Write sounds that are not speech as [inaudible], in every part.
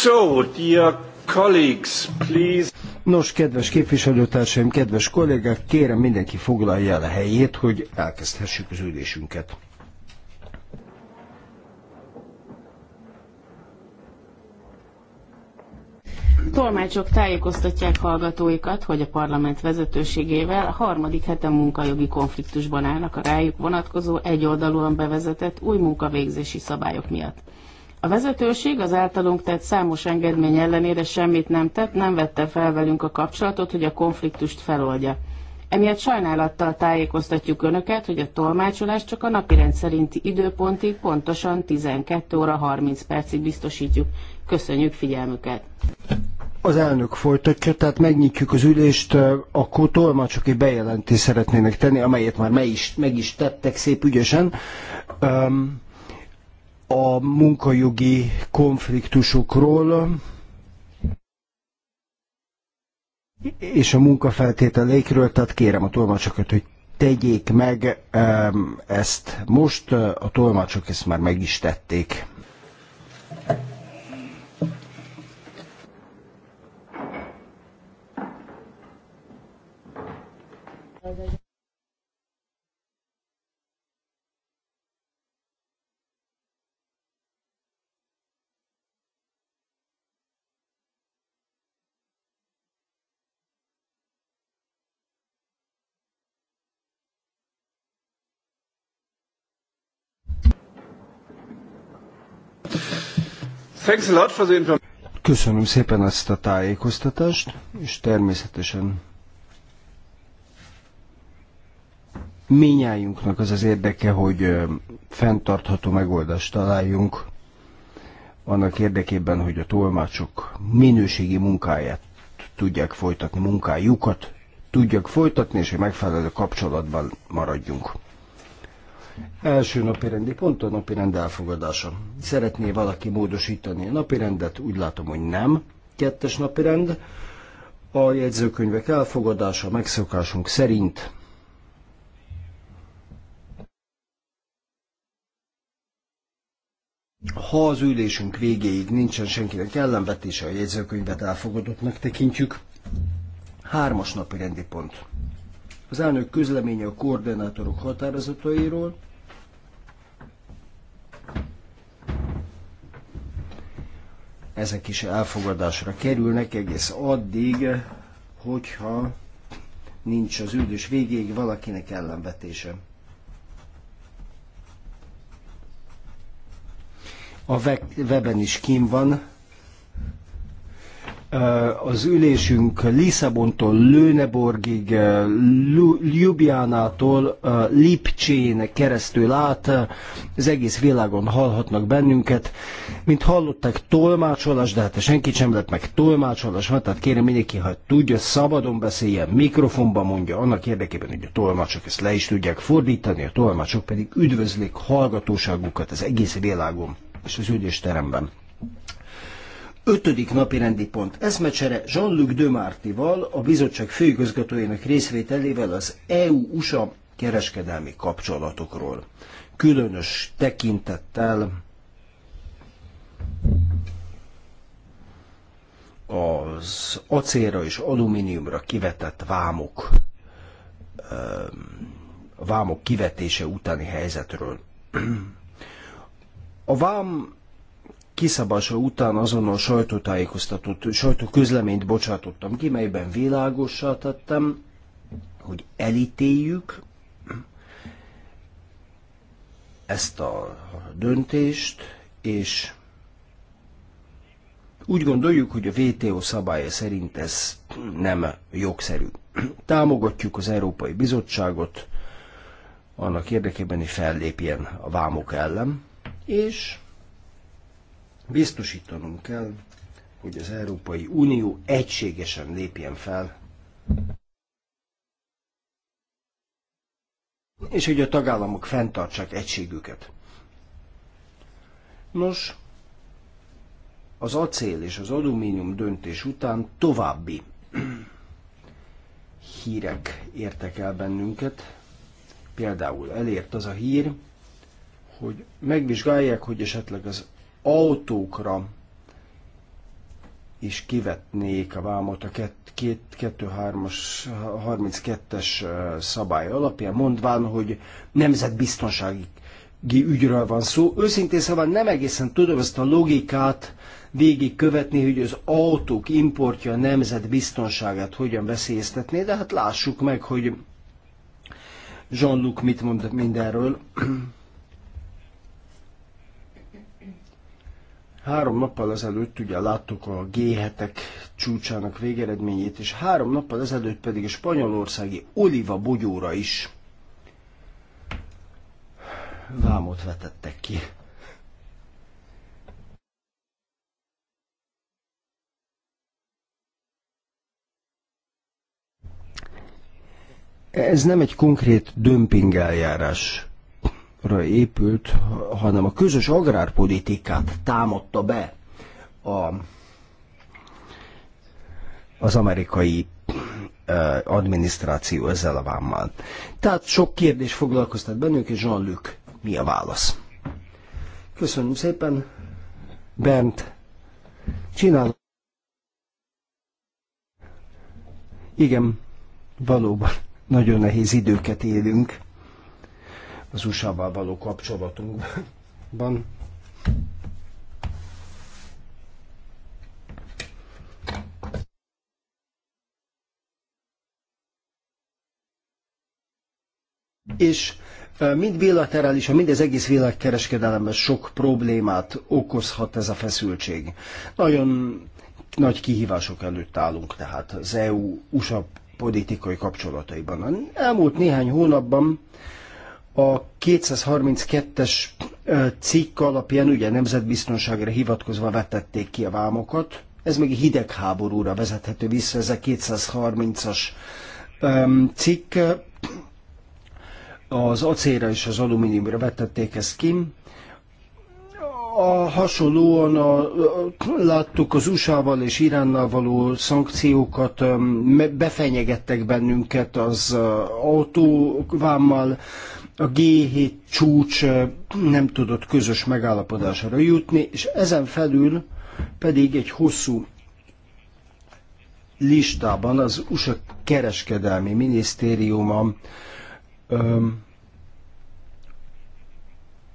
So, dear colleagues, please. Nos, kedves képviselőtársaim, kedves kollégák, kérem mindenki foglalja el a helyét, hogy elkezdhessük az ülésünket. tanácsok tájékoztatják hallgatóikat, hogy a parlament vezetőségével a harmadik hete munkajogi konfliktusban állnak a rájuk vonatkozó egyoldalúan bevezetett új munkavégzési szabályok miatt. A vezetőség az általunk tett számos engedmény ellenére semmit nem tett, nem vette fel velünk a kapcsolatot, hogy a konfliktust feloldja. Emiatt sajnálattal tájékoztatjuk Önöket, hogy a tolmácsolást csak a napirend szerinti időpontig, pontosan 12 óra 30 percig biztosítjuk. Köszönjük figyelmüket! Az elnök folytatja, tehát megnyitjuk az ülést, akkor tolmácsok egy bejelentést szeretnének tenni, amelyet már meg is, meg is tettek szép ügyesen. a munkajogi konfliktusokról és a munkafeltételeikről, tehát kérem a tolmácsokat, hogy tegyék meg ezt most, a tolmácsok ezt már meg is tették. Köszönöm szépen ezt a tájékoztatást, és természetesen minnyájunknak az az érdeke, hogy fenntartható megoldást találjunk annak érdekében, hogy a tolmácsok minőségi munkáját tudják folytatni, munkájukat tudják folytatni, és hogy megfelelő kapcsolatban maradjunk. Első napirendi pont a napirend elfogadása. Szeretné valaki módosítani a napirendet? Úgy látom, hogy nem. Kettes napirend. A jegyzőkönyvek elfogadása megszokásunk szerint Ha az ülésünk végéig nincsen senkinek ellenvetése, a jegyzőkönyvet elfogadottnak tekintjük. Hármas napi rendi pont. Az elnök közleménye a koordinátorok határozatairól. Ezek is elfogadásra kerülnek egész addig, hogyha nincs az üldös végéig valakinek ellenvetése. A weben is kim van az ülésünk Lisszabontól Lőneborgig, Ljubjánától Lipcsén keresztül át az egész világon hallhatnak bennünket. Mint hallották, tolmácsolás, de hát senki sem lett meg tolmácsolás, mert tehát kérem mindenki, ha tudja, szabadon beszéljen, mikrofonba mondja, annak érdekében, hogy a tolmácsok ezt le is tudják fordítani, a tolmácsok pedig üdvözlik hallgatóságukat az egész világon és az ügyésteremben. Ötödik napi rendi pont. Eszmecsere Jean-Luc Demartival, a bizottság főigazgatójának részvételével az EU-USA kereskedelmi kapcsolatokról. Különös tekintettel az acélra és alumíniumra kivetett vámok, vámok kivetése utáni helyzetről. A vám kiszabása után azonnal sajtótájékoztatót, sajtóközleményt bocsátottam ki, melyben világossá tettem, hogy elítéljük ezt a döntést, és úgy gondoljuk, hogy a WTO szabálya szerint ez nem jogszerű. Támogatjuk az Európai Bizottságot annak érdekében, hogy fellépjen a vámok ellen, és Biztosítanunk kell, hogy az Európai Unió egységesen lépjen fel, és hogy a tagállamok fenntartsák egységüket. Nos, az acél és az alumínium döntés után további hírek értek el bennünket. Például elért az a hír, hogy megvizsgálják, hogy esetleg az autókra is kivetnék a vámot a 32-32-es szabály alapján, mondván, hogy nemzetbiztonsági ügyről van szó. Őszintén szóval nem egészen tudom ezt a logikát végigkövetni, hogy az autók importja a nemzetbiztonságát hogyan veszélyeztetné, de hát lássuk meg, hogy Jean-Luc mit mond mindenről. Három nappal ezelőtt ugye láttuk a g csúcsának végeredményét, és három nappal ezelőtt pedig a spanyolországi oliva bogyóra is vámot vetettek ki. Ez nem egy konkrét dömping eljárás épült, hanem a közös agrárpolitikát támadta be a, az amerikai adminisztráció ezzel a vámmal. Tehát sok kérdés foglalkoztat bennünk, és Jean-Luc, mi a válasz? Köszönöm szépen, Bernd, Csinálom. Igen, valóban nagyon nehéz időket élünk az USA-val való kapcsolatunkban. És mind bilaterálisan, mind az egész világkereskedelemben sok problémát okozhat ez a feszültség. Nagyon nagy kihívások előtt állunk tehát az EU-USA politikai kapcsolataiban. Elmúlt néhány hónapban a 232-es cikk alapján ugye nemzetbiztonságra hivatkozva vetették ki a vámokat. Ez még hidegháborúra vezethető vissza, ez a 230-as cikk. Az acélra és az alumíniumra vetették ezt ki. A hasonlóan a, láttuk az USA-val és Iránnal való szankciókat, befenyegettek bennünket az autóvámmal, a G7 csúcs nem tudott közös megállapodásra jutni, és ezen felül pedig egy hosszú listában az USA kereskedelmi minisztériuma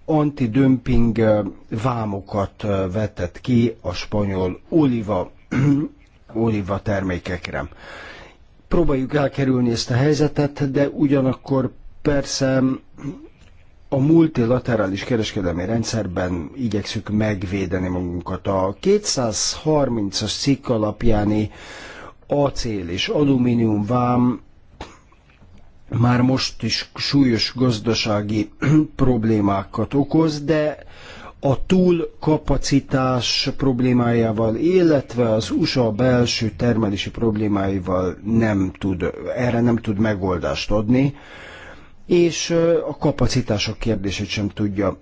antidömping vámokat vetett ki a spanyol oliva, oliva termékekre. Próbáljuk elkerülni ezt a helyzetet, de ugyanakkor Persze a multilaterális kereskedelmi rendszerben igyekszük megvédeni magunkat. A 230-as cikk alapjáni acél és alumínium vám már most is súlyos gazdasági [clears throat] problémákat okoz, de a túlkapacitás problémájával, illetve az USA belső termelési problémáival nem tud, erre nem tud megoldást adni és a kapacitások kérdését sem tudja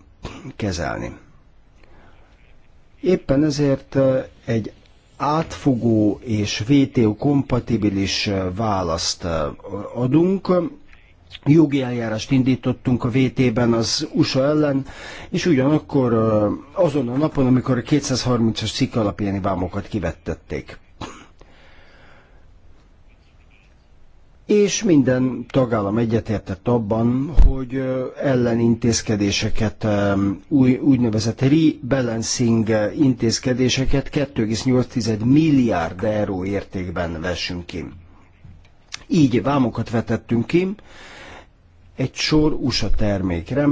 kezelni. Éppen ezért egy átfogó és VTO-kompatibilis választ adunk. Jogi eljárást indítottunk a VT-ben az USA ellen, és ugyanakkor azon a napon, amikor a 230-as cikk alapjáni vámokat kivettették. és minden tagállam egyetértett abban, hogy ellenintézkedéseket, új, úgynevezett rebalancing intézkedéseket 2,8 milliárd euró értékben vessünk ki. Így vámokat vetettünk ki egy sor USA termékre,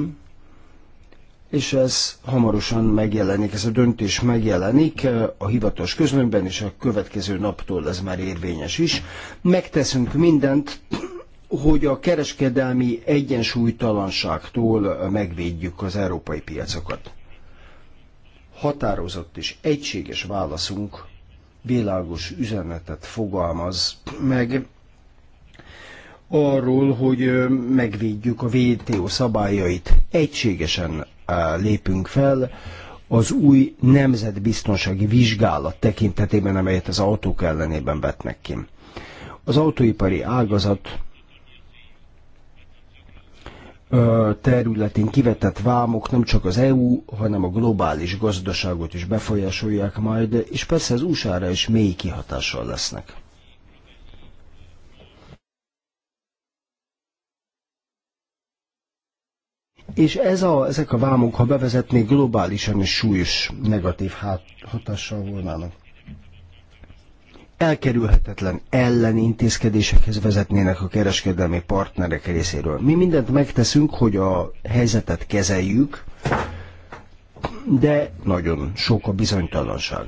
és ez hamarosan megjelenik, ez a döntés megjelenik eh, a hivatalos közlönyben, és a következő naptól ez már érvényes is. Megteszünk mindent, hogy a kereskedelmi egyensúlytalanságtól eh, megvédjük az európai piacokat. Határozott és egységes válaszunk világos üzenetet fogalmaz meg arról, hogy eh, megvédjük a WTO szabályait. Egységesen lépünk fel az új nemzetbiztonsági vizsgálat tekintetében, amelyet az autók ellenében vetnek ki. Az autóipari ágazat területén kivetett vámok nem csak az EU, hanem a globális gazdaságot is befolyásolják majd, és persze az USA-ra is mély kihatással lesznek. És ez a, ezek a vámok, ha bevezetnék, globálisan is súlyos negatív hát, hatással volnának. Elkerülhetetlen ellenintézkedésekhez vezetnének a kereskedelmi partnerek részéről. Mi mindent megteszünk, hogy a helyzetet kezeljük, de nagyon sok a bizonytalanság.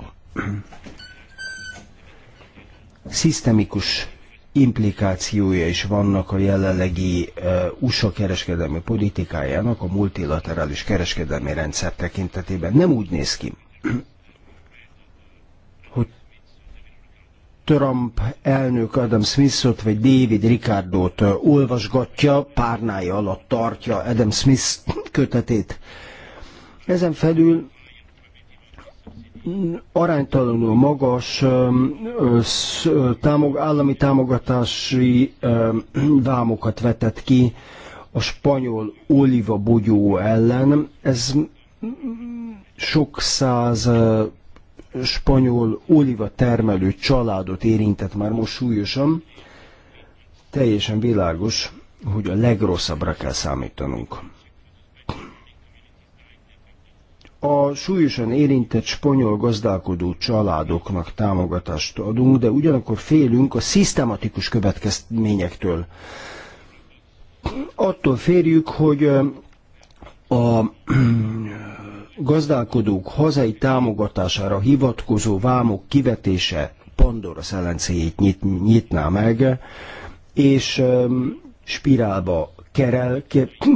Szisztemikus implikációja is vannak a jelenlegi USA kereskedelmi politikájának a multilaterális kereskedelmi rendszer tekintetében. Nem úgy néz ki, hogy Trump elnök Adam Smithot vagy David Ricardo-t olvasgatja, párnája alatt tartja Adam Smith kötetét. Ezen felül aránytalanul magas állami támogatási vámokat vetett ki a spanyol oliva bogyó ellen. Ez sok száz spanyol oliva termelő családot érintett már most súlyosan. Teljesen világos, hogy a legrosszabbra kell számítanunk. a súlyosan érintett spanyol gazdálkodó családoknak támogatást adunk, de ugyanakkor félünk a szisztematikus következményektől. Attól férjük, hogy a [clears throat] gazdálkodók hazai támogatására hivatkozó vámok kivetése Pandora szelencéjét nyit, nyitná meg, és spirálba kerel,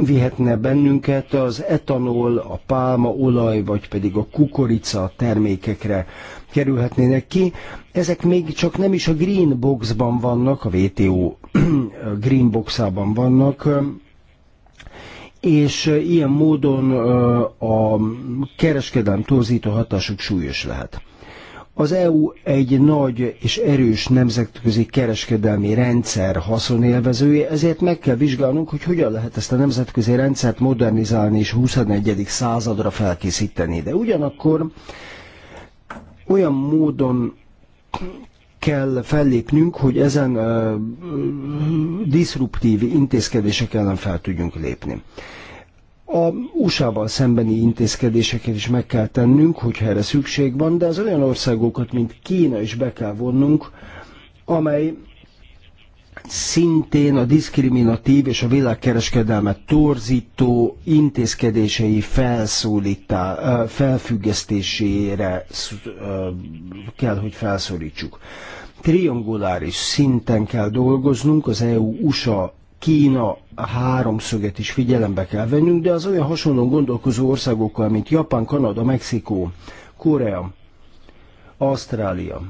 vihetne bennünket az etanol, a olaj vagy pedig a kukorica termékekre kerülhetnének ki. Ezek még csak nem is a Green Boxban vannak, a WTO [clears throat] Green Boxában vannak, és eh, ilyen módon eh, a kereskedelem torzító hatásuk súlyos lehet. Az EU egy nagy és erős nemzetközi kereskedelmi rendszer haszonélvezője, ezért meg kell vizsgálnunk, hogy hogyan lehet ezt a nemzetközi rendszert modernizálni és 21. századra felkészíteni. De ugyanakkor olyan módon kell fellépnünk, hogy ezen uh, diszruptív intézkedések ellen fel tudjunk lépni. A USA-val szembeni intézkedéseket is meg kell tennünk, hogyha erre szükség van, de az olyan országokat, mint Kína is be kell vonnunk, amely szintén a diszkriminatív és a világkereskedelmet torzító intézkedései felszólítá, felfüggesztésére kell, hogy felszólítsuk. Trianguláris szinten kell dolgoznunk az EU-USA Kína háromszöget is figyelembe kell vennünk, de az olyan hasonló gondolkozó országokkal, mint Japán, Kanada, Mexikó, Korea, Ausztrália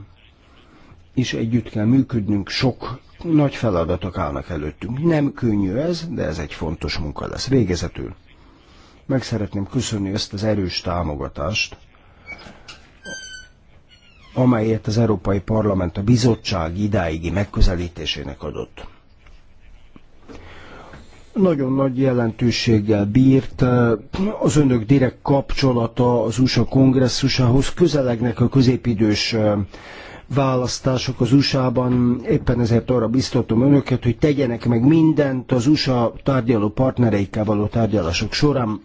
is együtt kell működnünk, sok nagy feladatok állnak előttünk. Nem könnyű ez, de ez egy fontos munka lesz. Végezetül meg szeretném köszönni ezt az erős támogatást, amelyet az Európai Parlament a bizottság idáigi megközelítésének adott nagyon nagy jelentőséggel bírt. Az önök direkt kapcsolata az USA kongresszusához közelegnek a középidős választások az USA-ban. Éppen ezért arra biztatom önöket, hogy tegyenek meg mindent az USA tárgyaló partnereikkel való tárgyalások során,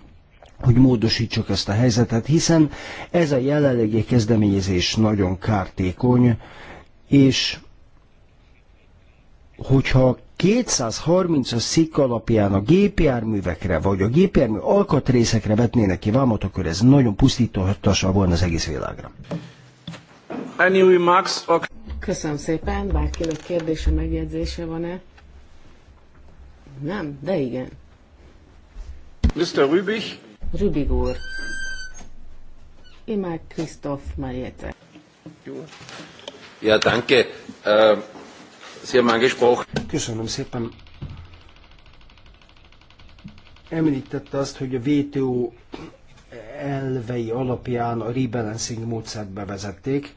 hogy módosítsuk ezt a helyzetet, hiszen ez a jelenlegi kezdeményezés nagyon kártékony, és hogyha 230-as szik alapján a gépjárművekre vagy a gépjármű alkatrészekre vetnének ki vámot, akkor ez nagyon pusztíthatással volna az egész világra. Köszönöm szépen. Bárkinek kérdése, megjegyzése van-e? Nem, de igen. Mr. Rübig? Rübig úr. Imák Krisztof Mariette. Jó. Ja, danke. Uh... Köszönöm szépen. Említette azt, hogy a WTO elvei alapján a rebalancing módszert bevezették.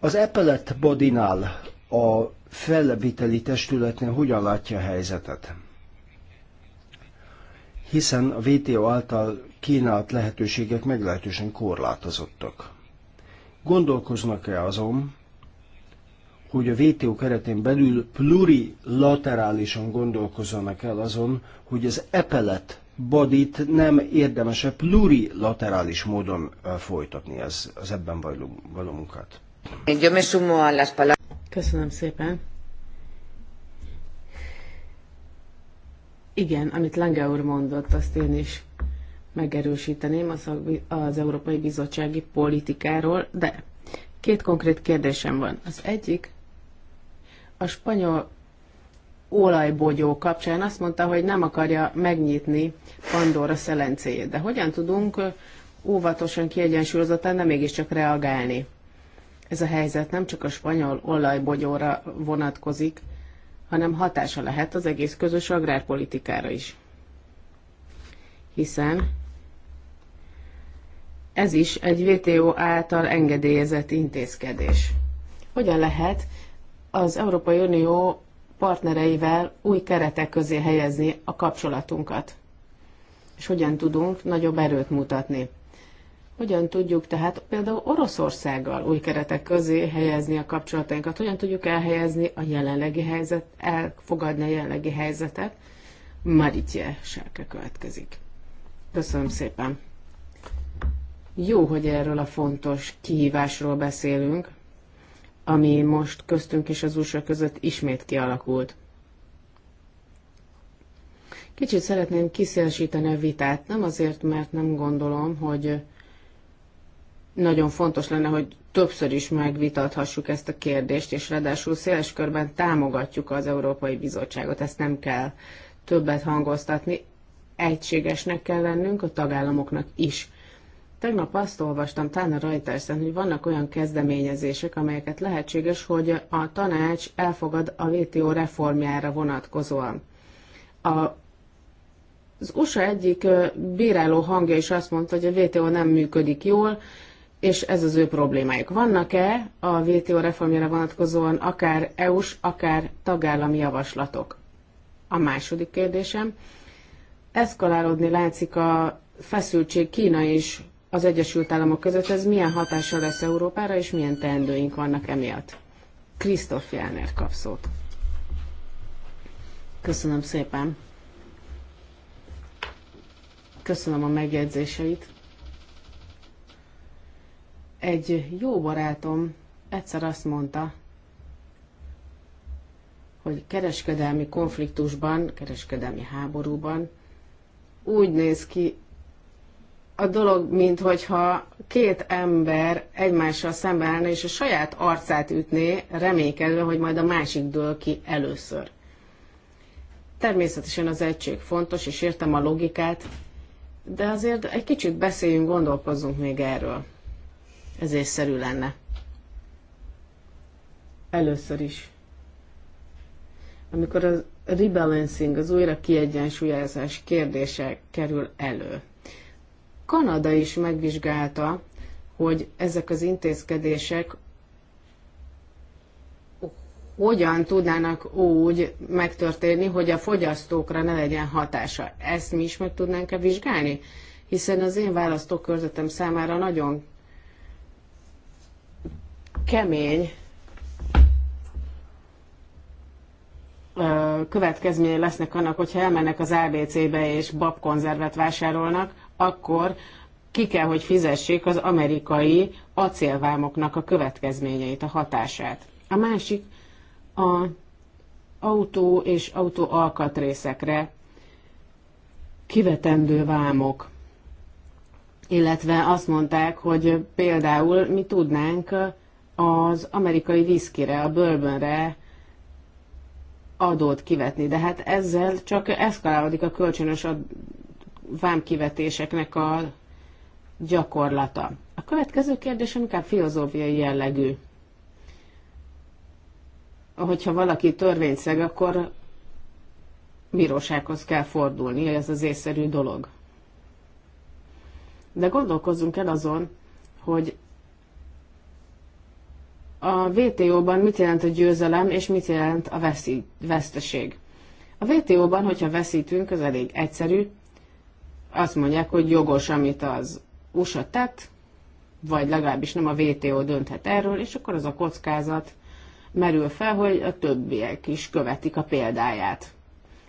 Az Appellate Bodinál a felleviteli testületnél hogyan látja a helyzetet? Hiszen a WTO által kínált lehetőségek meglehetősen korlátozottak. Gondolkoznak-e azon, hogy a WTO keretén belül plurilaterálisan gondolkozzanak el azon, hogy az epelet badit nem érdemese plurilaterális módon folytatni az, az ebben való, való munkát. Köszönöm szépen. Igen, amit Lange úr mondott, azt én is megerősíteném az, az Európai Bizottsági politikáról, de két konkrét kérdésem van. Az egyik, a spanyol olajbogyó kapcsán azt mondta, hogy nem akarja megnyitni Pandora szelencéjét. De hogyan tudunk óvatosan, kiegyensúlyozottan, de mégiscsak reagálni? Ez a helyzet nem csak a spanyol olajbogyóra vonatkozik, hanem hatása lehet az egész közös agrárpolitikára is. Hiszen ez is egy WTO által engedélyezett intézkedés. Hogyan lehet az Európai Unió partnereivel új keretek közé helyezni a kapcsolatunkat. És hogyan tudunk nagyobb erőt mutatni. Hogyan tudjuk tehát például Oroszországgal új keretek közé helyezni a kapcsolatainkat? Hogyan tudjuk elhelyezni a jelenlegi helyzet, elfogadni a jelenlegi helyzetet? Maritje Selke következik. Köszönöm szépen. Jó, hogy erről a fontos kihívásról beszélünk, ami most köztünk és az USA között ismét kialakult. Kicsit szeretném kiszélesíteni a vitát, nem azért, mert nem gondolom, hogy nagyon fontos lenne, hogy többször is megvitathassuk ezt a kérdést, és ráadásul széles körben támogatjuk az Európai Bizottságot, ezt nem kell többet hangoztatni. Egységesnek kell lennünk a tagállamoknak is Tegnap azt olvastam Tána Rajterszen, hogy vannak olyan kezdeményezések, amelyeket lehetséges, hogy a tanács elfogad a VTO reformjára vonatkozóan. A, az USA egyik bíráló hangja is azt mondta, hogy a VTO nem működik jól, és ez az ő problémájuk. Vannak-e a VTO reformjára vonatkozóan akár EU-s, akár tagállami javaslatok? A második kérdésem. Eszkalálódni látszik a feszültség Kína és az Egyesült Államok között, ez milyen hatása lesz Európára, és milyen teendőink vannak emiatt. Krisztof Jelner kap szót. Köszönöm szépen. Köszönöm a megjegyzéseit. Egy jó barátom egyszer azt mondta, hogy kereskedelmi konfliktusban, kereskedelmi háborúban úgy néz ki a dolog, mint hogyha két ember egymással szemben állna, és a saját arcát ütné, reménykedve, hogy majd a másik dől ki először. Természetesen az egység fontos, és értem a logikát, de azért egy kicsit beszéljünk, gondolkozzunk még erről. Ez észszerű lenne. Először is. Amikor a rebalancing, az újra kiegyensúlyozás kérdése kerül elő Kanada is megvizsgálta, hogy ezek az intézkedések hogyan tudnának úgy megtörténni, hogy a fogyasztókra ne legyen hatása. Ezt mi is meg tudnánk-e vizsgálni? Hiszen az én választókörzetem számára nagyon kemény következményei lesznek annak, hogyha elmennek az ABC-be és babkonzervet vásárolnak, akkor ki kell, hogy fizessék az amerikai acélvámoknak a következményeit, a hatását. A másik a autó és autó alkatrészekre kivetendő vámok. Illetve azt mondták, hogy például mi tudnánk az amerikai viszkire, a bőrbönre adót kivetni, de hát ezzel csak eszkalálódik a kölcsönös vámkivetéseknek a gyakorlata. A következő kérdésem inkább filozófiai jellegű. Hogyha valaki törvényszeg, akkor bírósághoz kell fordulni, ez az észszerű dolog. De gondolkozzunk el azon, hogy a VTO-ban mit jelent a győzelem, és mit jelent a veszteség. A VTO-ban, hogyha veszítünk, az elég egyszerű, azt mondják, hogy jogos, amit az USA tett, vagy legalábbis nem a WTO dönthet erről, és akkor az a kockázat merül fel, hogy a többiek is követik a példáját.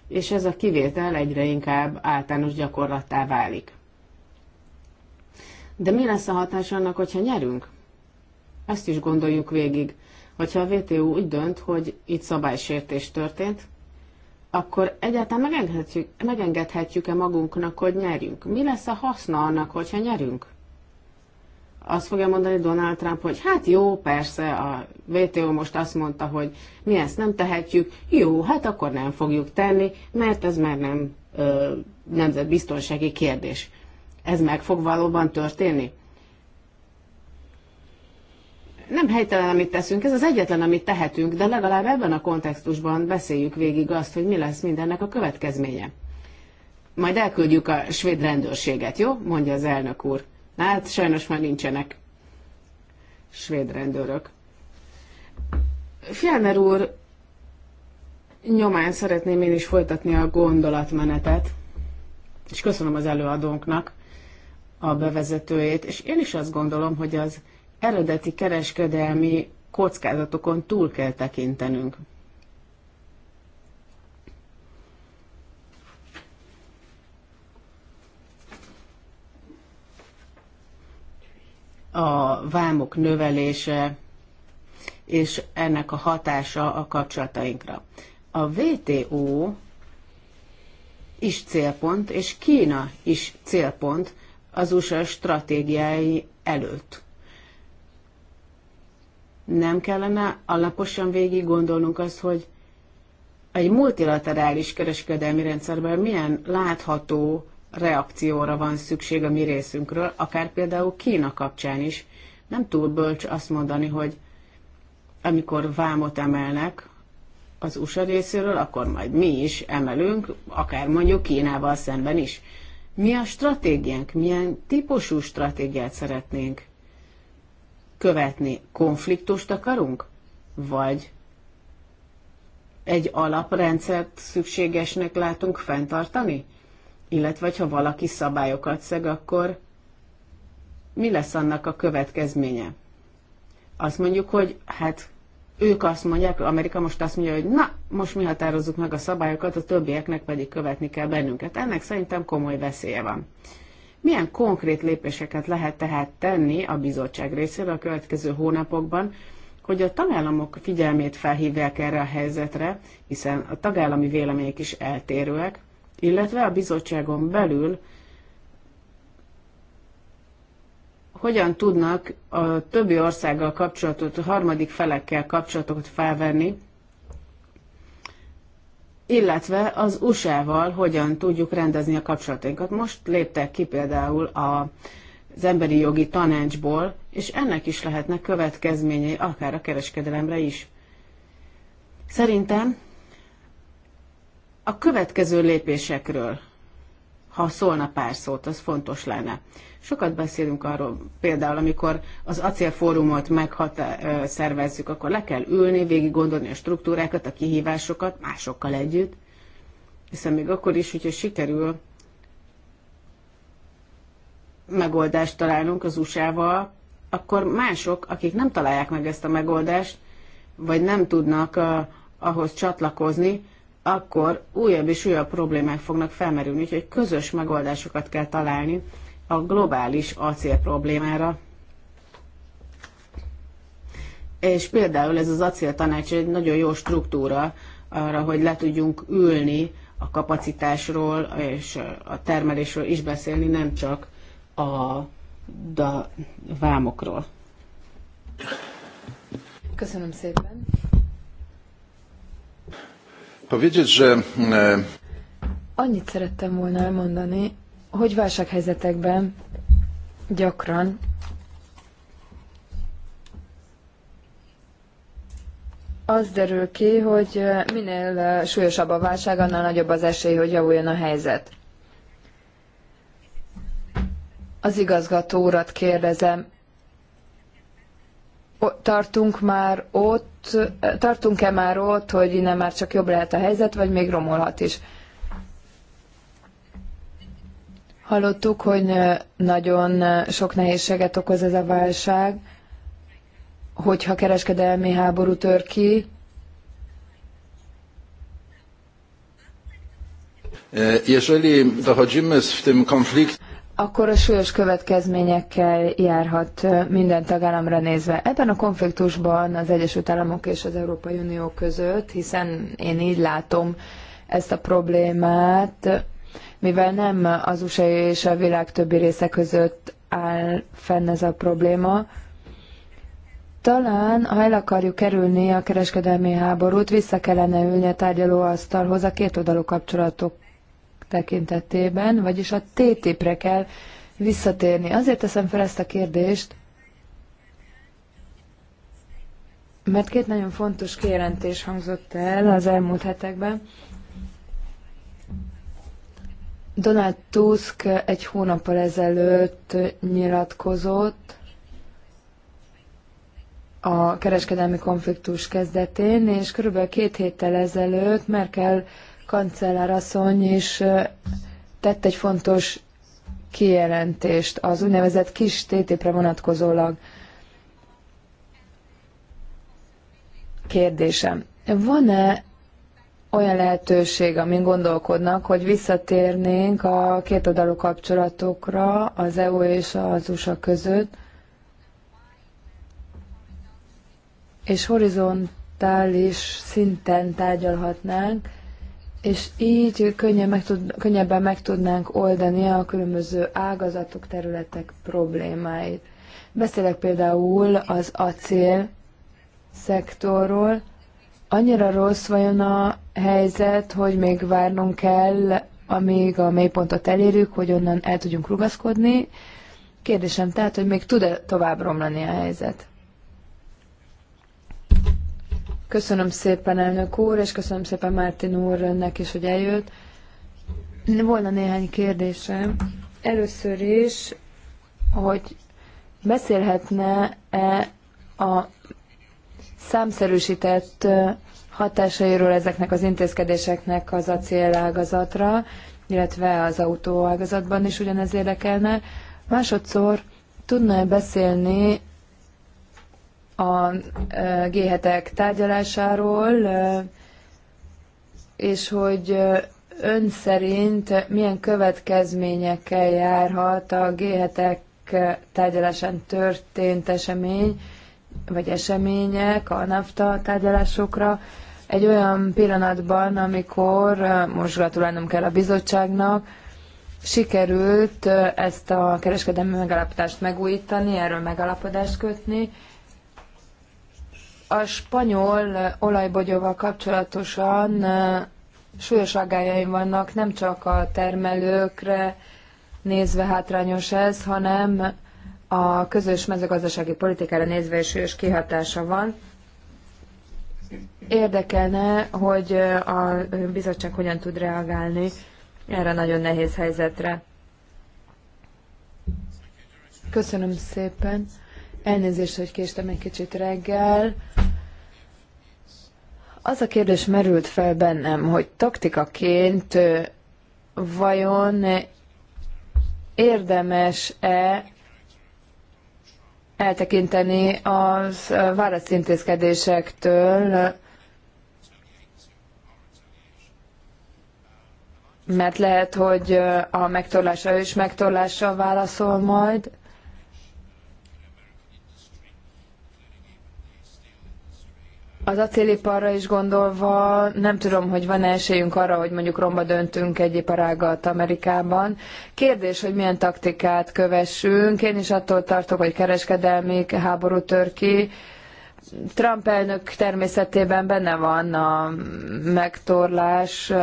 És ez a kivétel egyre inkább általános gyakorlattá válik. De mi lesz a hatás annak, hogyha nyerünk? Ezt is gondoljuk végig. Hogyha a WTO úgy dönt, hogy itt szabálysértés történt, akkor egyáltalán megengedhetjük, megengedhetjük-e magunknak, hogy nyerjünk? Mi lesz a haszna annak, hogyha nyerünk? Azt fogja mondani Donald Trump, hogy hát jó, persze, a WTO most azt mondta, hogy mi ezt nem tehetjük, jó, hát akkor nem fogjuk tenni, mert ez már nem ö, nemzetbiztonsági kérdés. Ez meg fog valóban történni? nem helytelen, amit teszünk, ez az egyetlen, amit tehetünk, de legalább ebben a kontextusban beszéljük végig azt, hogy mi lesz mindennek a következménye. Majd elküldjük a svéd rendőrséget, jó? Mondja az elnök úr. Hát sajnos már nincsenek svéd rendőrök. Fjellner úr nyomán szeretném én is folytatni a gondolatmenetet, és köszönöm az előadónknak a bevezetőjét, és én is azt gondolom, hogy az eredeti kereskedelmi kockázatokon túl kell tekintenünk. A vámok növelése és ennek a hatása a kapcsolatainkra. A WTO is célpont, és Kína is célpont az USA stratégiái előtt nem kellene alaposan végig gondolnunk azt, hogy egy multilaterális kereskedelmi rendszerben milyen látható reakcióra van szükség a mi részünkről, akár például Kína kapcsán is. Nem túl bölcs azt mondani, hogy amikor vámot emelnek az USA részéről, akkor majd mi is emelünk, akár mondjuk Kínával szemben is. Mi a stratégiánk? Milyen típusú stratégiát szeretnénk? követni? Konfliktust akarunk? Vagy egy alaprendszert szükségesnek látunk fenntartani? Illetve, ha valaki szabályokat szeg, akkor mi lesz annak a következménye? Azt mondjuk, hogy hát ők azt mondják, Amerika most azt mondja, hogy na, most mi határozzuk meg a szabályokat, a többieknek pedig követni kell bennünket. Ennek szerintem komoly veszélye van. Milyen konkrét lépéseket lehet tehát tenni a bizottság részéről a következő hónapokban, hogy a tagállamok figyelmét felhívják erre a helyzetre, hiszen a tagállami vélemények is eltérőek, illetve a bizottságon belül hogyan tudnak a többi országgal kapcsolatot, a harmadik felekkel kapcsolatokat felvenni, illetve az USA-val hogyan tudjuk rendezni a kapcsolatainkat. Most léptek ki például a, az emberi jogi tanácsból, és ennek is lehetnek következményei, akár a kereskedelemre is. Szerintem a következő lépésekről, ha szólna pár szót, az fontos lenne. Sokat beszélünk arról, például amikor az acélfórumot megszervezzük, akkor le kell ülni, végig gondolni a struktúrákat, a kihívásokat másokkal együtt, hiszen még akkor is, hogyha sikerül megoldást találnunk az USA-val, akkor mások, akik nem találják meg ezt a megoldást, vagy nem tudnak a, ahhoz csatlakozni, akkor újabb és újabb problémák fognak felmerülni, úgyhogy közös megoldásokat kell találni a globális acél problémára. És például ez az acél tanács egy nagyon jó struktúra arra, hogy le tudjunk ülni a kapacitásról és a termelésről is beszélni, nem csak a da vámokról. Köszönöm szépen. E, Annyit szerettem volna elmondani, hogy válsághelyzetekben gyakran az derül ki, hogy minél súlyosabb a válság, annál nagyobb az esély, hogy javuljon a helyzet. Az igazgató urat kérdezem, tartunk már ott, tartunk-e már ott, hogy innen már csak jobb lehet a helyzet, vagy még romolhat is? Hallottuk, hogy nagyon sok nehézséget okoz ez a válság, hogyha kereskedelmi háború tör ki. E, akkor a súlyos következményekkel járhat minden tagállamra nézve. Ebben a konfliktusban az Egyesült Államok és az Európai Unió között, hiszen én így látom ezt a problémát, mivel nem az USA és a világ többi része között áll fenn ez a probléma, talán, ha el akarjuk kerülni a kereskedelmi háborút, vissza kellene ülni a tárgyalóasztalhoz a két oldalú kapcsolatok tekintetében, vagyis a TTIP-re kell visszatérni. Azért teszem fel ezt a kérdést, mert két nagyon fontos kijelentés hangzott el az elmúlt hetekben. Donald Tusk egy hónappal ezelőtt nyilatkozott a kereskedelmi konfliktus kezdetén, és körülbelül két héttel ezelőtt Merkel kancellárasszony is tett egy fontos kijelentést az úgynevezett kis tétépre vonatkozólag. Kérdésem, van-e olyan lehetőség, amin gondolkodnak, hogy visszatérnénk a két oldalú kapcsolatokra az EU és az USA között, és horizontális szinten tárgyalhatnánk, és így könnyen meg tud, könnyebben meg tudnánk oldani a különböző ágazatok, területek problémáit. Beszélek például az acél szektorról, Annyira rossz vajon a helyzet, hogy még várnunk kell, amíg a mélypontot elérjük, hogy onnan el tudjunk rugaszkodni. Kérdésem tehát, hogy még tud-e tovább romlani a helyzet? Köszönöm szépen, elnök úr, és köszönöm szépen Mártin úr önnek is, hogy eljött. Volna néhány kérdésem. Először is, hogy beszélhetne-e a számszerűsített hatásairól ezeknek az intézkedéseknek az acélágazatra, illetve az autóágazatban is ugyanez érdekelne. Másodszor tudna -e beszélni a g tárgyalásáról, és hogy ön szerint milyen következményekkel járhat a g tárgyalásán történt esemény, vagy események a NAFTA tárgyalásokra egy olyan pillanatban, amikor most gratulálnom kell a bizottságnak, sikerült ezt a kereskedelmi megállapodást megújítani, erről megalapodást kötni. A spanyol olajbogyóval kapcsolatosan súlyos aggájaim vannak, nem csak a termelőkre nézve hátrányos ez, hanem a közös mezőgazdasági politikára nézve is súlyos kihatása van. Érdekelne, hogy a bizottság hogyan tud reagálni erre a nagyon nehéz helyzetre. Köszönöm szépen. Elnézést, hogy késtem egy kicsit reggel. Az a kérdés merült fel bennem, hogy taktikaként vajon érdemes-e eltekinteni az válasz intézkedésektől, mert lehet, hogy a megtorlása is megtorlással válaszol majd. Az acéliparra is gondolva, nem tudom, hogy van-e esélyünk arra, hogy mondjuk romba döntünk egy iparágat Amerikában. Kérdés, hogy milyen taktikát kövessünk. Én is attól tartok, hogy kereskedelmi háború tör ki. Trump elnök természetében benne van a megtorlás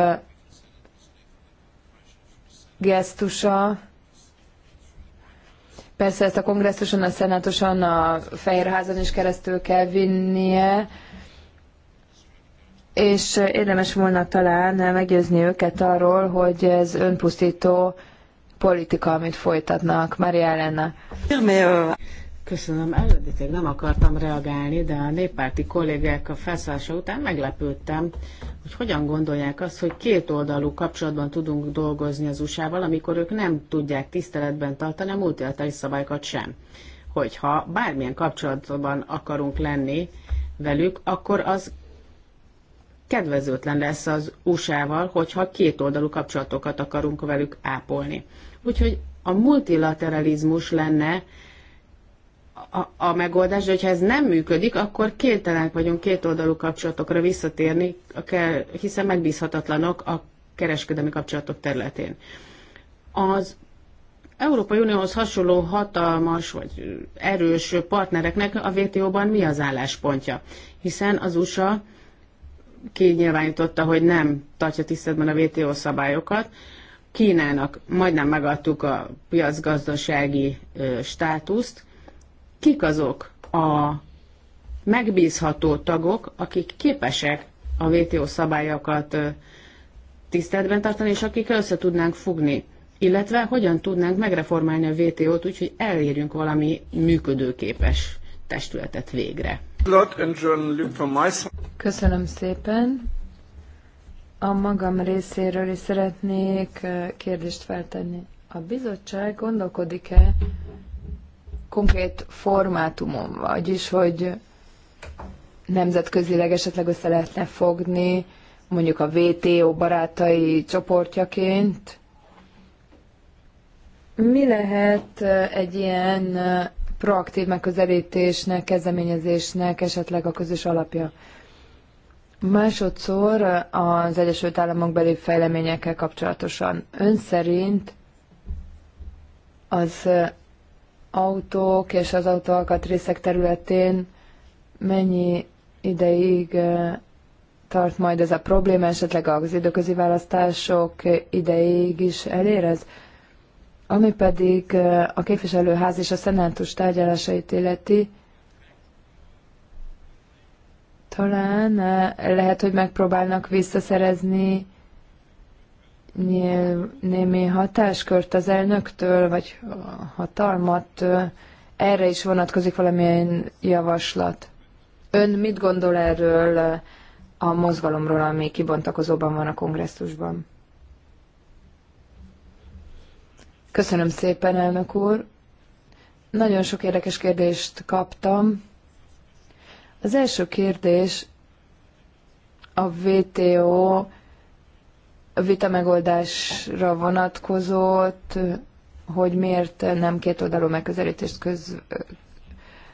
gesztusa. Persze ezt a kongresszuson, a szenátuson, a Fehérházon is keresztül kell vinnie, és érdemes volna talán meggyőzni őket arról, hogy ez önpusztító politika, amit folytatnak. Maria Elena. Köszönöm, eredetileg nem akartam reagálni, de a néppárti kollégák a felszállása után meglepődtem, hogy hogyan gondolják azt, hogy két oldalú kapcsolatban tudunk dolgozni az USA-val, amikor ők nem tudják tiszteletben tartani a multilaterális szabályokat sem. Hogyha bármilyen kapcsolatban akarunk lenni velük, akkor az kedvezőtlen lesz az USA-val, hogyha kétoldalú kapcsolatokat akarunk velük ápolni. Úgyhogy a multilateralizmus lenne a, a megoldás, de hogyha ez nem működik, akkor kénytelenek vagyunk kétoldalú kapcsolatokra visszatérni, hiszen megbízhatatlanok a kereskedelmi kapcsolatok területén. Az Európai Unióhoz hasonló hatalmas vagy erős partnereknek a WTO-ban mi az álláspontja? Hiszen az USA kinyilvánította, hogy nem tartja tiszteletben a WTO szabályokat. Kínának majdnem megadtuk a piacgazdasági státuszt. Kik azok a megbízható tagok, akik képesek a WTO szabályokat tiszteletben tartani, és akikkel össze tudnánk fogni? Illetve hogyan tudnánk megreformálni a WTO-t úgy, hogy elérjünk valami működőképes testületet végre? Köszönöm szépen. A magam részéről is szeretnék kérdést feltenni. A bizottság gondolkodik-e konkrét formátumon, vagyis hogy nemzetközileg esetleg össze lehetne fogni, mondjuk a VTO barátai csoportjaként? Mi lehet egy ilyen proaktív megközelítésnek, kezdeményezésnek esetleg a közös alapja. Másodszor az Egyesült Államok beli fejleményekkel kapcsolatosan. Ön szerint az autók és az autóalkatrészek területén mennyi ideig tart majd ez a probléma, esetleg az időközi választások ideig is elérez? ez? Ami pedig a képviselőház és a szenátus tárgyalásait illeti, talán lehet, hogy megpróbálnak visszaszerezni némi hatáskört az elnöktől, vagy hatalmat. Erre is vonatkozik valamilyen javaslat. Ön mit gondol erről a mozgalomról, ami kibontakozóban van a kongresszusban? Köszönöm szépen, elnök úr. Nagyon sok érdekes kérdést kaptam. Az első kérdés a VTO vita megoldásra vonatkozott, hogy miért nem két oldalú megközelítést köz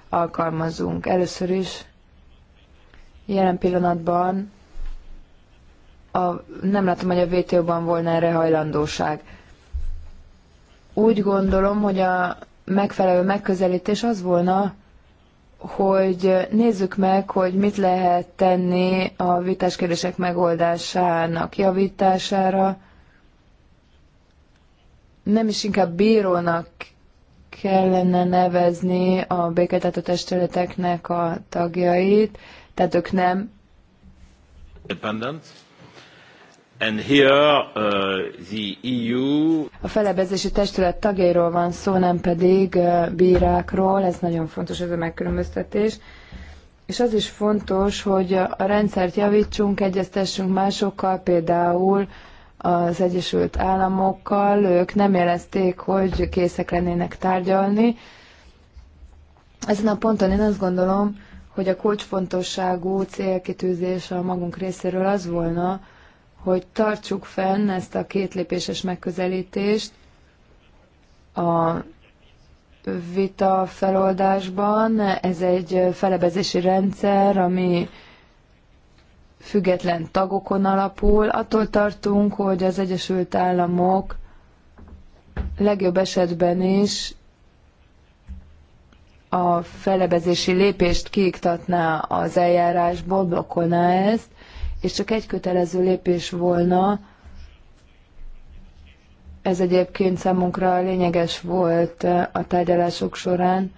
alkalmazunk. Először is jelen pillanatban a, nem látom, hogy a VTO-ban volna erre hajlandóság. Úgy gondolom, hogy a megfelelő megközelítés az volna, hogy nézzük meg, hogy mit lehet tenni a vitáskérdések megoldásának javítására. Nem is inkább bírónak kellene nevezni a békéltető testületeknek a tagjait, tehát ők nem. Independent And here, uh, the EU... A felebezési testület tagjairól van szó, nem pedig uh, bírákról, ez nagyon fontos, ez a megkülönböztetés. És az is fontos, hogy a rendszert javítsunk, egyeztessünk másokkal, például az Egyesült Államokkal, ők nem jelezték, hogy készek lennének tárgyalni. Ezen a ponton én azt gondolom, hogy a kulcsfontosságú célkitűzés a magunk részéről az volna, hogy tartsuk fenn ezt a kétlépéses megközelítést a vita feloldásban. Ez egy felebezési rendszer, ami független tagokon alapul. Attól tartunk, hogy az Egyesült Államok legjobb esetben is a felebezési lépést kiiktatná az eljárásból, blokkolná ezt, és csak egy kötelező lépés volna, ez egyébként számunkra lényeges volt a tárgyalások során,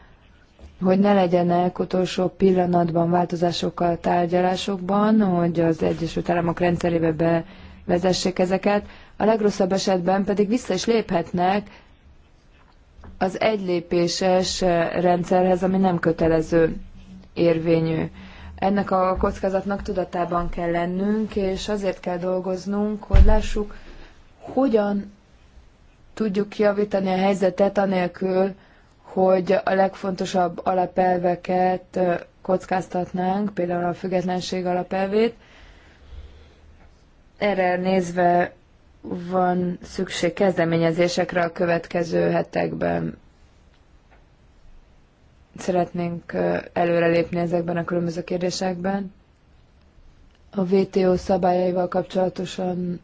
hogy ne legyenek utolsó pillanatban változások a tárgyalásokban, hogy az Egyesült Államok rendszerébe bevezessék ezeket, a legrosszabb esetben pedig vissza is léphetnek az egylépéses rendszerhez, ami nem kötelező érvényű. Ennek a kockázatnak tudatában kell lennünk, és azért kell dolgoznunk, hogy lássuk, hogyan tudjuk javítani a helyzetet anélkül, hogy a legfontosabb alapelveket kockáztatnánk, például a függetlenség alapelvét. Erre nézve van szükség kezdeményezésekre a következő hetekben szeretnénk előrelépni ezekben a különböző kérdésekben. A WTO szabályaival kapcsolatosan,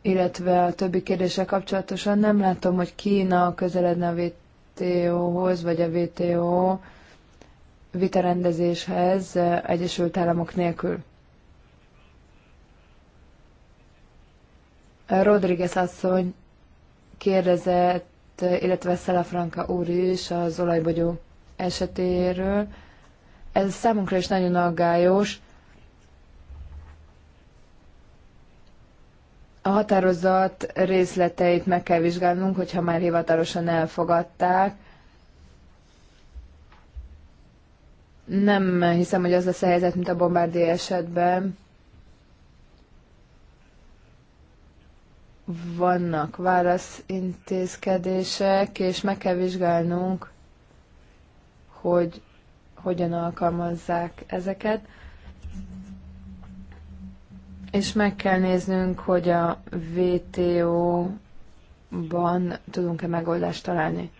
illetve a többi kérdéssel kapcsolatosan nem látom, hogy Kína közeledne a WTO-hoz, vagy a WTO vitarendezéshez Egyesült Államok nélkül. Rodriguez asszony kérdezett beszélt, hát, illetve Szelafranka úr is az olajbogyó esetéről. Ez számunkra is nagyon aggályos. A határozat részleteit meg kell vizsgálnunk, hogyha már hivatalosan elfogadták. Nem hiszem, hogy az lesz a helyzet, mint a bombárdi esetben. vannak válaszintézkedések, és meg kell vizsgálnunk, hogy hogyan alkalmazzák ezeket. És meg kell néznünk, hogy a VTO-ban tudunk-e megoldást találni.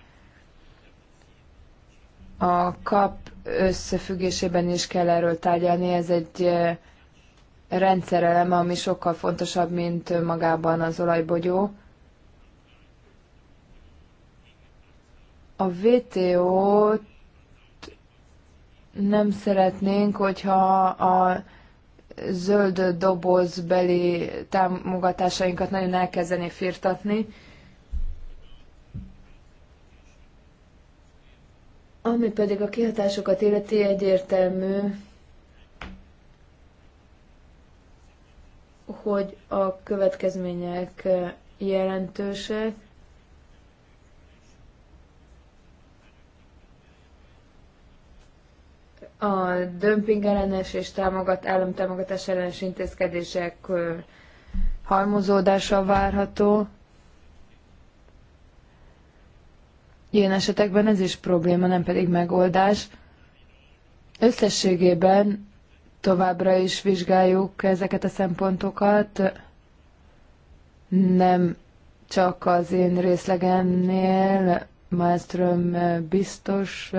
A kap összefüggésében is kell erről tárgyalni, ez egy eh, rendszerelem, ami sokkal fontosabb, mint magában az olajbogyó. A VTO-t nem szeretnénk, hogyha a zöld dobozbeli támogatásainkat nagyon elkezdené firtatni. Ami pedig a kihatásokat illeti egyértelmű, hogy a következmények eh, jelentősek, a dömping ellenes és támogat, államtámogatás ellenes intézkedések eh, halmozódása várható. Ilyen esetekben ez is probléma, nem pedig megoldás. Összességében továbbra is vizsgáljuk ezeket a szempontokat. Nem csak az én részlegennél, Malmström biztos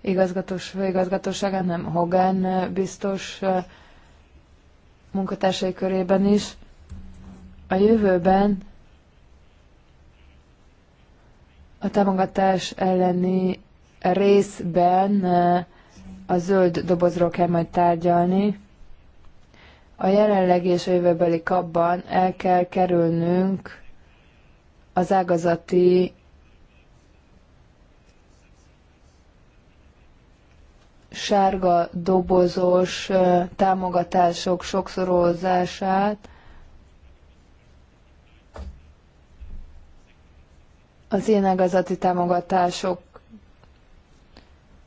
igazgatós, igazgatóságán, nem Hogan biztos munkatársai körében is. A jövőben a támogatás elleni részben a zöld dobozról kell majd tárgyalni. A jelenlegi és a jövőbeli kapban el kell kerülnünk az ágazati sárga dobozos támogatások sokszorozását, az ilyen ágazati támogatások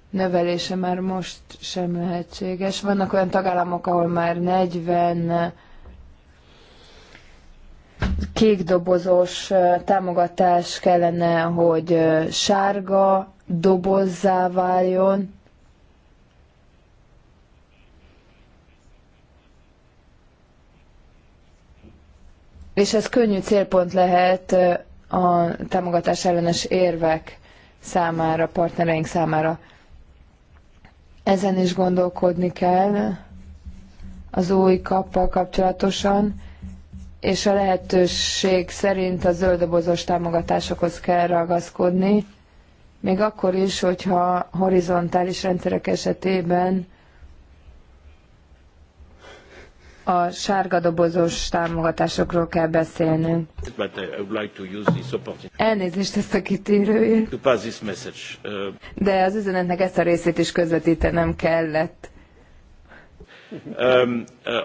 növelése már most sem lehetséges. Vannak olyan tagállamok, ahol már 40 kékdobozos támogatás kellene, hogy sárga dobozzá váljon. És ez könnyű célpont lehet a támogatás ellenes érvek számára, partnereink számára. Ezen is gondolkodni kell az új kappal kapcsolatosan, és a lehetőség szerint a zöldobozos támogatásokhoz kell ragaszkodni, még akkor is, hogyha horizontális rendszerek esetében a sárga dobozos támogatásokról kell beszélnünk. Elnézést ezt a kitérőjét. Uh, De az üzenetnek ezt a részét is közvetítenem kellett. Um,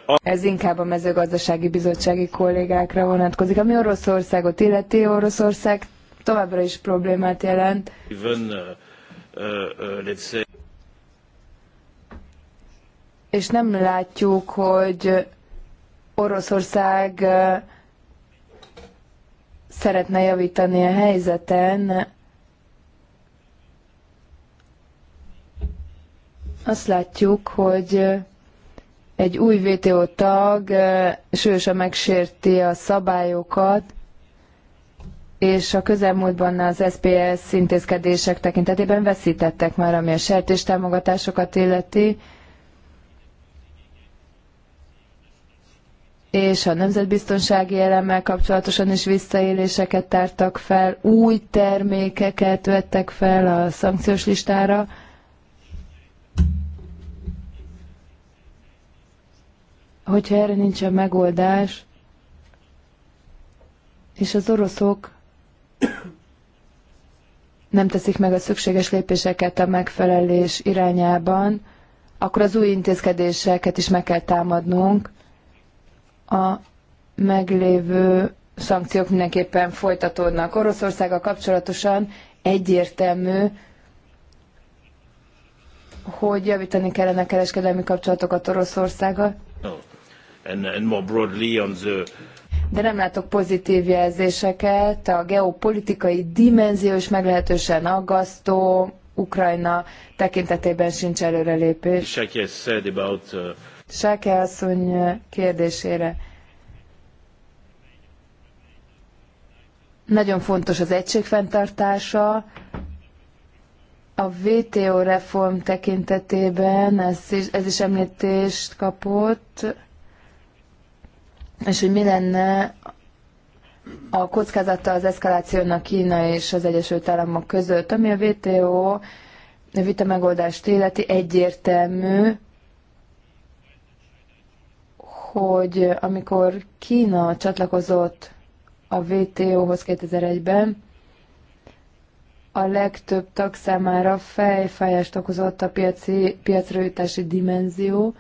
uh, Ez inkább a mezőgazdasági bizottsági kollégákra vonatkozik. Ami Oroszországot illeti, Oroszország továbbra is problémát jelent. Uh, és nem látjuk, hogy Oroszország szeretne javítani a helyzeten. Azt látjuk, hogy egy új VTO tag sősen megsérti a szabályokat, és a közelmúltban az SPS intézkedések tekintetében veszítettek már, ami a sertéstámogatásokat támogatásokat illeti. és a nemzetbiztonsági elemmel kapcsolatosan is visszaéléseket tártak fel, új termékeket vettek fel a szankciós listára. Hogyha erre nincsen megoldás, és az oroszok nem teszik meg a szükséges lépéseket a megfelelés irányában, akkor az új intézkedéseket is meg kell támadnunk, a meglévő szankciók mindenképpen folytatódnak. Oroszországa kapcsolatosan egyértelmű, hogy javítani kellene kereskedelmi kapcsolatokat Oroszországgal. De nem látok pozitív jelzéseket. A geopolitikai dimenzió is meglehetősen aggasztó. Ukrajna tekintetében sincs előrelépés. Sáke asszony kérdésére. Nagyon fontos az egység fenntartása. A VTO reform tekintetében ez is, ez is említést kapott, és hogy mi lenne a kockázata az eszkalációnak Kína és az Egyesült Államok között, ami a WTO vita megoldást illeti egyértelmű, hogy amikor Kína csatlakozott a WTO-hoz 2001-ben, a legtöbb tag számára fejfájást okozott a piaci, piacra dimenzió.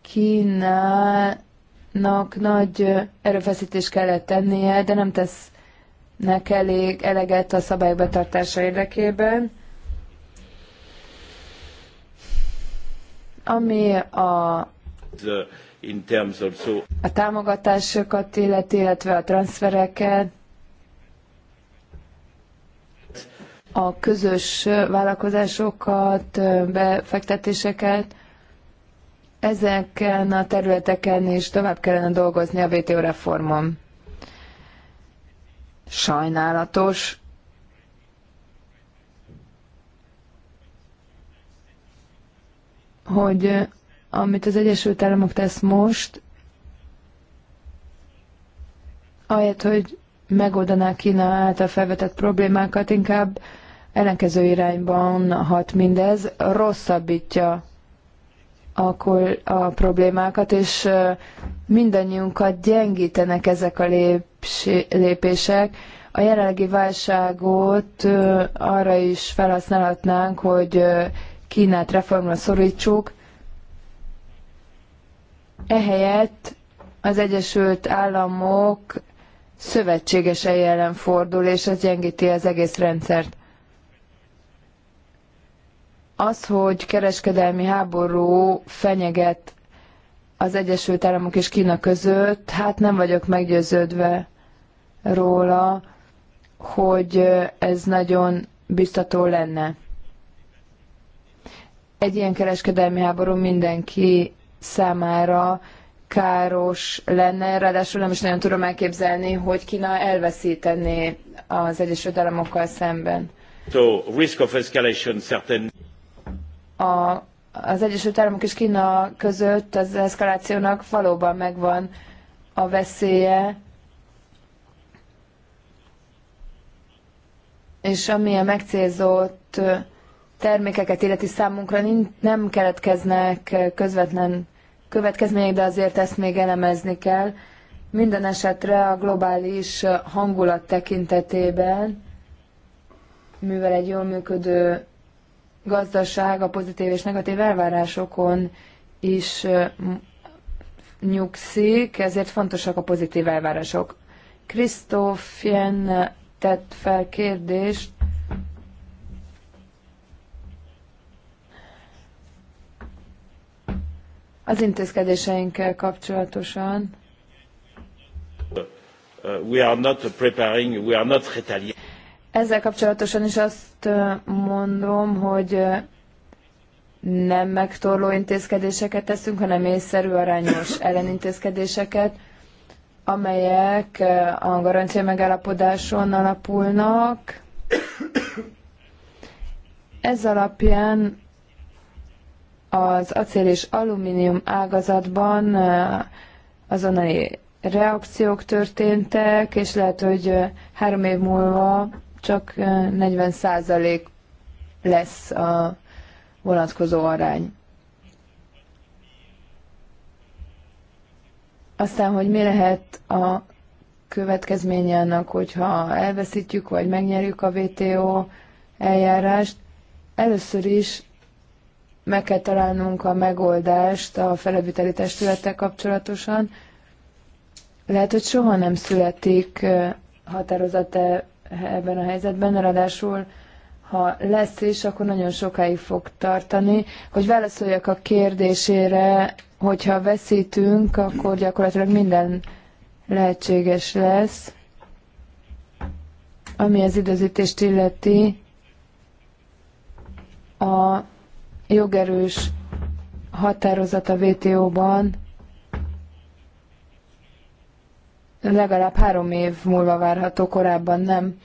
Kínának nagy erőfeszítést kellett tennie, de nem tesznek elég eleget a szabálybetartása érdekében. Ami a a támogatásokat illeti, illetve a transfereket, a közös vállalkozásokat, befektetéseket, ezeken a területeken is tovább kellene dolgozni a WTO reformon. Sajnálatos, hogy amit az Egyesült Államok tesz most, ahelyett, hogy megoldaná Kína által felvetett problémákat, inkább ellenkező irányban hat mindez, rosszabbítja akkor a problémákat, és mindannyiunkat gyengítenek ezek a lépések. A jelenlegi válságot arra is felhasználhatnánk, hogy Kínát reformra szorítsuk, ehelyett az Egyesült Államok szövetségesei ellen fordul, és ez gyengíti az egész rendszert. Az, hogy kereskedelmi háború fenyeget az Egyesült Államok és Kína között, hát nem vagyok meggyőződve róla, hogy ez nagyon biztató lenne. Egy ilyen kereskedelmi háború mindenki számára káros lenne, ráadásul nem is nagyon tudom elképzelni, hogy Kína elveszítené az Egyesült Államokkal szemben. So, risk of escalation certain... A, az Egyesült Államok és Kína között az eszkalációnak valóban megvan a veszélye, és ami a megcélzott termékeket illeti számunkra nem keletkeznek eh, közvetlen következmények, de azért ezt még elemezni kell. Minden esetre a globális eh, hangulat tekintetében, mivel egy jól működő gazdaság a pozitív és negatív elvárásokon is eh, nyugszik, ezért fontosak a pozitív elvárások. Krisztóf Jen tett fel kérdést az intézkedéseinkkel kapcsolatosan. We are not preparing, we are not retaliating. Ezzel kapcsolatosan is azt mondom, hogy nem megtorló intézkedéseket teszünk, hanem észszerű arányos ellenintézkedéseket, amelyek a garancia megállapodáson alapulnak. Ez alapján az acél és alumínium ágazatban azonai reakciók történtek, és lehet, hogy három év múlva csak 40 százalék lesz a vonatkozó arány. Aztán, hogy mi lehet a következménye annak, hogyha elveszítjük vagy megnyerjük a VTO eljárást, először is meg kell találnunk a megoldást a felelőteli testülettel kapcsolatosan. Lehet, hogy soha nem születik határozat e, ebben a helyzetben, ráadásul ha lesz is, akkor nagyon sokáig fog tartani. Hogy válaszoljak a kérdésére, hogyha veszítünk, akkor gyakorlatilag minden lehetséges lesz. Ami az időzítést illeti, a jogerős határozat a WTO-ban legalább három év múlva várható, korábban nem.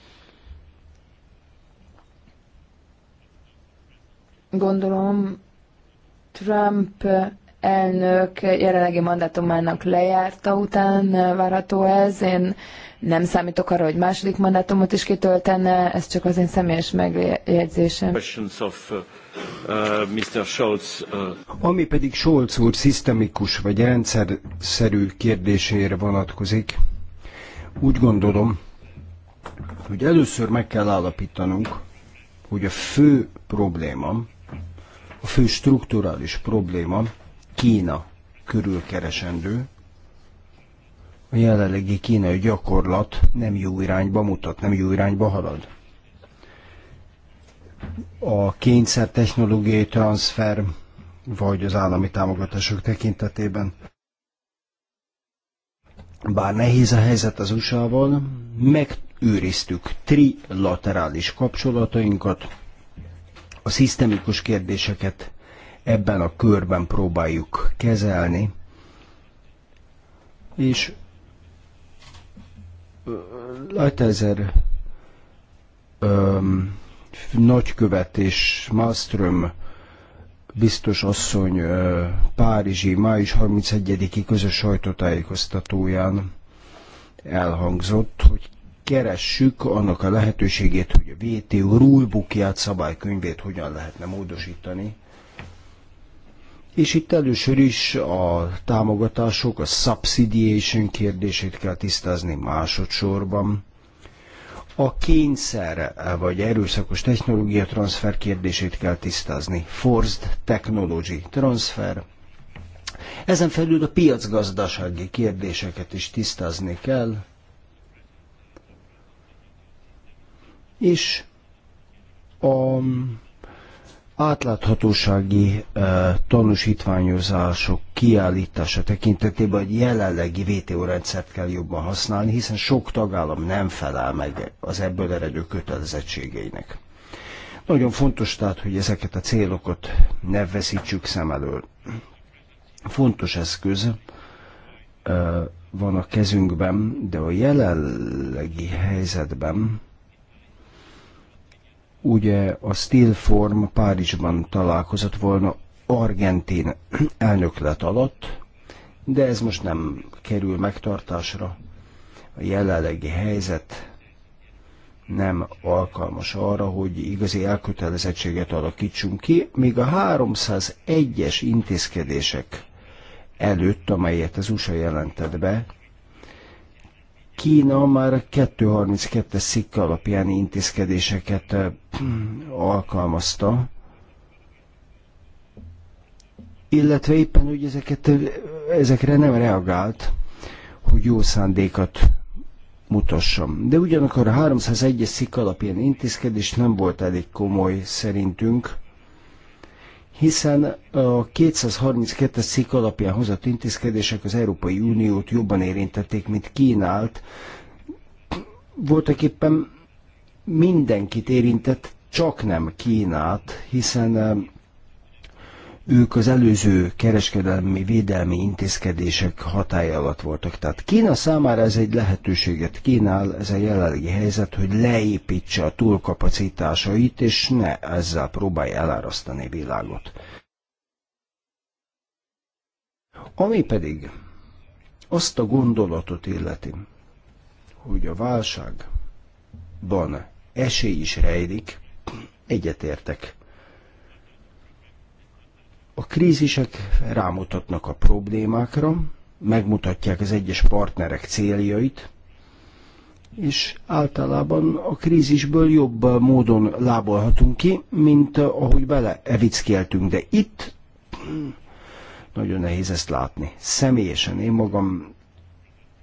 Gondolom, Trump elnök jelenlegi mandátumának lejárta után eh, várható ez. Én nem számítok arra, hogy második mandátumot is kitöltene, ez csak az én személyes megjegyzésem. Eh, eh, Ami pedig Scholz úr szisztemikus vagy rendszerszerű kérdésére vonatkozik, úgy gondolom, hogy először meg kell állapítanunk, hogy a fő probléma, a fő strukturális probléma, Kína körül keresendő. A jelenlegi kínai gyakorlat nem jó irányba mutat, nem jó irányba halad. A kényszer technológiai transfer, vagy az állami támogatások tekintetében. Bár nehéz a helyzet az USA-val, megőriztük trilaterális kapcsolatainkat, a szisztemikus kérdéseket ebben a körben próbáljuk kezelni. És Leitezer nagykövet és Malmström biztos asszony Párizsi május 31-i közös sajtótájékoztatóján elhangzott, hogy keressük annak a lehetőségét, hogy a WTO rulebookját, szabálykönyvét hogyan lehetne módosítani, és itt először is a támogatások, a subsidiation kérdését kell tisztázni másodszorban. A kényszer vagy erőszakos technológia transfer kérdését kell tisztázni. Forced technology transfer. Ezen felül a piacgazdasági kérdéseket is tisztázni kell. És a átláthatósági e, tanúsítványozások kiállítása tekintetében egy jelenlegi VTO rendszert kell jobban használni, hiszen sok tagállam nem felel meg az ebből eredő kötelezettségeinek. Nagyon fontos tehát, hogy ezeket a célokat ne veszítsük szem elől. Fontos eszköz e, van a kezünkben, de a jelenlegi helyzetben ugye a Stilform Párizsban találkozott volna argentin elnöklet alatt, de ez most nem kerül megtartásra. A jelenlegi helyzet nem alkalmas arra, hogy igazi elkötelezettséget alakítsunk ki, míg a 301-es intézkedések előtt, amelyet az USA jelentett be, Kína már 232-es szikke alapján intézkedéseket [clears throat] alkalmazta, illetve éppen, úgy ezeket, ezekre nem reagált, hogy jó szándékat mutassam. De ugyanakkor a 301-es szik alapján intézkedés nem volt elég komoly szerintünk, hiszen a 232-es cikk alapján hozott intézkedések az Európai Uniót jobban érintették, mint Kínált. Voltak éppen mindenkit érintett, csak nem Kínát, hiszen ők az előző kereskedelmi védelmi intézkedések hatája alatt voltak. Tehát Kína számára ez egy lehetőséget kínál, ez a jelenlegi helyzet, hogy leépítse a túlkapacitásait, és ne ezzel próbálja elárasztani világot. Ami pedig azt a gondolatot illeti, hogy a válságban esély is rejlik, egyetértek a krízisek rámutatnak a problémákra, megmutatják az egyes partnerek céljait, és általában a krízisből jobb módon lábolhatunk ki, mint ahogy bele evickéltünk, de itt nagyon nehéz ezt látni. Személyesen én magam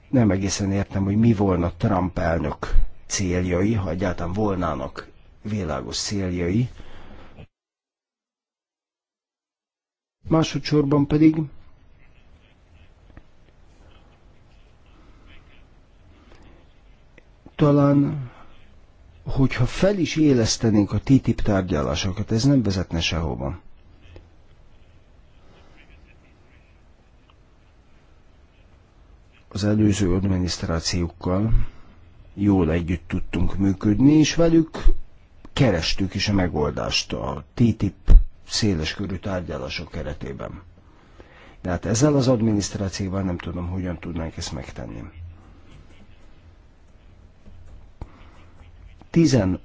nem egészen értem, hogy mi volna Trump elnök céljai, ha egyáltalán volnának világos céljai, Másodszorban pedig talán hogyha fel is élesztenénk a TTIP tárgyalásokat, ez nem vezetne sehova. Az előző adminisztrációkkal jól együtt tudtunk működni, és velük kerestük is a megoldást a TTIP széles körű tárgyalások keretében. De hát ezzel az adminisztrációval nem tudom, hogyan tudnánk ezt megtenni. 15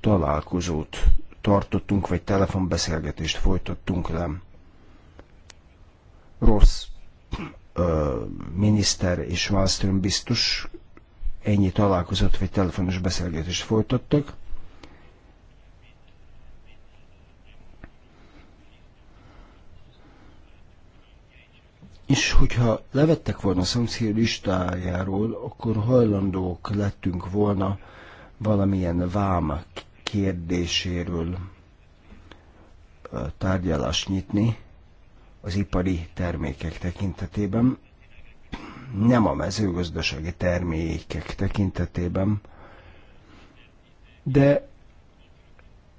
találkozót tartottunk, vagy telefonbeszélgetést folytattunk le rossz ö, miniszter és Wallström biztos ennyi találkozott vagy telefonos beszélgetést folytattak. És hogyha levettek volna a szankció listájáról, akkor hajlandók lettünk volna valamilyen vám kérdéséről tárgyalást nyitni az ipari termékek tekintetében, nem a mezőgazdasági termékek tekintetében, de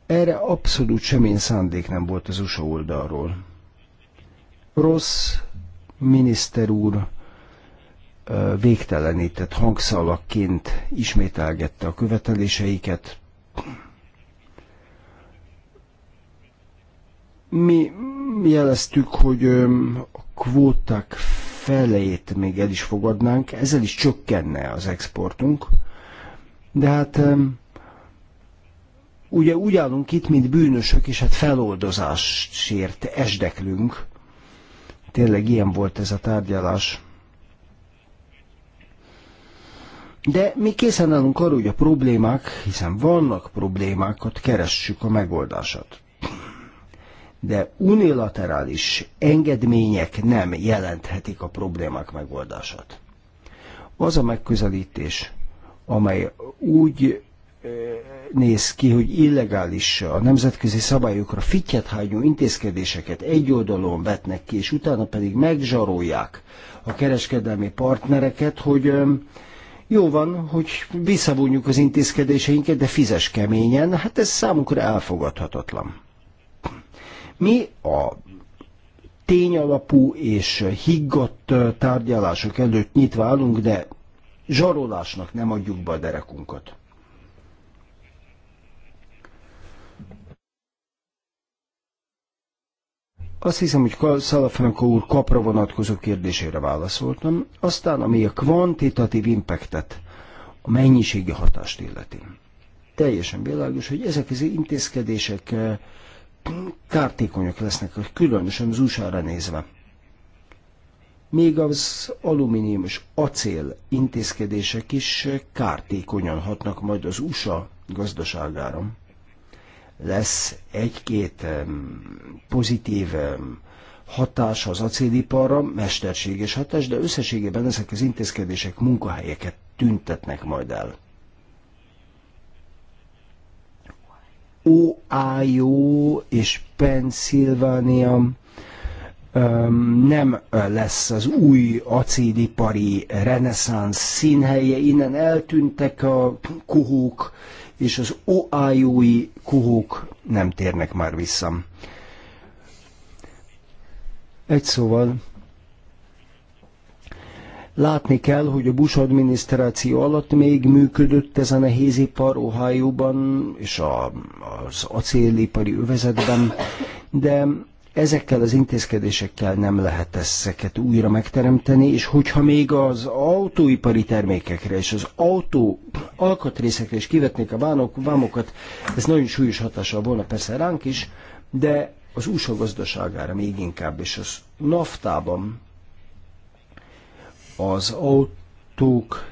erre abszolút semmilyen szándék nem volt az USA oldalról. Rossz miniszter úr végtelenített hangszalakként ismételgette a követeléseiket. Mi jeleztük, hogy a kvóták felejét még el is fogadnánk, ezzel is csökkenne az exportunk, de hát ugye úgy állunk itt, mint bűnösök, és hát feloldozásért esdeklünk, Tényleg ilyen volt ez a tárgyalás. De mi készen állunk arra, hogy a problémák, hiszen vannak problémákat, keressük a megoldását. De unilaterális engedmények nem jelenthetik a problémák megoldását. Az a megközelítés, amely úgy néz ki, hogy illegális a nemzetközi szabályokra fittyet hányó intézkedéseket egy oldalon vetnek ki, és utána pedig megzsarolják a kereskedelmi partnereket, hogy jó van, hogy visszavonjuk az intézkedéseinket, de fizes keményen, hát ez számunkra elfogadhatatlan. Mi a tényalapú és higgadt tárgyalások előtt nyitva állunk, de zsarolásnak nem adjuk be a derekunkat. Azt hiszem, hogy Szalafranko úr kapra vonatkozó kérdésére válaszoltam. Aztán, ami a kvantitatív impactet, a mennyiségi hatást illeti. Teljesen világos, hogy ezek az intézkedések eh, kártékonyak lesznek, különösen az usa nézve. Még az alumínium és acél intézkedések is eh, kártékonyan hatnak majd az USA gazdaságára lesz egy-két pozitív hatás az acéliparra, mesterséges hatás, de összességében ezek az intézkedések munkahelyeket tüntetnek majd el. Ohio és Pennsylvania nem lesz az új acélipari reneszánsz színhelye, innen eltűntek a kuhók, és az oájói kuhók nem térnek már vissza. Egy szóval, Látni kell, hogy a Bush adminisztráció alatt még működött ez a nehézipar Ohio-ban és a, az acélipari övezetben, de Ezekkel az intézkedésekkel nem lehet ezeket újra megteremteni, és hogyha még az autóipari termékekre és az autó alkatrészekre is kivetnék a vámok, vámokat, ez nagyon súlyos hatással volna persze ránk is, de az USA gazdaságára még inkább, és az naftában az autók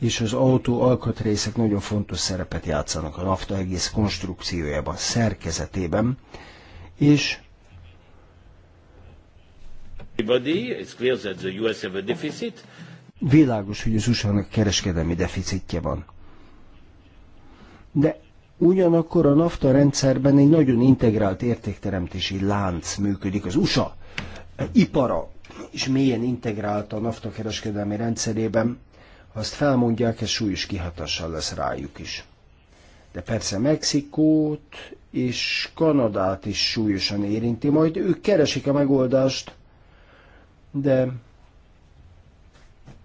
és az autó alkatrészek nagyon fontos szerepet játszanak a nafta egész konstrukciójában, szerkezetében és Világos, hogy az usa kereskedelmi deficitje van. De ugyanakkor a NAFTA rendszerben egy nagyon integrált értékteremtési lánc működik. Az USA ipara is mélyen integrált a NAFTA kereskedelmi rendszerében. Ha azt felmondják, ez súlyos kihatással lesz rájuk is. De persze Mexikót és Kanadát is súlyosan érinti. Majd ők keresik a megoldást, de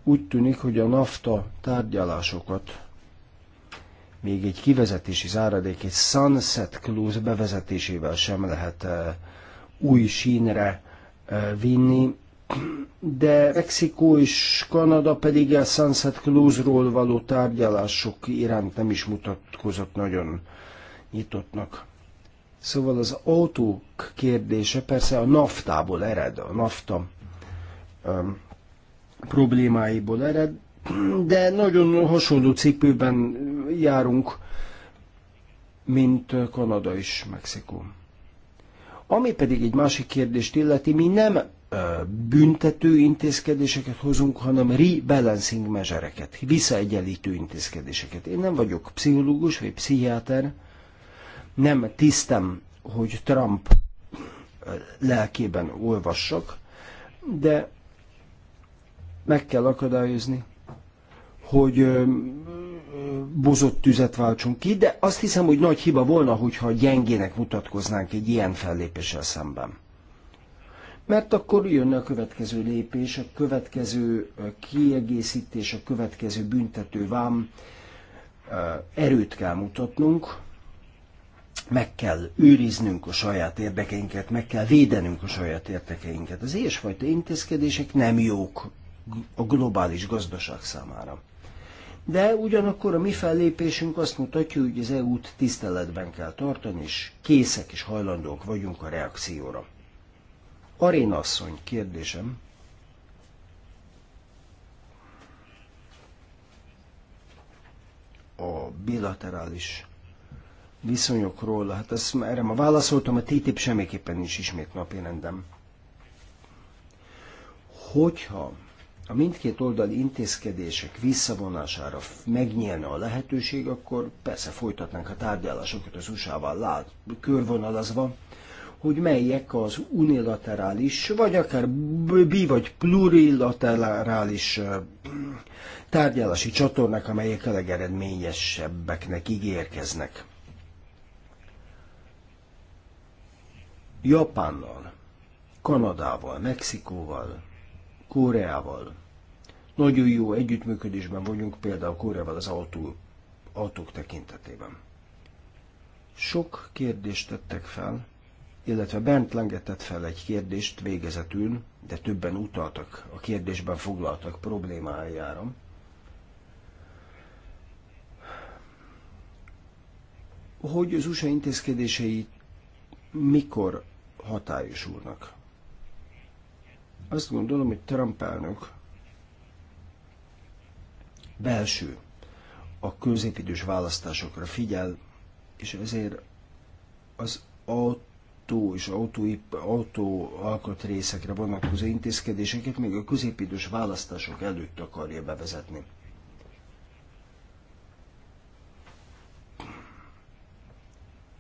úgy tűnik, hogy a NAFTA tárgyalásokat még egy kivezetési záradék, egy sunset clause bevezetésével sem lehet eh, új sínre eh, vinni, de Mexikó és Kanada pedig a Sunset Clause-ról való tárgyalások iránt nem is mutatkozott nagyon nyitottnak. Szóval az autók kérdése persze a naftából ered, a nafta um, problémáiból ered, de nagyon hasonló cipőben járunk, mint Kanada és Mexikó. Ami pedig egy másik kérdést illeti, mi nem büntető intézkedéseket hozunk, hanem rebalancing mezsereket, visszaegyenlítő intézkedéseket. Én nem vagyok pszichológus vagy pszichiáter, nem tisztem, hogy Trump lelkében olvassak, de meg kell akadályozni, hogy bozott tüzet váltsunk ki, de azt hiszem, hogy nagy hiba volna, hogyha gyengének mutatkoznánk egy ilyen fellépéssel szemben. Mert akkor jön a következő lépés, a következő kiegészítés, a következő büntető vám, erőt kell mutatnunk, meg kell őriznünk a saját érdekeinket, meg kell védenünk a saját érdekeinket. Az ilyesfajta intézkedések nem jók a globális gazdaság számára. De ugyanakkor a mi fellépésünk azt mutatja, hogy az EU-t tiszteletben kell tartani, és készek és hajlandók vagyunk a reakcióra. Aréna asszony, kérdésem. A bilaterális viszonyokról, hát ezt, erre ma válaszoltam, a TTIP semmiképpen nincs ismét napi rendem. Hogyha a mindkét oldal intézkedések visszavonására megnyílna a lehetőség, akkor persze folytatnánk a tárgyalásokat az USA-val lát, körvonalazva, hogy melyek az unilaterális, vagy akár bi- vagy plurilaterális tárgyalási csatornák, amelyek a legeredményesebbeknek ígérkeznek. Japánnal, Kanadával, Mexikóval, Koreával. Nagyon jó együttműködésben vagyunk például Koreával az autó, autók tekintetében. Sok kérdést tettek fel, illetve Bent lengetett fel egy kérdést végezetül, de többen utaltak a kérdésben foglaltak problémájára. Hogy az USA intézkedései mikor hatályos úrnak. Azt gondolom, hogy Trump elnök belső a középidős választásokra figyel, és ezért az autó és autó, autó alkatrészekre vonatkozó intézkedéseket még a középidős választások előtt akarja bevezetni.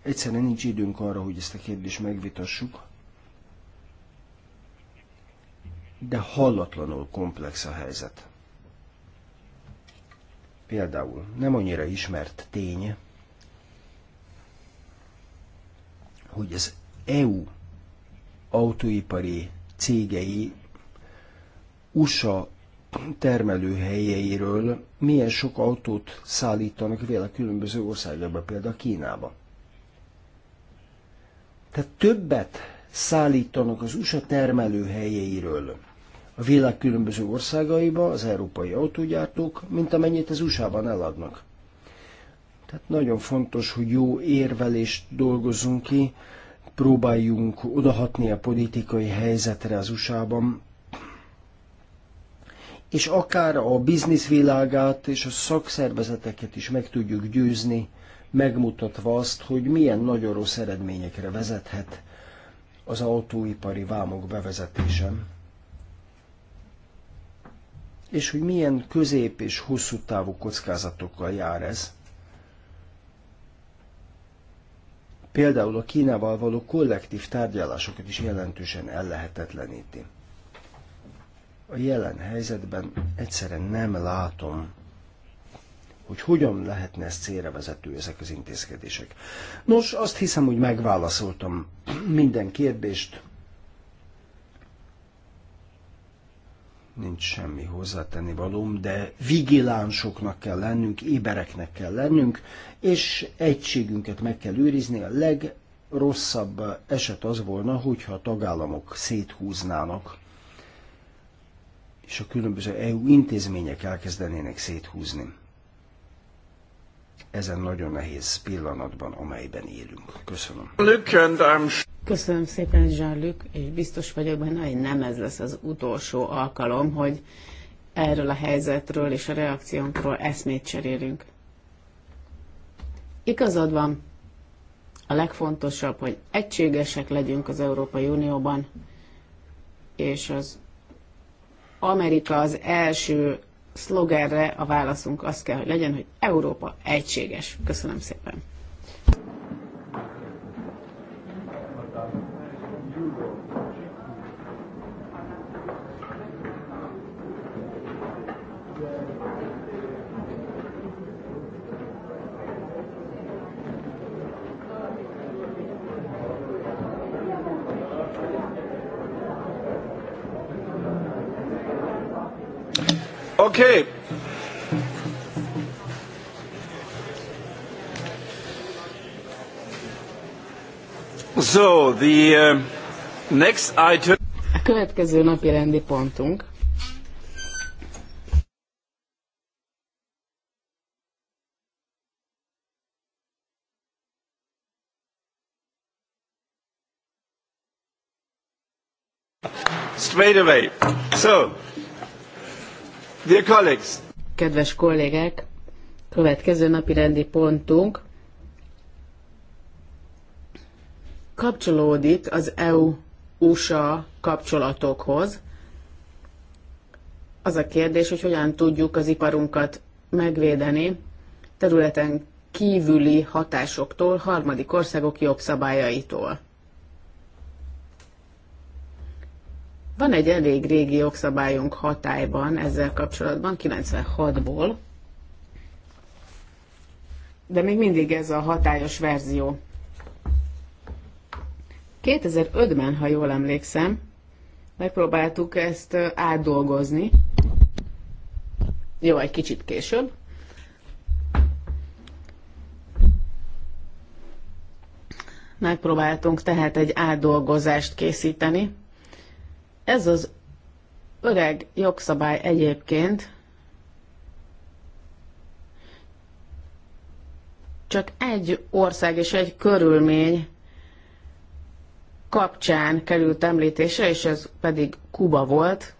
Egyszerűen nincs időnk arra, hogy ezt a kérdést megvitassuk, de hallatlanul komplex a helyzet. Például nem annyira ismert tény, hogy az EU autóipari cégei USA termelőhelyeiről milyen sok autót szállítanak vele különböző országokba, például Kínába. Tehát többet szállítanak az USA termelőhelyeiről a világ különböző országaiba az európai autógyártók, mint amennyit az USA-ban eladnak. Tehát nagyon fontos, hogy jó érvelést dolgozzunk ki, próbáljunk odahatni a politikai helyzetre az USA-ban, és akár a bizniszvilágát és a szakszervezeteket is meg tudjuk győzni megmutatva azt, hogy milyen nagyon rossz eredményekre vezethet az autóipari vámok bevezetése, és hogy milyen közép és hosszú távú kockázatokkal jár ez. Például a Kínával való kollektív tárgyalásokat is jelentősen ellehetetleníti. A jelen helyzetben egyszerűen nem látom, hogy hogyan lehetne ez célra vezető ezek az intézkedések. Nos, azt hiszem, hogy megválaszoltam minden kérdést. Nincs semmi hozzátenni valóm, de vigilánsoknak kell lennünk, ébereknek kell lennünk, és egységünket meg kell őrizni. A legrosszabb eset az volna, hogyha a tagállamok széthúznának és a különböző EU intézmények elkezdenének széthúzni ezen nagyon nehéz pillanatban, amelyben élünk. Köszönöm. Köszönöm szépen, jean és biztos vagyok benne, hogy nem ez lesz az utolsó alkalom, hogy erről a helyzetről és a reakciónkról eszmét cserélünk. Igazad van, a legfontosabb, hogy egységesek legyünk az Európai Unióban, és az Amerika az első szlogenre a válaszunk az kell, hogy legyen, hogy Európa egységes. Köszönöm szépen! Okay. So, the uh, next item. A következő napi rendi pontunk Straight away. So, Dear colleagues. Kedves kollégák, következő napi rendi pontunk kapcsolódik az EU-USA kapcsolatokhoz. Az a kérdés, hogy hogyan tudjuk az iparunkat megvédeni területen kívüli hatásoktól, harmadik országok jogszabályaitól. Van egy elég régi jogszabályunk hatályban ezzel kapcsolatban, 96-ból, de még mindig ez a hatályos verzió. 2005-ben, ha jól emlékszem, megpróbáltuk ezt átdolgozni. Jó, egy kicsit később. Megpróbáltunk tehát egy átdolgozást készíteni, ez az öreg jogszabály egyébként csak egy ország és egy körülmény kapcsán került említése, és ez pedig Kuba volt.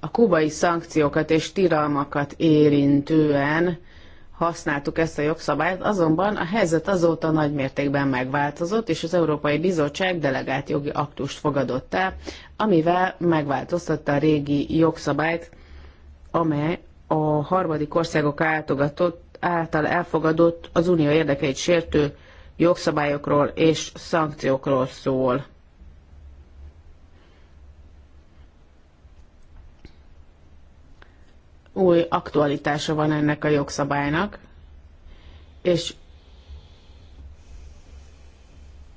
A kubai szankciókat és tilalmakat érintően használtuk ezt a jogszabályt, azonban a helyzet azóta nagymértékben megváltozott, és az Európai Bizottság delegált jogi aktust fogadott el, amivel megváltoztatta a régi jogszabályt, amely a harmadik országok által elfogadott az unió érdekeit sértő jogszabályokról és szankciókról szól. új aktualitása van ennek a jogszabálynak, és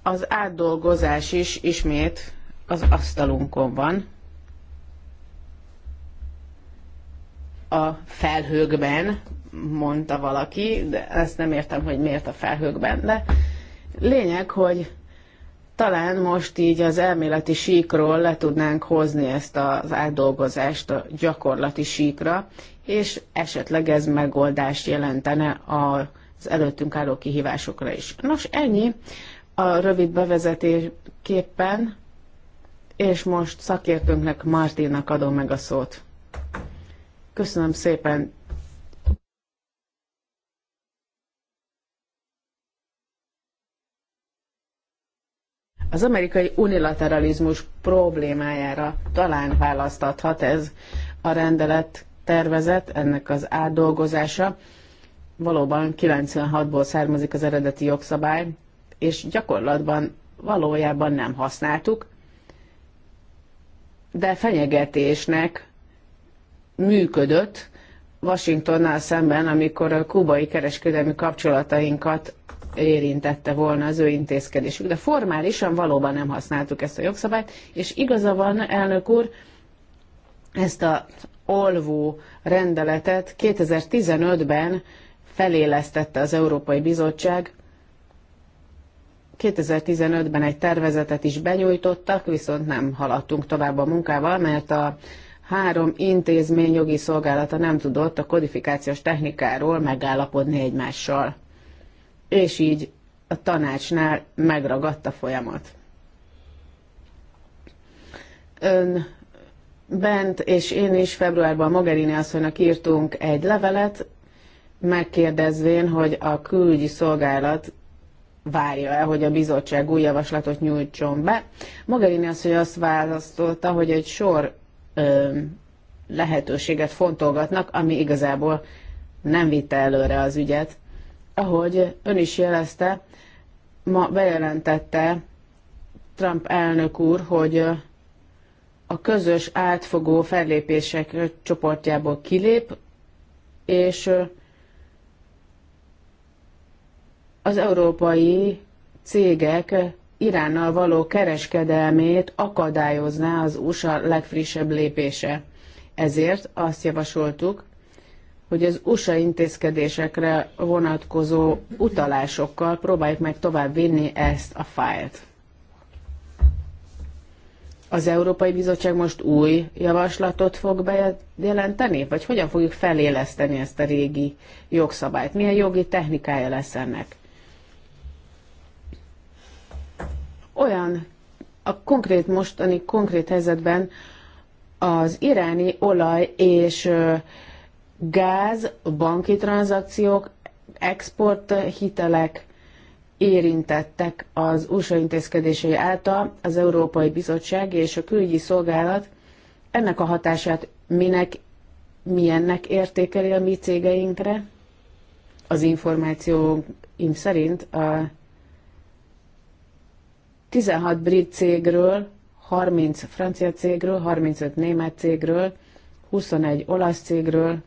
az átdolgozás is ismét az asztalunkon van. A felhőkben, mondta valaki, de ezt nem értem, hogy miért a felhőkben, de lényeg, hogy talán most így az elméleti síkról le tudnánk hozni ezt az átdolgozást a gyakorlati síkra, és esetleg ez megoldást jelentene az előttünk álló kihívásokra is. Nos, ennyi a rövid bevezetésképpen, és most szakértőnknek, Martinnak adom meg a szót. Köszönöm szépen, Az amerikai unilateralizmus problémájára talán választathat ez a rendelet tervezet, ennek az átdolgozása. Valóban 96-ból származik az eredeti jogszabály, és gyakorlatban valójában nem használtuk, de fenyegetésnek működött Washingtonnal szemben, amikor a kubai kereskedelmi kapcsolatainkat érintette volna az ő intézkedésük. De formálisan valóban nem használtuk ezt a jogszabályt, és igaza van, elnök úr, ezt a olvó rendeletet 2015-ben felélesztette az Európai Bizottság. 2015-ben egy tervezetet is benyújtottak, viszont nem haladtunk tovább a munkával, mert a három intézmény jogi szolgálata nem tudott a kodifikációs technikáról megállapodni egymással és így a tanácsnál megragadt a folyamat. Ön bent, és én is februárban Mogherini asszonynak írtunk egy levelet, megkérdezvén, hogy a külügyi szolgálat várja el, hogy a bizottság új javaslatot nyújtson be. Mogherini asszony azt választotta, hogy egy sor ö, lehetőséget fontolgatnak, ami igazából nem vitte előre az ügyet ahogy ön is jelezte, ma bejelentette Trump elnök úr, hogy a közös átfogó fellépések csoportjából kilép, és az európai cégek Iránnal való kereskedelmét akadályozná az USA legfrissebb lépése. Ezért azt javasoltuk, hogy az USA intézkedésekre vonatkozó utalásokkal próbáljuk meg tovább vinni ezt a fájlt. Az Európai Bizottság most új javaslatot fog bejelenteni, vagy hogyan fogjuk feléleszteni ezt a régi jogszabályt? Milyen jogi technikája lesz ennek? Olyan a konkrét mostani konkrét helyzetben az iráni olaj és gáz, banki tranzakciók, exporthitelek érintettek az USA intézkedései által az Európai Bizottság és a külügyi szolgálat ennek a hatását minek, milyennek értékeli a mi cégeinkre. Az információim szerint a 16 brit cégről, 30 francia cégről, 35 német cégről, 21 olasz cégről,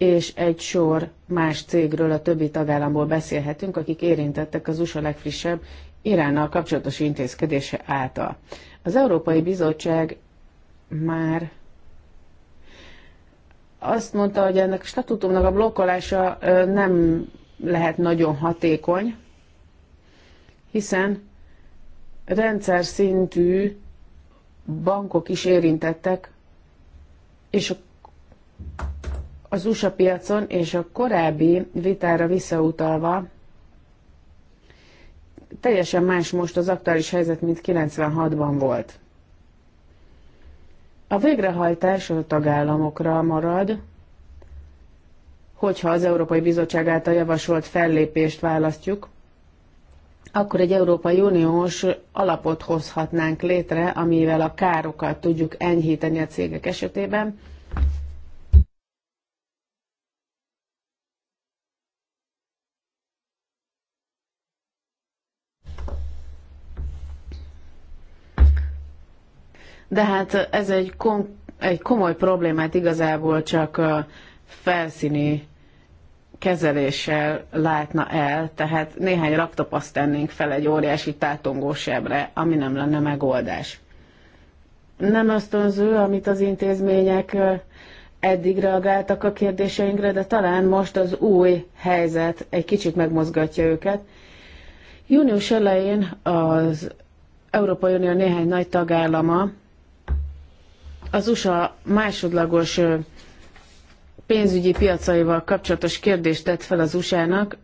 és egy sor más cégről a többi tagállamból beszélhetünk, akik érintettek az USA legfrissebb Iránnal kapcsolatos intézkedése által. Az Európai Bizottság már azt mondta, hogy ennek a statutumnak a blokkolása nem lehet nagyon hatékony, hiszen rendszer szintű bankok is érintettek, és a az USA piacon és a korábbi vitára visszautalva, teljesen más most az aktuális helyzet, mint 96-ban volt. A végrehajtás a tagállamokra marad, hogyha az Európai Bizottság által javasolt fellépést választjuk, akkor egy Európai Uniós alapot hozhatnánk létre, amivel a károkat tudjuk enyhíteni a cégek esetében, de hát ez egy, kom- egy komoly problémát igazából csak a felszíni kezeléssel látna el, tehát néhány raktapaszt tennénk fel egy óriási tátongósebre, ami nem lenne megoldás. Nem ösztönző, amit az intézmények eddig reagáltak a kérdéseinkre, de talán most az új helyzet egy kicsit megmozgatja őket. Június elején az Európai Unió néhány nagy tagállama az USA másodlagos pénzügyi piacaival kapcsolatos kérdést tett fel az USA-nak,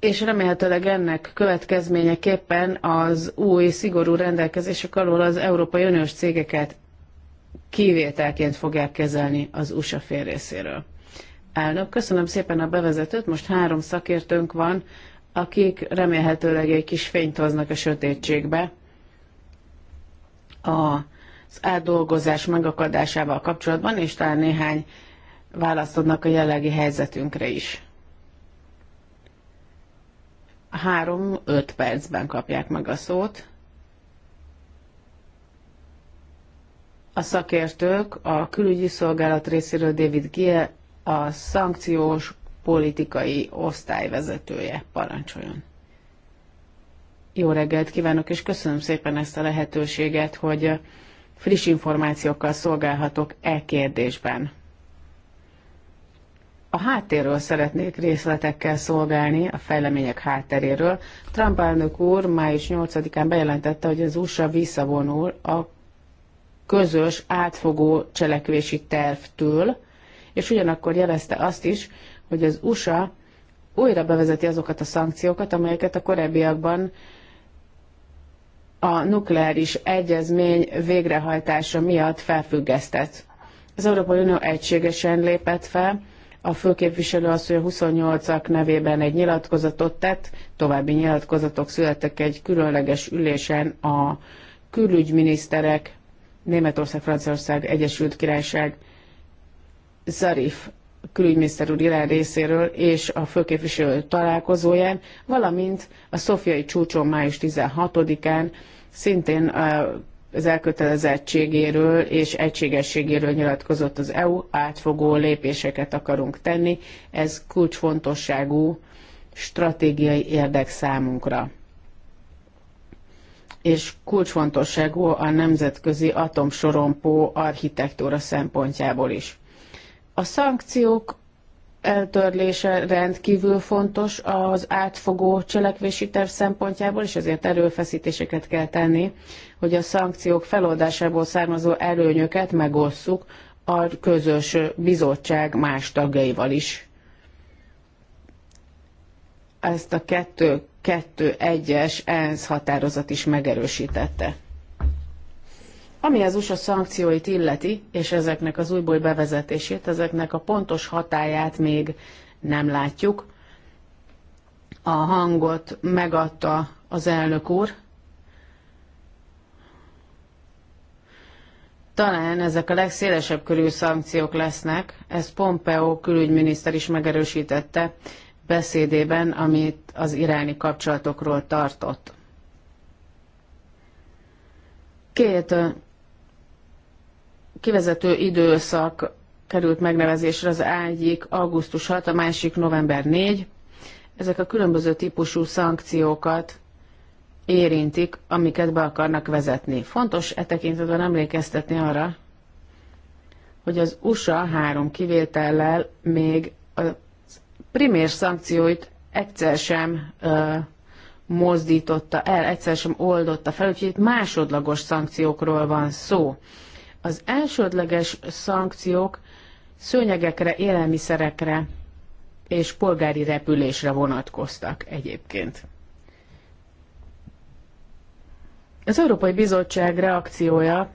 és remélhetőleg ennek következményeképpen az új szigorú rendelkezések alól az Európai Uniós cégeket kivételként fogják kezelni az USA fél részéről. Elnök, köszönöm szépen a bevezetőt, most három szakértőnk van, akik remélhetőleg egy kis fényt hoznak a sötétségbe az átdolgozás megakadásával kapcsolatban, és talán néhány választ adnak a jelenlegi helyzetünkre is. Három-öt percben kapják meg a szót. A szakértők a külügyi szolgálat részéről David Giel, a szankciós politikai osztály vezetője parancsoljon. Jó reggelt kívánok, és köszönöm szépen ezt a lehetőséget, hogy friss információkkal szolgálhatok e kérdésben. A háttérről szeretnék részletekkel szolgálni, a fejlemények hátteréről. Trump elnök úr május 8-án bejelentette, hogy az USA visszavonul a közös átfogó cselekvési tervtől, és ugyanakkor jelezte azt is, hogy az USA újra bevezeti azokat a szankciókat, amelyeket a korábbiakban a nukleáris egyezmény végrehajtása miatt felfüggesztett. Az Európai Unió egységesen lépett fel, a főképviselő asszony a 28-ak nevében egy nyilatkozatot tett, további nyilatkozatok születtek egy különleges ülésen a külügyminiszterek, Németország, Franciaország, Egyesült Királyság, Zarif külügyminiszter úr Irán részéről és a főképviselő találkozóján, valamint a szofiai csúcson május 16-án szintén az elkötelezettségéről és egységességéről nyilatkozott az EU, átfogó lépéseket akarunk tenni, ez kulcsfontosságú stratégiai érdek számunkra. És kulcsfontosságú a nemzetközi atomsorompó architektúra szempontjából is. A szankciók eltörlése rendkívül fontos az átfogó cselekvési terv szempontjából, és ezért erőfeszítéseket kell tenni, hogy a szankciók feloldásából származó előnyöket megosszuk a közös bizottság más tagjaival is. Ezt a 2-2-1-es ENSZ határozat is megerősítette. Ami az USA szankcióit illeti, és ezeknek az újból bevezetését, ezeknek a pontos hatáját még nem látjuk. A hangot megadta az elnök úr. Talán ezek a legszélesebb körű szankciók lesznek, ezt Pompeo külügyminiszter is megerősítette beszédében, amit az iráni kapcsolatokról tartott. Két kivezető időszak került megnevezésre az egyik augusztus 6, a másik november 4. Ezek a különböző típusú szankciókat érintik, amiket be akarnak vezetni. Fontos e tekintetben emlékeztetni arra, hogy az USA három kivétellel még a primér szankcióit egyszer sem ö, mozdította el, egyszer sem oldotta fel, úgyhogy itt másodlagos szankciókról van szó. Az elsődleges szankciók szőnyegekre, élelmiszerekre és polgári repülésre vonatkoztak egyébként. Az Európai Bizottság reakciója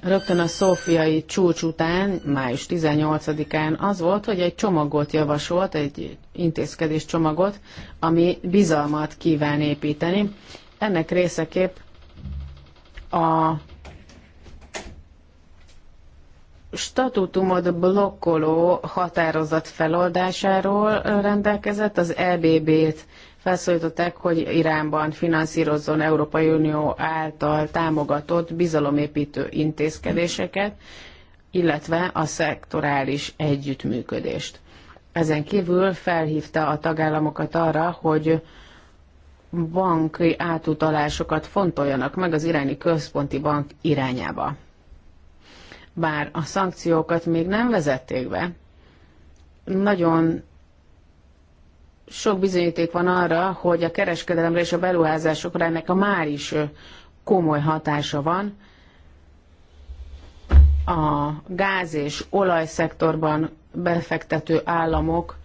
rögtön a szófiai csúcs után, május 18-án az volt, hogy egy csomagot javasolt, egy intézkedés csomagot, ami bizalmat kíván építeni. Ennek részeképp a statútumot blokkoló határozat feloldásáról rendelkezett, az EBB-t felszólították, hogy Iránban finanszírozzon Európai Unió által támogatott bizalomépítő intézkedéseket, illetve a szektorális együttműködést. Ezen kívül felhívta a tagállamokat arra, hogy banki átutalásokat fontoljanak meg az iráni központi bank irányába bár a szankciókat még nem vezették be, nagyon sok bizonyíték van arra, hogy a kereskedelemre és a beruházásokra ennek a már is komoly hatása van. A gáz és olajszektorban befektető államok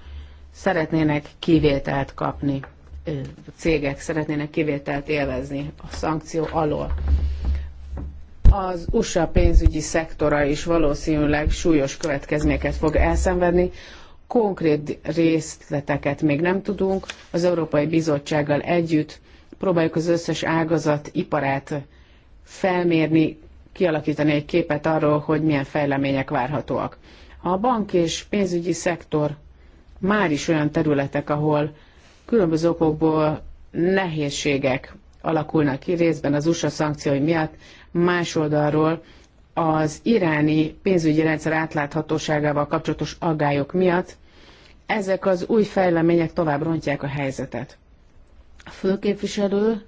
szeretnének kivételt kapni, cégek szeretnének kivételt élvezni a szankció alól az USA pénzügyi szektora is valószínűleg súlyos következményeket fog elszenvedni. Konkrét részleteket még nem tudunk. Az Európai Bizottsággal együtt próbáljuk az összes ágazat, iparát felmérni, kialakítani egy képet arról, hogy milyen fejlemények várhatóak. A bank és pénzügyi szektor már is olyan területek, ahol különböző okokból nehézségek alakulnak ki részben az USA szankciói miatt, más oldalról az iráni pénzügyi rendszer átláthatóságával kapcsolatos aggályok miatt ezek az új fejlemények tovább rontják a helyzetet. A főképviselő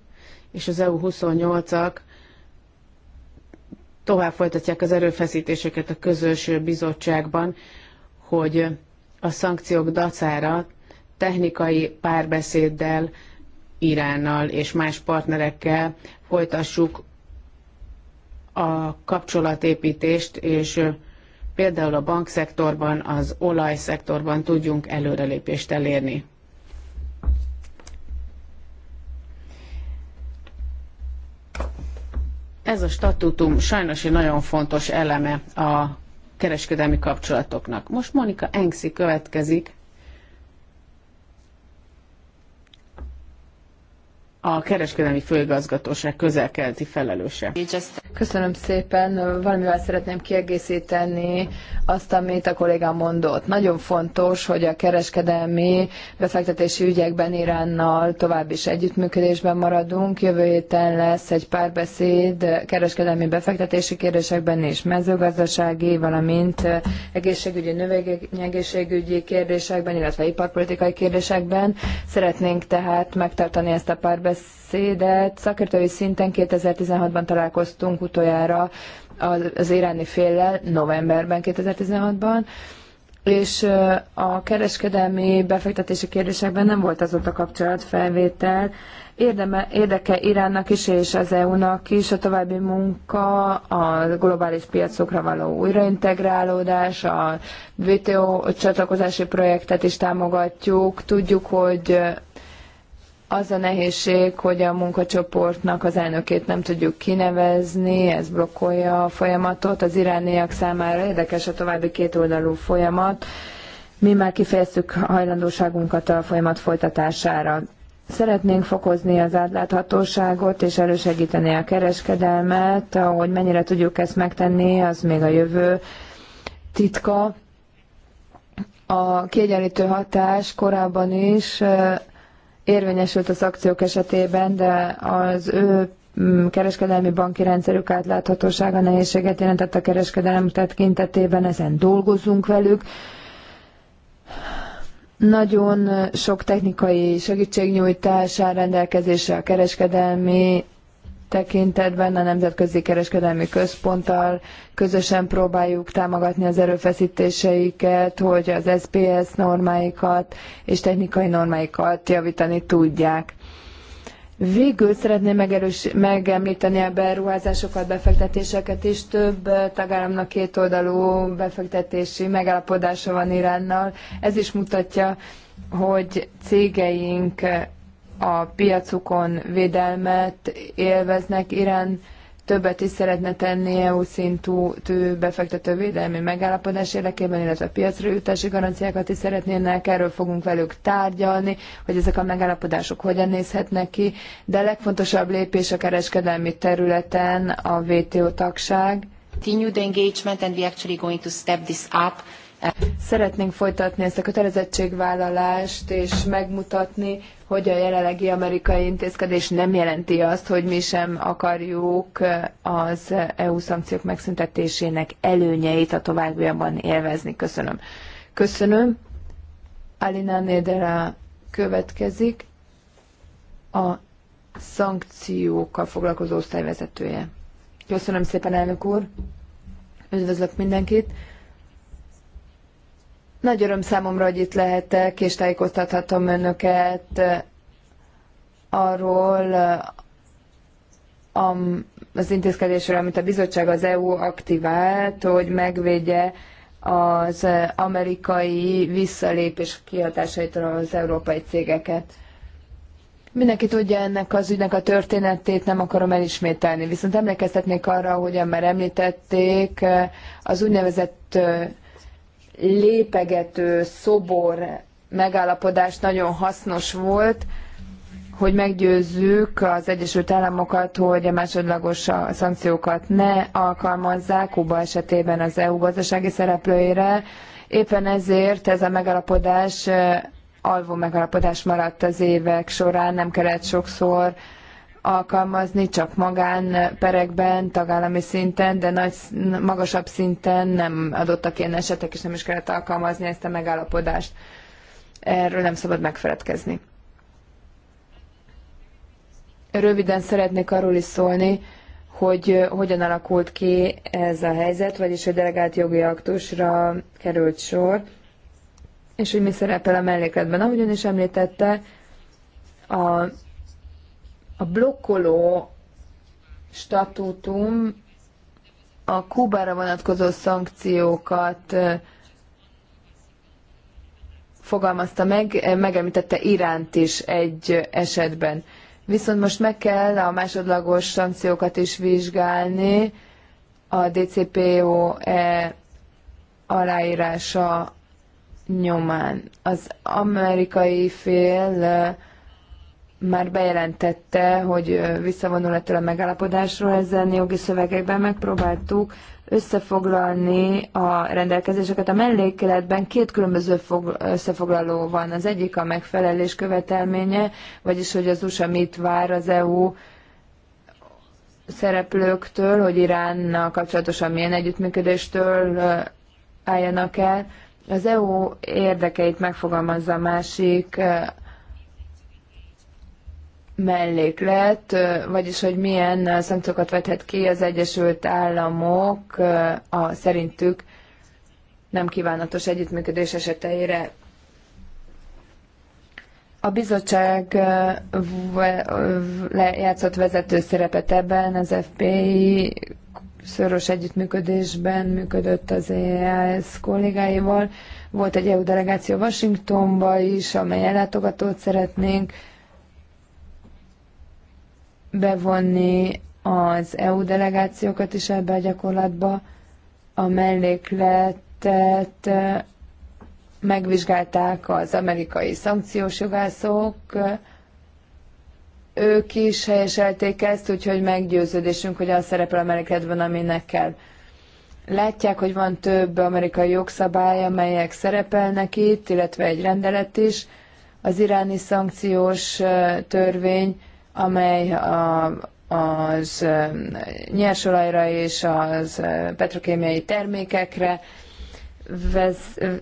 és az EU28-ak tovább folytatják az erőfeszítéseket a közös bizottságban, hogy a szankciók dacára technikai párbeszéddel, Iránnal és más partnerekkel folytassuk a kapcsolatépítést, és például a bankszektorban, az olajszektorban tudjunk előrelépést elérni. Ez a statutum sajnos egy nagyon fontos eleme a kereskedelmi kapcsolatoknak. Most Monika Engsi következik, a kereskedelmi főigazgatóság közelkelti felelőse. Köszönöm szépen. Valamivel szeretném kiegészíteni azt, amit a kollégám mondott. Nagyon fontos, hogy a kereskedelmi befektetési ügyekben Iránnal tovább is együttműködésben maradunk. Jövő héten lesz egy párbeszéd kereskedelmi befektetési kérdésekben és mezőgazdasági, valamint egészségügyi, növényegészségügyi kérdésekben, illetve iparpolitikai kérdésekben. Szeretnénk tehát megtartani ezt a párbeszédet párbeszédet. Szakértői szinten 2016-ban találkoztunk utoljára az iráni féllel, novemberben 2016-ban, és a kereskedelmi befektetési kérdésekben nem volt az ott a kapcsolatfelvétel. Érdeme, érdeke Iránnak is és az EU-nak is a további munka, a globális piacokra való újraintegrálódás, a WTO csatlakozási projektet is támogatjuk. Tudjuk, hogy az a nehézség, hogy a munkacsoportnak az elnökét nem tudjuk kinevezni, ez blokkolja a folyamatot. Az irániak számára érdekes a további kétoldalú folyamat. Mi már kifejeztük hajlandóságunkat a folyamat folytatására. Szeretnénk fokozni az átláthatóságot és elősegíteni a kereskedelmet, hogy mennyire tudjuk ezt megtenni, az még a jövő titka. A kiegyenlítő hatás korábban is érvényesült az akciók esetében, de az ő mm, kereskedelmi banki rendszerük átláthatósága nehézséget jelentett a kereskedelem tekintetében, ezen dolgozunk velük. Nagyon sok technikai segítségnyújtás áll rendelkezésre a kereskedelmi tekintetben a Nemzetközi Kereskedelmi Központtal közösen próbáljuk támogatni az erőfeszítéseiket, hogy az SPS normáikat és technikai normáikat javítani tudják. Végül szeretném megerős, megemlíteni a beruházásokat, befektetéseket is. Több tagállamnak kétoldalú befektetési megállapodása van Iránnal. Ez is mutatja, hogy cégeink a piacukon védelmet élveznek. Irán többet is szeretne tenni EU szintű befektető védelmi megállapodás érdekében, illetve piacra jutási garanciákat is szeretnének, erről fogunk velük tárgyalni, hogy ezek a megállapodások hogyan nézhetnek ki, de a legfontosabb lépés a kereskedelmi területen a WTO tagság. Continued engagement and we actually going to step this up Szeretnénk folytatni ezt a kötelezettségvállalást, és megmutatni, hogy a jelenlegi amerikai intézkedés nem jelenti azt, hogy mi sem akarjuk az EU szankciók megszüntetésének előnyeit a továbbiakban élvezni. Köszönöm. Köszönöm. Alina Nédera következik, a szankciókkal foglalkozó osztályvezetője. Köszönöm szépen, elnök úr! Üdvözlök mindenkit! Nagy öröm számomra, hogy itt lehetek, és tájékoztathatom önöket eh, arról eh, az intézkedésről, amit a bizottság az EU aktivált, hogy megvédje az eh, amerikai visszalépés kihatásaitól az európai cégeket. Mindenki tudja ennek az ügynek a történetét, nem akarom elismételni, viszont emlékeztetnék arra, ahogyan már említették, az úgynevezett lépegető, szobor megállapodás nagyon hasznos volt, hogy meggyőzzük az Egyesült Államokat, hogy a másodlagos szankciókat ne alkalmazzák Kuba esetében az EU gazdasági szereplőire. Éppen ezért ez a megalapodás eh, alvó megalapodás maradt az évek során, nem kellett sokszor alkalmazni csak magánperekben, tagállami szinten, de nagy, magasabb szinten nem adottak ilyen esetek, és nem is kellett alkalmazni ezt a megállapodást. Erről nem szabad megfeledkezni. Röviden szeretnék arról is szólni, hogy eh, hogyan alakult ki ez a helyzet, vagyis hogy delegált jogi aktusra került sor, és hogy mi szerepel a mellékletben. Ahogyan is említette, a a blokkoló statútum a Kubára vonatkozó szankciókat fogalmazta meg, megemlítette Iránt is egy esetben. Viszont most meg kell a másodlagos szankciókat is vizsgálni, a DCPO -e aláírása nyomán. Az amerikai fél már bejelentette, hogy visszavonul ettől a megállapodásról, ezzel jogi szövegekben megpróbáltuk összefoglalni a rendelkezéseket. A mellékletben két különböző fog, összefoglaló van. Az egyik a megfelelés követelménye, vagyis hogy az USA mit vár az EU szereplőktől, hogy Iránnal kapcsolatosan milyen együttműködéstől álljanak el. Az EU érdekeit megfogalmazza a másik melléklet, vagyis hogy milyen szankciókat vethet ki az Egyesült Államok a szerintük nem kívánatos együttműködés eseteire. A bizottság lejátszott vezető szerepet ebben, az FPI szoros együttműködésben működött az EAS kollégáival. Volt egy EU delegáció Washingtonba is, amely ellátogatót szeretnénk bevonni az EU delegációkat is ebbe a gyakorlatba. A mellékletet megvizsgálták az amerikai szankciós jogászok, ők is helyeselték ezt, úgyhogy meggyőződésünk, hogy az szerepel a mellékletben, aminek kell. Látják, hogy van több amerikai jogszabály, amelyek szerepelnek itt, illetve egy rendelet is. Az iráni szankciós törvény amely a, az nyersolajra és az petrokémiai termékekre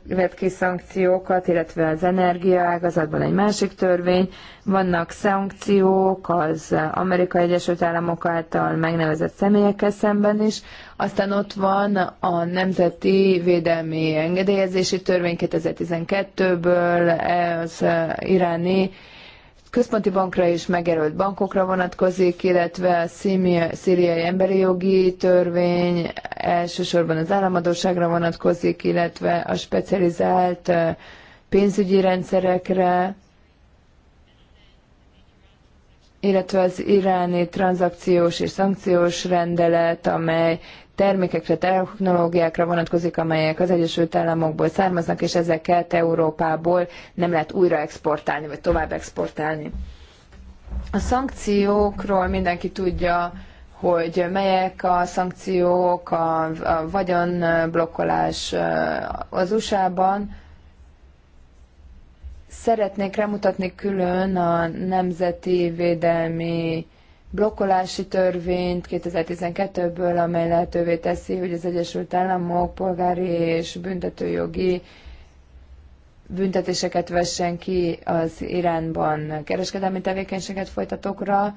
vet ki szankciókat, illetve az energiaágazatban egy másik törvény. Vannak szankciók az Amerikai Egyesült Államok által megnevezett személyekkel szemben is. Aztán ott van a Nemzeti Védelmi Engedélyezési Törvény 2012-ből, az iráni központi bankra és megerőlt bankokra vonatkozik, illetve a szíriai emberi jogi törvény elsősorban az államadóságra vonatkozik, illetve a specializált pénzügyi rendszerekre, illetve az iráni tranzakciós és szankciós rendelet, amely termékekre, technológiákra vonatkozik, amelyek az Egyesült Államokból származnak, és ezeket Európából nem lehet újra exportálni, vagy tovább exportálni. A szankciókról mindenki tudja, hogy melyek a szankciók, a, a vagyonblokkolás az USA-ban, Szeretnék remutatni külön a Nemzeti Védelmi Blokkolási Törvényt 2012-ből, amely lehetővé teszi, hogy az Egyesült Államok polgári és büntetőjogi büntetéseket vessen ki az Iránban kereskedelmi tevékenységet folytatókra.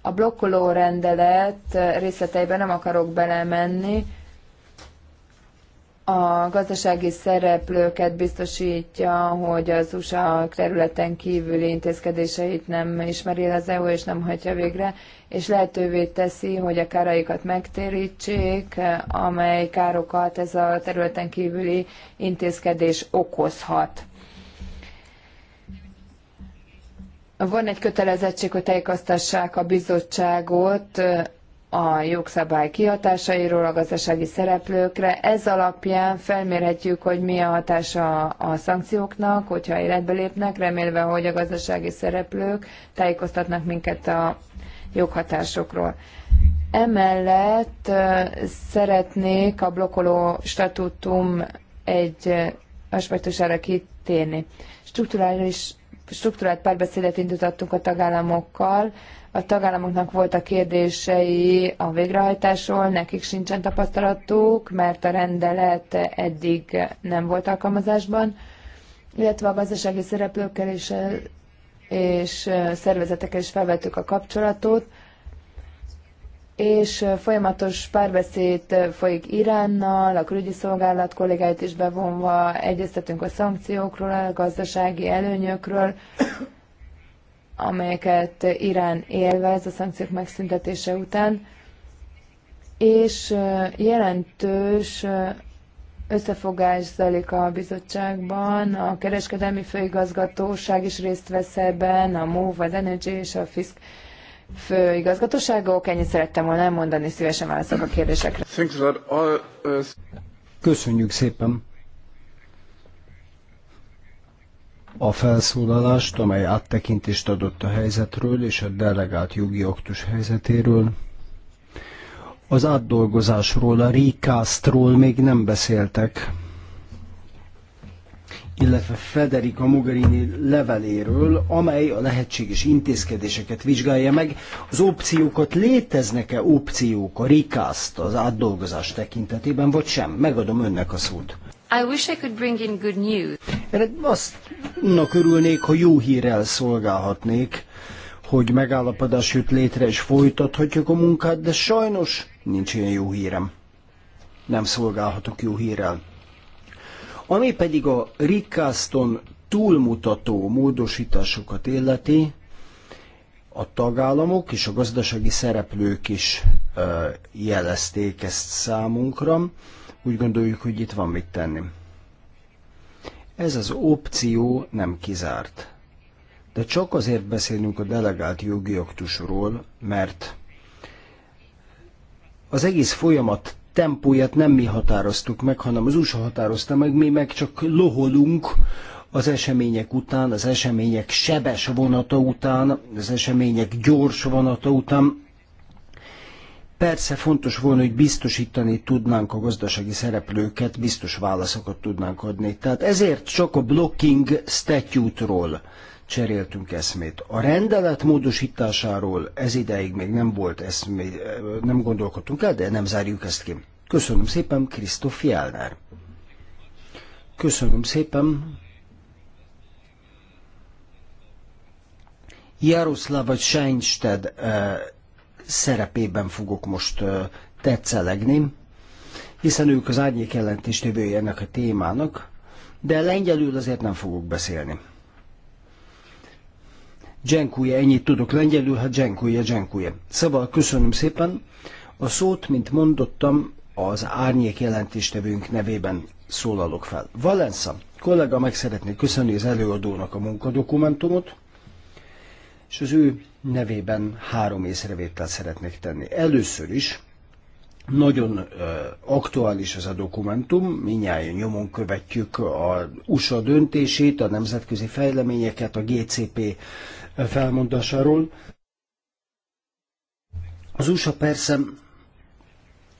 A blokkoló rendelet részleteiben nem akarok belemenni, a gazdasági szereplőket biztosítja, hogy az USA területen kívüli intézkedéseit nem ismeri az EU, és nem hagyja végre, és lehetővé teszi, hogy a káraikat megtérítsék, amely károkat ez a területen kívüli intézkedés okozhat. Van egy kötelezettség, hogy tájékoztassák a bizottságot a jogszabály kihatásairól a gazdasági szereplőkre. Ez alapján felmérhetjük, hogy mi a hatása a szankcióknak, hogyha életbe lépnek, remélve, hogy a gazdasági szereplők tájékoztatnak minket a joghatásokról. Emellett szeretnék a blokkoló statutum egy aspektusára kitérni. Strukturális, struktúrált párbeszédet indítottunk a tagállamokkal, a tagállamoknak voltak kérdései a végrehajtásról, nekik sincsen tapasztalatuk, mert a rendelet eddig nem volt alkalmazásban, illetve a gazdasági szereplőkkel és, és szervezetekkel is felvettük a kapcsolatot, és folyamatos párbeszéd folyik Iránnal, a külügyi szolgálat kollégáit is bevonva, egyeztetünk a szankciókról, a gazdasági előnyökről, amelyeket Irán élvez a szankciók megszüntetése után, és jelentős összefogás zajlik a bizottságban, a kereskedelmi főigazgatóság is részt vesz ebben, a MOVE, az Energy és a FISK főigazgatóságok. Ennyit szerettem volna elmondani, szívesen válaszok a kérdésekre. Uh, Köszönjük szépen! a felszólalást, amely áttekintést adott a helyzetről és a delegált jogi aktus helyzetéről. Az átdolgozásról, a recastról még nem beszéltek, illetve Federica Mogherini leveléről, amely a lehetséges intézkedéseket vizsgálja meg. Az opciókat léteznek-e opciók a recast az átdolgozás tekintetében, vagy sem? Megadom önnek a szót. I wish I could bring in good news. Én azt örülnék, ha jó hírrel szolgálhatnék, hogy megállapodás jut létre és folytathatjuk a munkát, de sajnos nincs ilyen jó hírem. Nem szolgálhatok jó hírrel. Ami pedig a Rickaston túlmutató módosításokat illeti, a tagállamok és a gazdasági szereplők is jelezték ezt számunkra. Úgy gondoljuk, hogy itt van mit tenni. Ez az opció nem kizárt. De csak azért beszélünk a delegált jogi aktusról, mert az egész folyamat tempóját nem mi határoztuk meg, hanem az USA határozta meg, mi meg csak loholunk az események után, az események sebes vonata után, az események gyors vonata után, Persze fontos volna, hogy biztosítani tudnánk a gazdasági szereplőket, biztos válaszokat tudnánk adni. Tehát ezért csak a blocking statute-ról cseréltünk eszmét. A rendelet módosításáról ez ideig még nem volt eszmé, nem gondolkodtunk el, de nem zárjuk ezt ki. Köszönöm szépen, Krisztof Jelner. Köszönöm szépen. Jaroszláv vagy szerepében fogok most tetszelegni, hiszen ők az árnyék jelentéstevője ennek a témának, de lengyelül azért nem fogok beszélni. Dzsenkúja, ennyit tudok lengyelül, ha hát dzsenkúja, dzsenkúja. Szóval köszönöm szépen. A szót, mint mondottam, az árnyék jelentéstevőnk nevében szólalok fel. Valensza, kollega meg szeretnék köszönni az előadónak a munkadokumentumot, és az ő nevében három észrevételt szeretnék tenni. Először is nagyon aktuális ez a dokumentum, minnyáján nyomon követjük a USA döntését, a nemzetközi fejleményeket, a GCP felmondásáról. Az USA persze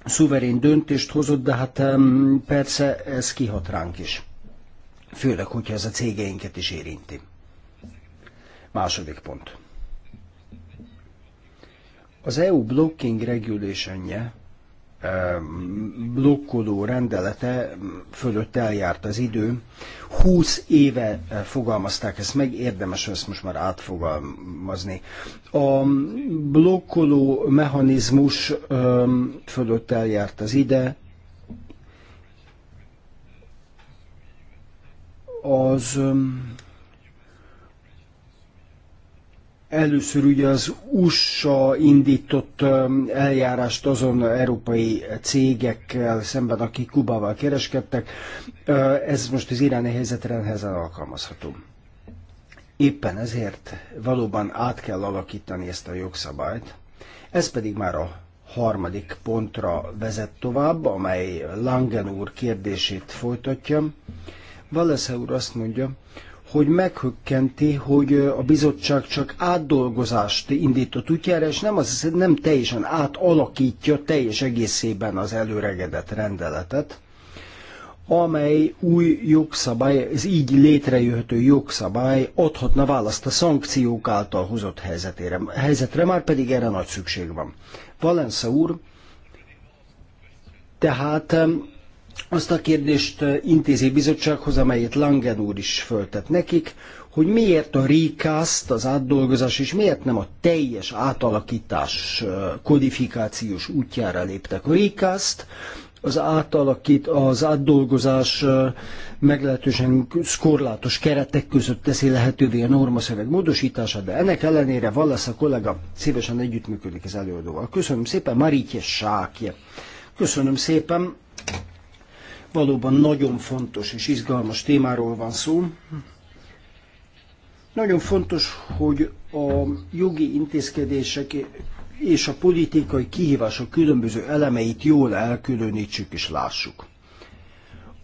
szuverén döntést hozott, de hát persze ez kihat ránk is. Főleg, hogyha ez a cégeinket is érinti. Második pont. Az EU blocking regulation e, blokkoló rendelete fölött eljárt az idő. 20 éve e, fogalmazták ezt meg, érdemes ezt most már átfogalmazni. A blokkoló mechanizmus e, fölött eljárt az ide, az Először ugye az USA indított eljárást azon európai cégekkel szemben, akik Kubával kereskedtek. Ez most az iráni helyzetre nehezen alkalmazható. Éppen ezért valóban át kell alakítani ezt a jogszabályt. Ez pedig már a harmadik pontra vezet tovább, amely Langen úr kérdését folytatja. Valesz úr azt mondja, hogy meghökkenti, hogy a bizottság csak átdolgozást indított útjára, és nem, az, nem teljesen átalakítja teljes egészében az előregedett rendeletet, amely új jogszabály, ez így létrejöhető jogszabály adhatna választ a szankciók által hozott helyzetére, helyzetre, már pedig erre nagy szükség van. Valensza úr tehát azt a kérdést intézi bizottsághoz, amelyet Langen úr is föltett nekik, hogy miért a recast, az átdolgozás, és miért nem a teljes átalakítás kodifikációs útjára léptek. A recast az átalakít, az átdolgozás meglehetősen korlátos keretek között teszi lehetővé a normaszöveg módosítását, de ennek ellenére Wallace a kollega szívesen együttműködik az előadóval. Köszönöm szépen, Marítje Sákje. Köszönöm szépen, Valóban nagyon fontos és izgalmas témáról van szó. Nagyon fontos, hogy a jogi intézkedések és a politikai kihívások különböző elemeit jól elkülönítsük és lássuk.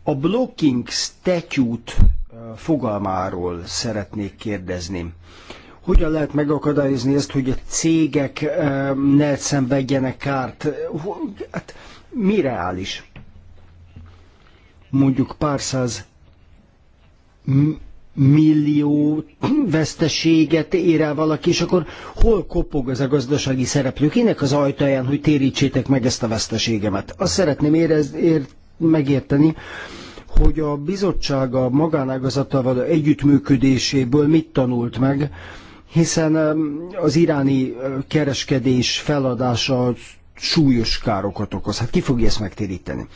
A blocking statute eh, fogalmáról szeretnék kérdezni. Hogyan lehet megakadályozni ezt, hogy a cégek eh, ne szenvedjenek kárt? Hát, mi reális? mondjuk pár száz millió veszteséget ér el valaki, és akkor hol kopog ez a gazdasági szereplő? Kinek az ajtaján, hogy térítsétek meg ezt a veszteségemet? Azt szeretném érez, ér, megérteni, hogy a bizottság a magánágazattal való együttműködéséből mit tanult meg, hiszen az iráni kereskedés feladása súlyos károkat okoz. Hát ki fogja ezt megtéríteni?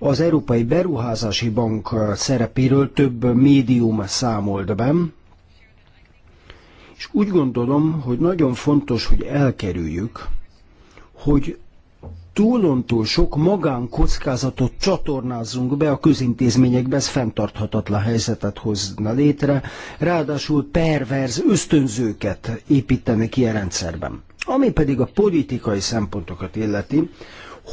Az Európai Beruházási Bank szerepéről több médium számolt be, és úgy gondolom, hogy nagyon fontos, hogy elkerüljük, hogy túlontúl sok magánkockázatot csatornázzunk be a közintézményekbe, ez fenntarthatatlan helyzetet hozna létre, ráadásul perverz ösztönzőket építeni ki a rendszerben. Ami pedig a politikai szempontokat illeti,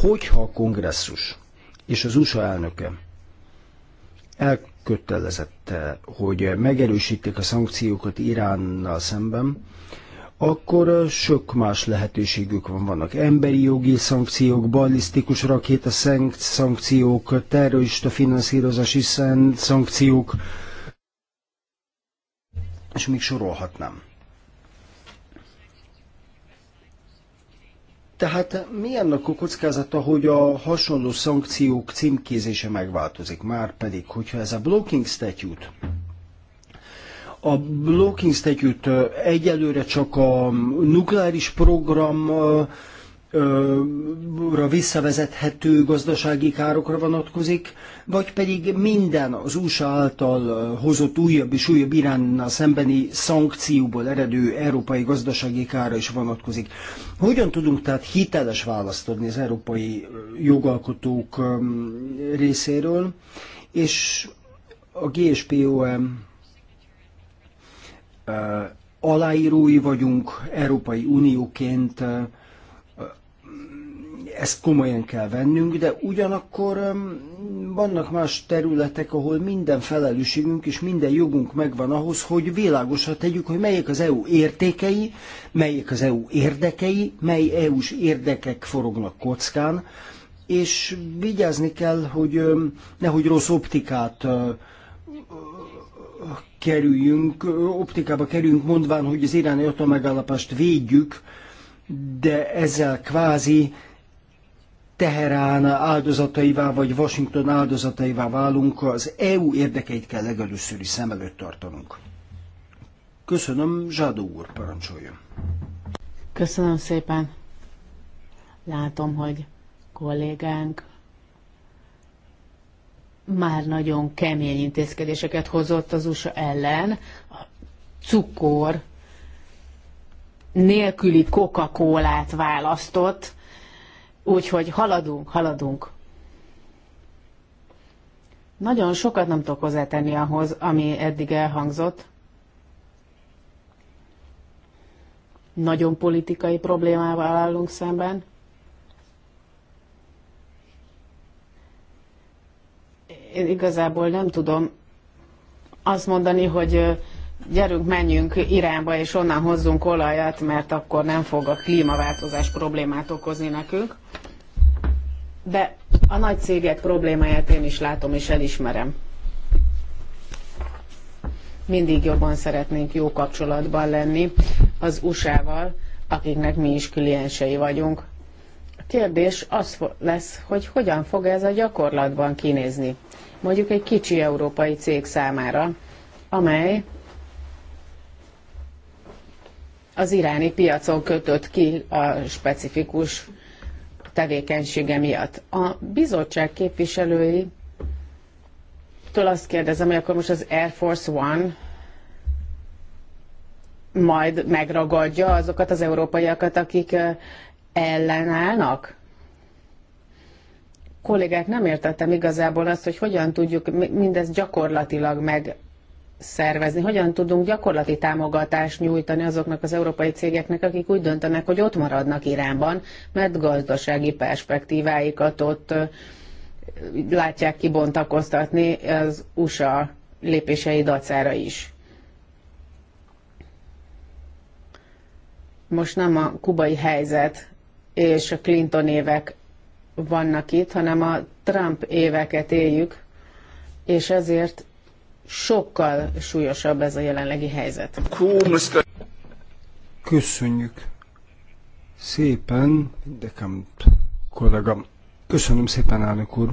hogyha a kongresszus és az USA elnöke elkötelezett, hogy megerősítik a szankciókat Iránnal szemben, akkor sok más lehetőségük van. Vannak emberi jogi szankciók, ballisztikus rakéta szankciók, terrorista finanszírozási szankciók, és még sorolhatnám. Tehát mi annak a kockázata, hogy a hasonló szankciók címkézése megváltozik? Már pedig, hogyha ez a blocking statute, a blocking statute egyelőre csak a nukleáris program visszavezethető gazdasági károkra vonatkozik, vagy pedig minden az USA által hozott újabb és újabb Iránnal szembeni szankcióból eredő európai gazdasági kára is vonatkozik. Hogyan tudunk tehát hiteles választ adni az európai jogalkotók részéről, és a GSPOM aláírói vagyunk Európai Unióként, ezt komolyan kell vennünk, de ugyanakkor vannak más területek, ahol minden felelősségünk és minden jogunk megvan ahhoz, hogy világosra tegyük, hogy melyek az EU értékei, melyek az EU érdekei, mely EU-s érdekek forognak kockán, és vigyázni kell, hogy nehogy rossz optikát kerüljünk, optikába kerüljünk, mondván, hogy az iráni atommegállapodást védjük, de ezzel kvázi Teherán áldozataivá vagy Washington áldozataivá válunk, az EU érdekeit kell legelőször is szem előtt tartanunk. Köszönöm, Zsádó úr, parancsoljon. Köszönöm szépen. Látom, hogy kollégánk már nagyon kemény intézkedéseket hozott az USA ellen. A cukor nélküli coca colát választott, Úgyhogy haladunk, haladunk. Nagyon sokat nem tudok hozzátenni ahhoz, ami eddig elhangzott. Nagyon politikai problémával állunk szemben. Én igazából nem tudom azt mondani, hogy gyerünk, menjünk Iránba, és onnan hozzunk olajat, mert akkor nem fog a klímaváltozás problémát okozni nekünk. De a nagy cégek problémáját én is látom és elismerem. Mindig jobban szeretnénk jó kapcsolatban lenni az USA-val, akiknek mi is kliensei vagyunk. A kérdés az lesz, hogy hogyan fog ez a gyakorlatban kinézni. Mondjuk egy kicsi európai cég számára, amely az iráni piacon kötött ki a specifikus tevékenysége miatt. A bizottság képviselői től azt kérdezem, hogy akkor most az Air Force One majd megragadja azokat az európaiakat, akik ellenállnak? Kollégák, nem értettem igazából azt, hogy hogyan tudjuk mindezt gyakorlatilag meg szervezni, hogyan tudunk gyakorlati támogatást nyújtani azoknak az európai cégeknek, akik úgy döntenek, hogy ott maradnak Iránban, mert gazdasági perspektíváikat ott látják kibontakoztatni az USA lépései dacára is. Most nem a kubai helyzet és a Clinton évek vannak itt, hanem a Trump éveket éljük, és ezért sokkal súlyosabb ez a jelenlegi helyzet. Köszönjük szépen, de kollégám. Köszönöm szépen, elnök úr.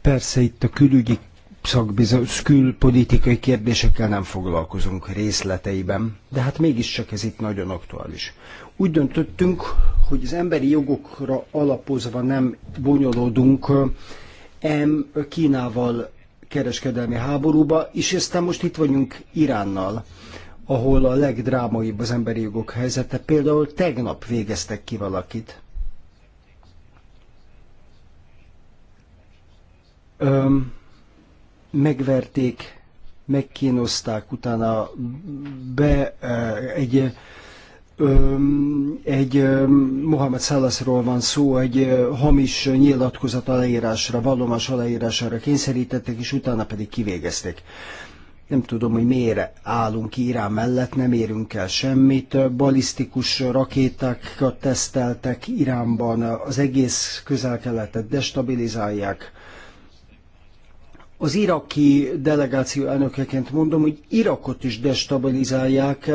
Persze itt a külügyi szakbizonyos külpolitikai kérdésekkel nem foglalkozunk részleteiben, de hát mégiscsak ez itt nagyon aktuális. Úgy döntöttünk, hogy az emberi jogokra alapozva nem bonyolódunk M Kínával kereskedelmi háborúba, és aztán most itt vagyunk Iránnal, ahol a legdrámaibb az emberi jogok helyzete. Például tegnap végeztek ki valakit. Öm, megverték, megkínozták, utána be egy egy Mohamed Szalaszról van szó, egy hamis nyilatkozat aláírásra, vallomás aláírására kényszerítettek, és utána pedig kivégezték. Nem tudom, hogy miért állunk Irán mellett, nem érünk el semmit. Balisztikus rakétákat teszteltek Iránban, az egész közel-keletet destabilizálják az iraki delegáció elnökeként mondom, hogy Irakot is destabilizálják.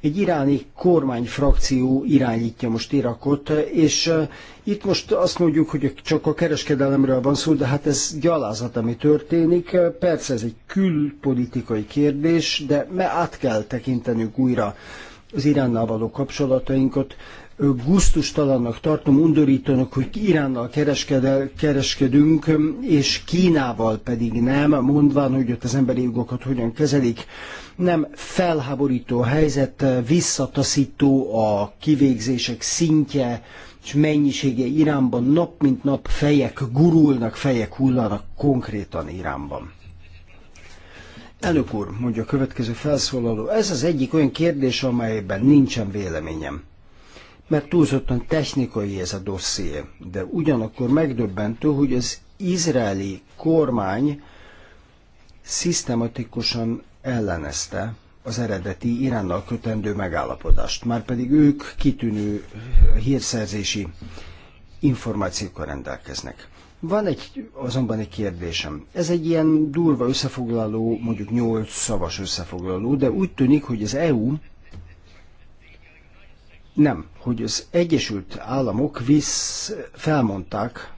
Egy iráni kormányfrakció irányítja most Irakot, és e, itt most azt mondjuk, hogy csak a kereskedelemről van szó, de hát ez gyalázat, ami történik. Persze ez egy külpolitikai kérdés, de me át kell tekintenünk újra az Iránnal való kapcsolatainkat guztustalannak tartom, undorítanak, hogy Iránnal kereskedünk, és Kínával pedig nem, mondván, hogy ott az emberi jogokat hogyan kezelik. Nem felháborító helyzet, visszataszító a kivégzések szintje és mennyisége Iránban nap mint nap fejek gurulnak, fejek hullanak konkrétan Iránban. Elnök úr, mondja a következő felszólaló, ez az egyik olyan kérdés, amelyben nincsen véleményem mert túlzottan technikai ez a dosszié. De ugyanakkor megdöbbentő, hogy az izraeli kormány szisztematikusan ellenezte az eredeti Iránnal kötendő megállapodást, márpedig ők kitűnő hírszerzési információkkal rendelkeznek. Van egy, azonban egy kérdésem. Ez egy ilyen durva összefoglaló, mondjuk nyolc szavas összefoglaló, de úgy tűnik, hogy az EU nem, hogy az Egyesült Államok visz, felmondták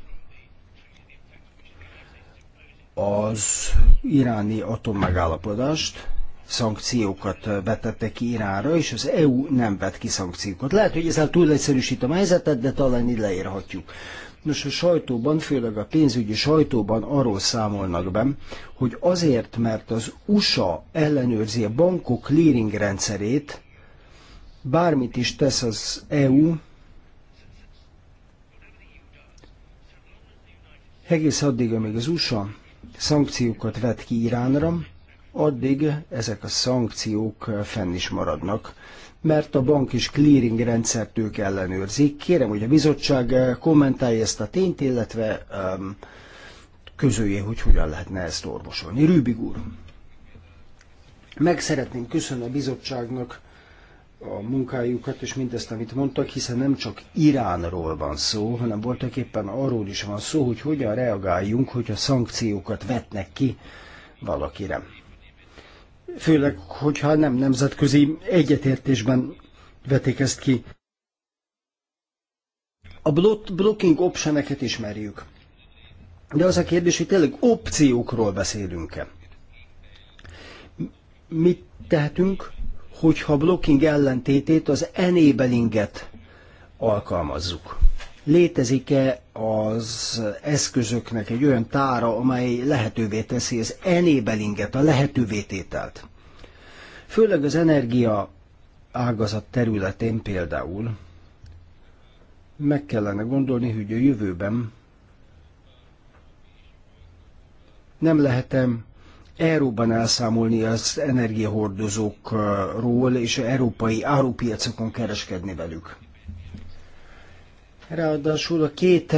az iráni atommegállapodást, szankciókat vetette ki Iránra, és az EU nem vett ki szankciókat. Lehet, hogy ezzel túl egyszerűsít a helyzetet, de talán így leírhatjuk. Nos, a sajtóban, főleg a pénzügyi sajtóban arról számolnak be, hogy azért, mert az USA ellenőrzi a bankok clearing rendszerét, Bármit is tesz az EU, egész addig, amíg az USA szankciókat vet ki Iránra, addig ezek a szankciók fenn is maradnak, mert a bank is clearing rendszert ők ellenőrzik. Kérem, hogy a bizottság kommentálja ezt a tényt, illetve um, közölje, hogy hogyan lehetne ezt orvosolni. Rübig úr, meg szeretném köszönni a bizottságnak, a munkájukat és mindezt, amit mondtak, hiszen nem csak Iránról van szó, hanem voltak éppen arról is van szó, hogy hogyan reagáljunk, hogyha szankciókat vetnek ki valakire. Főleg, hogyha nem nemzetközi egyetértésben vetik ezt ki. A blocking optioneket ismerjük. De az a kérdés, hogy tényleg opciókról beszélünk-e? Mit tehetünk, hogyha blocking ellentétét, az enablinget alkalmazzuk. Létezik-e az eszközöknek egy olyan tára, amely lehetővé teszi az enablinget, a lehetővé tételt? Főleg az energia ágazat területén például meg kellene gondolni, hogy a jövőben nem lehetem euróban elszámolni az energiahordozókról, és európai árupiacokon kereskedni velük. Ráadásul a két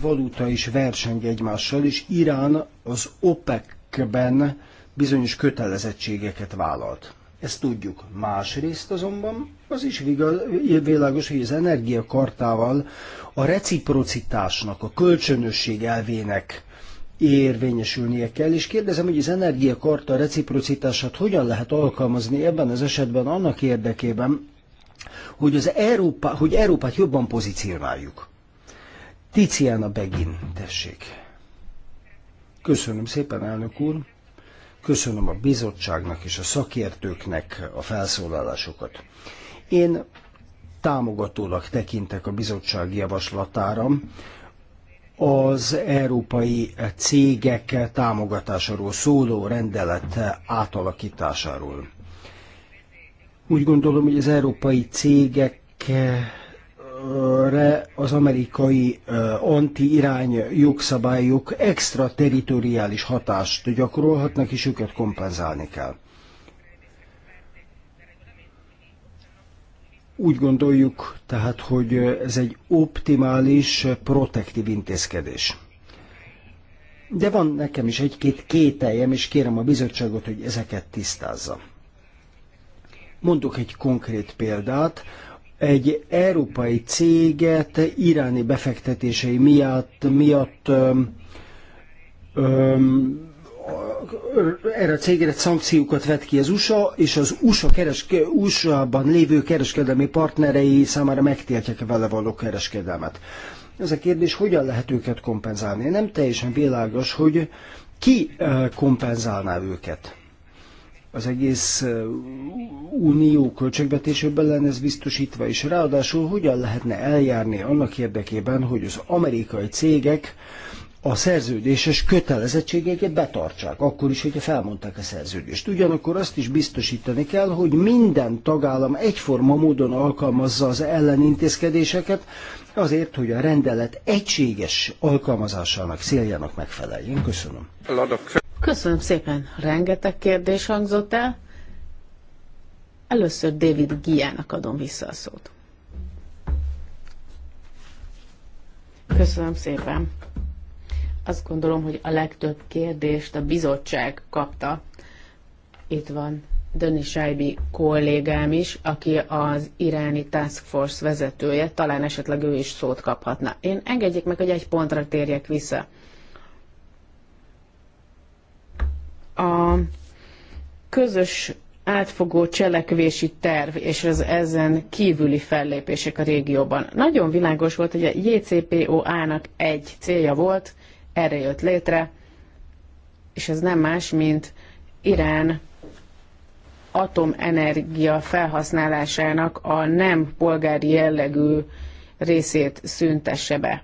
valuta is verseng egymással, és Irán az OPEC-ben bizonyos kötelezettségeket vállalt. Ezt tudjuk. Másrészt azonban az is világos, hogy az energiakartával a reciprocitásnak, a kölcsönösség elvének érvényesülnie kell, és kérdezem, hogy az energiakarta reciprocitását hogyan lehet alkalmazni ebben az esetben annak érdekében, hogy, az Európa, hogy Európát jobban pozícionáljuk. Tiziana Begin, tessék. Köszönöm szépen, elnök úr. Köszönöm a bizottságnak és a szakértőknek a felszólalásokat. Én támogatólag tekintek a bizottság javaslatára, az európai cégek támogatásáról szóló rendelet átalakításáról. Úgy gondolom, hogy az európai cégekre az amerikai anti-irány jogszabályok extraterritoriális hatást gyakorolhatnak, és őket kompenzálni kell. Úgy gondoljuk tehát, hogy ez egy optimális, protektív intézkedés. De van nekem is egy-két kételjem, és kérem a bizottságot, hogy ezeket tisztázza. Mondok egy konkrét példát. Egy európai céget iráni befektetései miatt, miatt öm, öm, erre a cégre szankciókat vet ki az USA, és az USA kereske, USA-ban lévő kereskedelmi partnerei számára megtiltják a vele való kereskedelmet. Ez a kérdés, hogyan lehet őket kompenzálni? Nem teljesen világos, hogy ki eh, kompenzálná őket. Az egész eh, unió költségvetésében lenne ez biztosítva, és ráadásul hogyan lehetne eljárni annak érdekében, hogy az amerikai cégek a szerződéses kötelezettségeket betartsák, akkor is, hogyha felmondták a szerződést. Ugyanakkor azt is biztosítani kell, hogy minden tagállam egyforma módon alkalmazza az ellenintézkedéseket, azért, hogy a rendelet egységes alkalmazásának céljának megfeleljen. Köszönöm. Köszönöm szépen. Rengeteg kérdés hangzott el. Először David Giának adom vissza a szót. Köszönöm szépen. Azt gondolom, hogy a legtöbb kérdést a bizottság kapta. Itt van Döni Sájbi kollégám is, aki az iráni Task Force vezetője, talán esetleg ő is szót kaphatna. Én engedjék meg, hogy egy pontra térjek vissza. A közös átfogó cselekvési terv és az ezen kívüli fellépések a régióban. Nagyon világos volt, hogy a JCPOA-nak egy célja volt, erre jött létre, és ez nem más, mint Irán atomenergia felhasználásának a nem polgári jellegű részét szüntesse be.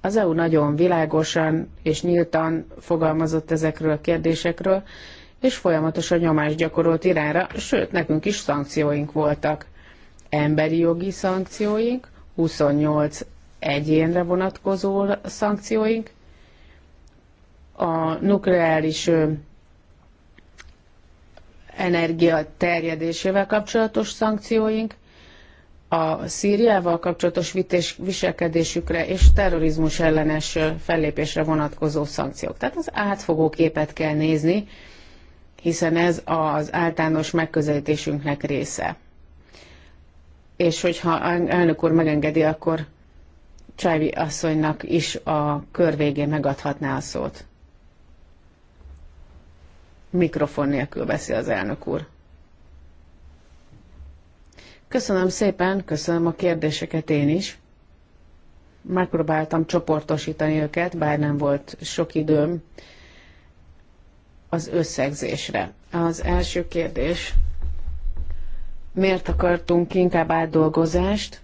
Az EU nagyon világosan és nyíltan fogalmazott ezekről a kérdésekről, és folyamatosan nyomást gyakorolt Iránra, sőt, nekünk is szankcióink voltak. Emberi jogi szankcióink, 28 egyénre vonatkozó szankcióink, a nukleáris energia terjedésével kapcsolatos szankcióink, a Szíriával kapcsolatos vités, viselkedésükre és terrorizmus ellenes fellépésre vonatkozó szankciók. Tehát az átfogó képet kell nézni, hiszen ez az általános megközelítésünknek része. És hogyha elnök úr megengedi, akkor Csávi asszonynak is a kör végén megadhatná a szót. Mikrofon nélkül beszél az elnök úr. Köszönöm szépen, köszönöm a kérdéseket én is. Megpróbáltam csoportosítani őket, bár nem volt sok időm az összegzésre. Az első kérdés, miért akartunk inkább átdolgozást?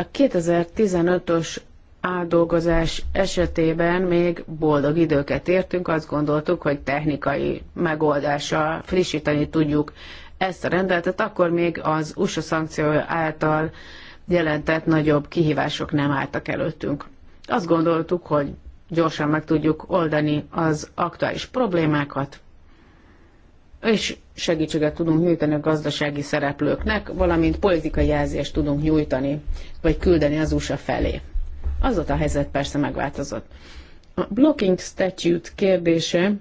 A 2015-ös áldolgozás esetében még boldog időket értünk, azt gondoltuk, hogy technikai megoldással frissíteni tudjuk ezt a rendeletet, akkor még az USA szankció által jelentett nagyobb kihívások nem álltak előttünk. Azt gondoltuk, hogy gyorsan meg tudjuk oldani az aktuális problémákat, és segítséget tudunk nyújtani a gazdasági szereplőknek, valamint politikai jelzést tudunk nyújtani, vagy küldeni az USA felé. Azóta a helyzet persze megváltozott. A blocking statute kérdése,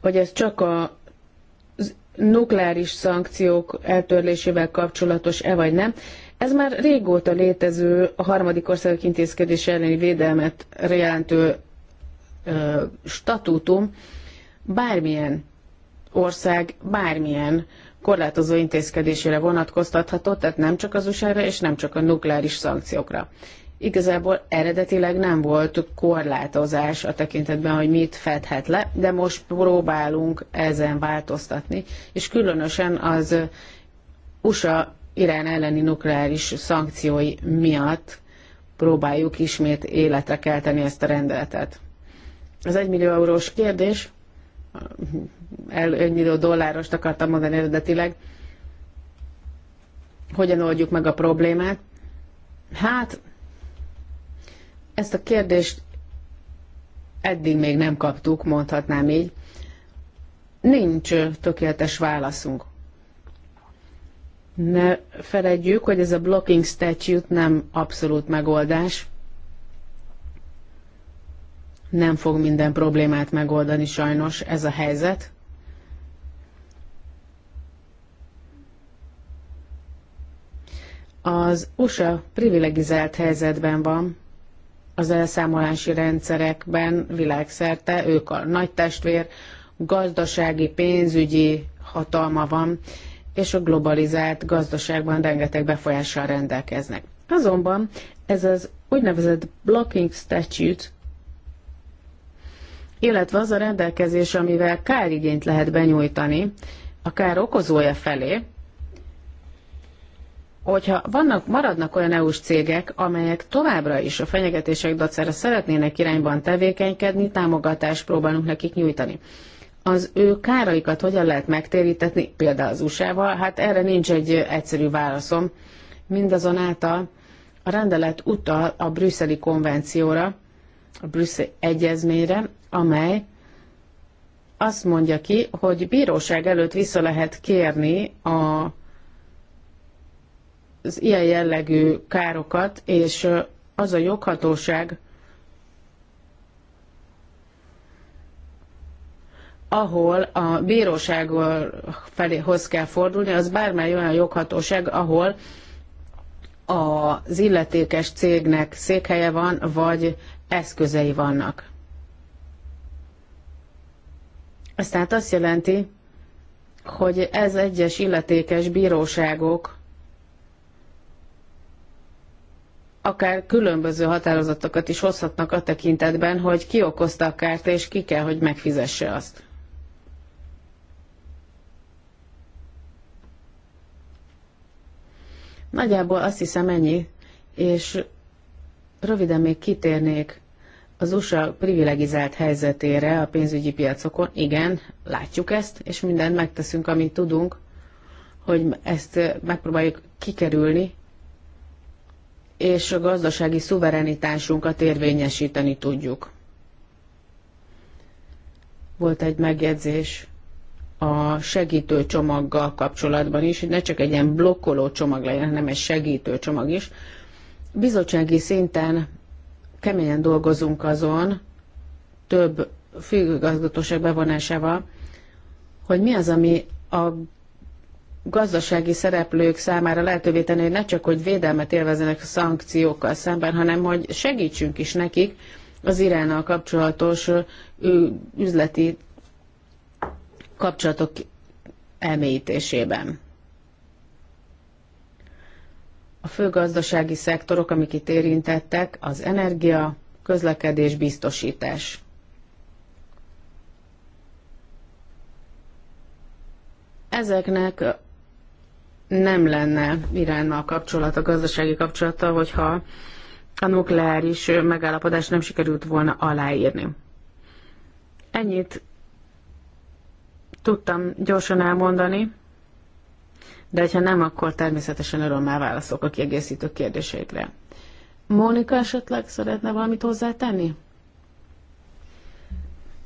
hogy ez csak a nukleáris szankciók eltörlésével kapcsolatos-e vagy nem, ez már régóta létező a harmadik országok intézkedés elleni védelmet jelentő ö, statútum, bármilyen ország bármilyen korlátozó intézkedésére vonatkoztatható, tehát nem csak az usa és nem csak a nukleáris szankciókra. Igazából eredetileg nem volt korlátozás a tekintetben, hogy mit fedhet le, de most próbálunk ezen változtatni, és különösen az USA Irán elleni nukleáris szankciói miatt próbáljuk ismét életre kelteni ezt a rendeletet. Az egymillió eurós kérdés millió dollárost akartam mondani eredetileg, hogyan oldjuk meg a problémát. Hát, ezt a kérdést eddig még nem kaptuk, mondhatnám így. Nincs tökéletes válaszunk. Ne feledjük, hogy ez a blocking statute nem abszolút megoldás, nem fog minden problémát megoldani sajnos ez a helyzet. Az USA privilegizált helyzetben van, az elszámolási rendszerekben világszerte, ők a nagy testvér, gazdasági, pénzügyi hatalma van, és a globalizált gazdaságban rengeteg befolyással rendelkeznek. Azonban ez az úgynevezett blocking statute, illetve az a rendelkezés, amivel kárigényt lehet benyújtani a kár okozója felé, hogyha vannak, maradnak olyan EU-s cégek, amelyek továbbra is a fenyegetések dacára szeretnének irányban tevékenykedni, támogatást próbálunk nekik nyújtani. Az ő káraikat hogyan lehet megtérítetni, például az USA-val? Hát erre nincs egy egyszerű válaszom. Mindazonáltal a rendelet utal a brüsszeli konvencióra, a Brüsszel egyezményre, amely azt mondja ki, hogy bíróság előtt vissza lehet kérni a, az ilyen jellegű károkat, és az a joghatóság, ahol a bírósághoz kell fordulni, az bármely olyan joghatóság, ahol az illetékes cégnek székhelye van, vagy eszközei vannak. Ez tehát azt jelenti, hogy ez egyes illetékes bíróságok akár különböző határozatokat is hozhatnak a tekintetben, hogy ki okozta a kárt, és ki kell, hogy megfizesse azt. Nagyjából azt hiszem ennyi, és Röviden még kitérnék az USA privilegizált helyzetére a pénzügyi piacokon. Igen, látjuk ezt, és mindent megteszünk, amit tudunk, hogy ezt megpróbáljuk kikerülni, és a gazdasági szuverenitásunkat érvényesíteni tudjuk. Volt egy megjegyzés a segítő csomaggal kapcsolatban is, hogy ne csak egy ilyen blokkoló csomag legyen, hanem egy segítő csomag is. Bizottsági szinten keményen dolgozunk azon, több főgazgatóság bevonásával, hogy mi az, ami a gazdasági szereplők számára lehetővé tenni, hogy ne csak, hogy védelmet élvezenek a szankciókkal szemben, hanem hogy segítsünk is nekik az Iránnal kapcsolatos üzleti kapcsolatok elmélyítésében. A fő gazdasági szektorok, amik itt érintettek, az energia, közlekedés, biztosítás. Ezeknek nem lenne Iránnal kapcsolata, gazdasági kapcsolata, hogyha a nukleáris megállapodást nem sikerült volna aláírni. Ennyit tudtam gyorsan elmondani de ha nem, akkor természetesen örömmel válaszolok a kiegészítő kérdéseikre. Mónika esetleg szeretne valamit hozzátenni?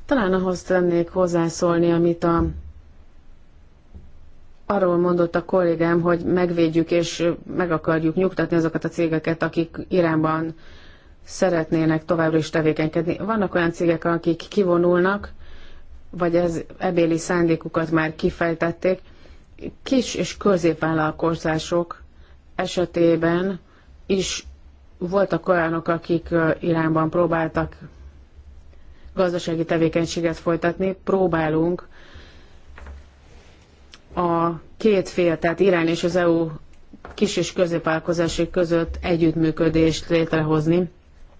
Talán ahhoz tennék hozzászólni, amit a, arról mondott a kollégám, hogy megvédjük és meg akarjuk nyugtatni azokat a cégeket, akik Iránban szeretnének továbbra is tevékenykedni. Vannak olyan cégek, akik kivonulnak, vagy ez ebéli szándékukat már kifejtették, kis és középvállalkozások esetében is voltak olyanok, akik irányban próbáltak gazdasági tevékenységet folytatni. Próbálunk a két fél, tehát Irán és az EU kis és középvállalkozási között együttműködést létrehozni,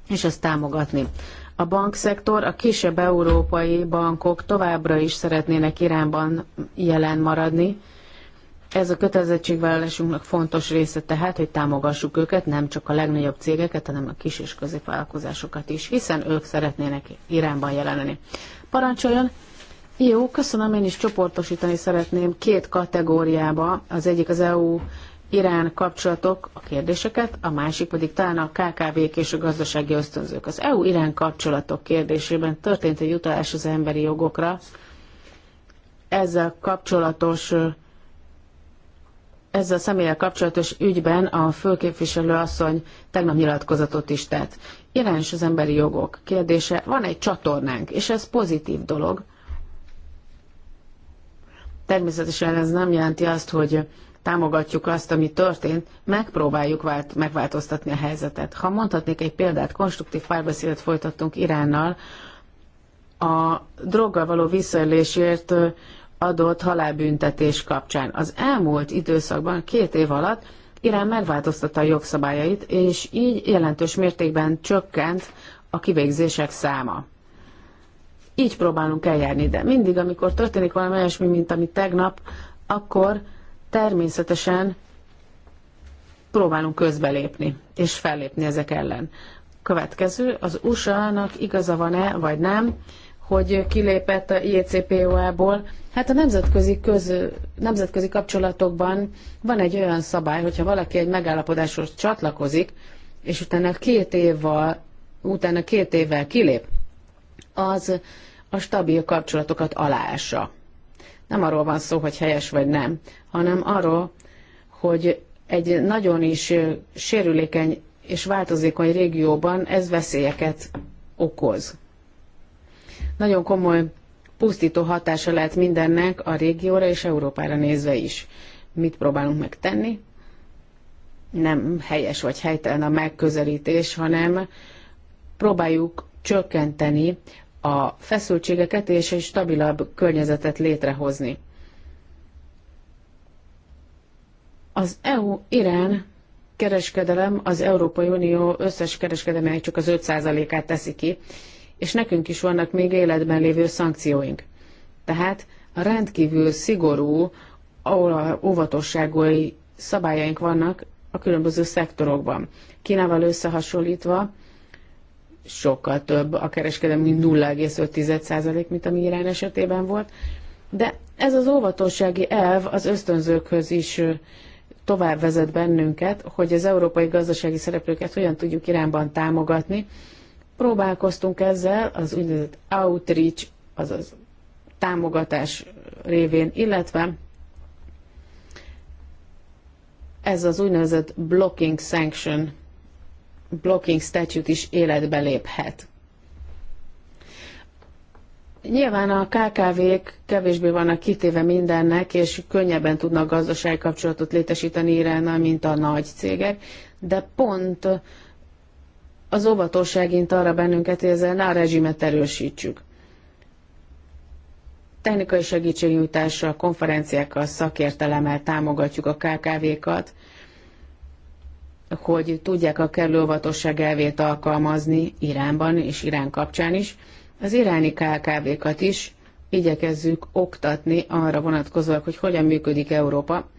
és ezt támogatni. A bankszektor, a kisebb európai bankok továbbra is szeretnének Iránban jelen maradni, ez a kötelezettségvállalásunknak fontos része tehát, hogy támogassuk őket, nem csak a legnagyobb cégeket, hanem a kis és középvállalkozásokat is, hiszen ők szeretnének Iránban jelenni. Parancsoljon! Jó, köszönöm, én is csoportosítani szeretném két kategóriába. Az egyik az EU Irán kapcsolatok a kérdéseket, a másik pedig talán a KKV-k és a gazdasági ösztönzők. Az EU-Irán kapcsolatok kérdésében történt egy utalás az emberi jogokra. Ezzel kapcsolatos ezzel a személyel kapcsolatos ügyben a főképviselő asszony tegnap nyilatkozatot is tett. Jelens az emberi jogok kérdése. Van egy csatornánk, és ez pozitív dolog. Természetesen ez nem jelenti azt, hogy támogatjuk azt, ami történt, megpróbáljuk vált, megváltoztatni a helyzetet. Ha mondhatnék egy példát, konstruktív párbeszédet folytattunk Iránnal, a droggal való visszaélésért adott halálbüntetés kapcsán. Az elmúlt időszakban, két év alatt Irán megváltoztatta a jogszabályait, és így jelentős mértékben csökkent a kivégzések száma. Így próbálunk eljárni, de mindig, amikor történik valami olyasmi, mint ami tegnap, akkor természetesen próbálunk közbelépni és fellépni ezek ellen. Következő, az USA-nak igaza van-e, vagy nem, hogy kilépett a JCPOA-ból. E hát a nemzetközi, köz, nemzetközi kapcsolatokban van egy olyan szabály, hogyha valaki egy megállapodáshoz csatlakozik, és utána két évvel, utána két évvel kilép, az a stabil kapcsolatokat aláássa. Nem arról van szó, hogy helyes vagy nem, hanem arról, hogy egy nagyon is sérülékeny és változékony régióban ez veszélyeket okoz. Nagyon komoly pusztító hatása lehet mindennek a régióra és Európára nézve is. Mit próbálunk megtenni? Nem helyes vagy helytelen a megközelítés, hanem próbáljuk csökkenteni a feszültségeket és egy stabilabb környezetet létrehozni. Az EU-Irán kereskedelem az Európai Unió összes kereskedelmének csak az 5%-át teszi ki, és nekünk is vannak még életben lévő szankcióink. Tehát a rendkívül szigorú, óvatosságúi szabályaink vannak a különböző szektorokban. Kínával összehasonlítva sokkal több a kereskedelmi 0,5% mint ami Irán esetében volt, de ez az óvatossági elv az ösztönzőkhöz is tovább vezet bennünket, hogy az európai gazdasági szereplőket hogyan tudjuk Iránban támogatni, Próbálkoztunk ezzel az úgynevezett outreach, azaz támogatás révén, illetve ez az úgynevezett blocking sanction, blocking statute is életbe léphet. Nyilván a KKV-k kevésbé vannak kitéve mindennek, és könnyebben tudnak gazdasági kapcsolatot létesíteni Iránnal, mint a nagy cégek, de pont az óvatosságint arra bennünket, hogy ezzel a rezsimet erősítsük. Technikai segítségnyújtással, konferenciákkal, szakértelemmel támogatjuk a KKV-kat, hogy tudják a kellő óvatosság elvét alkalmazni Iránban és Irán kapcsán is. Az iráni KKV-kat is igyekezzük oktatni arra vonatkozóak, hogy hogyan működik Európa,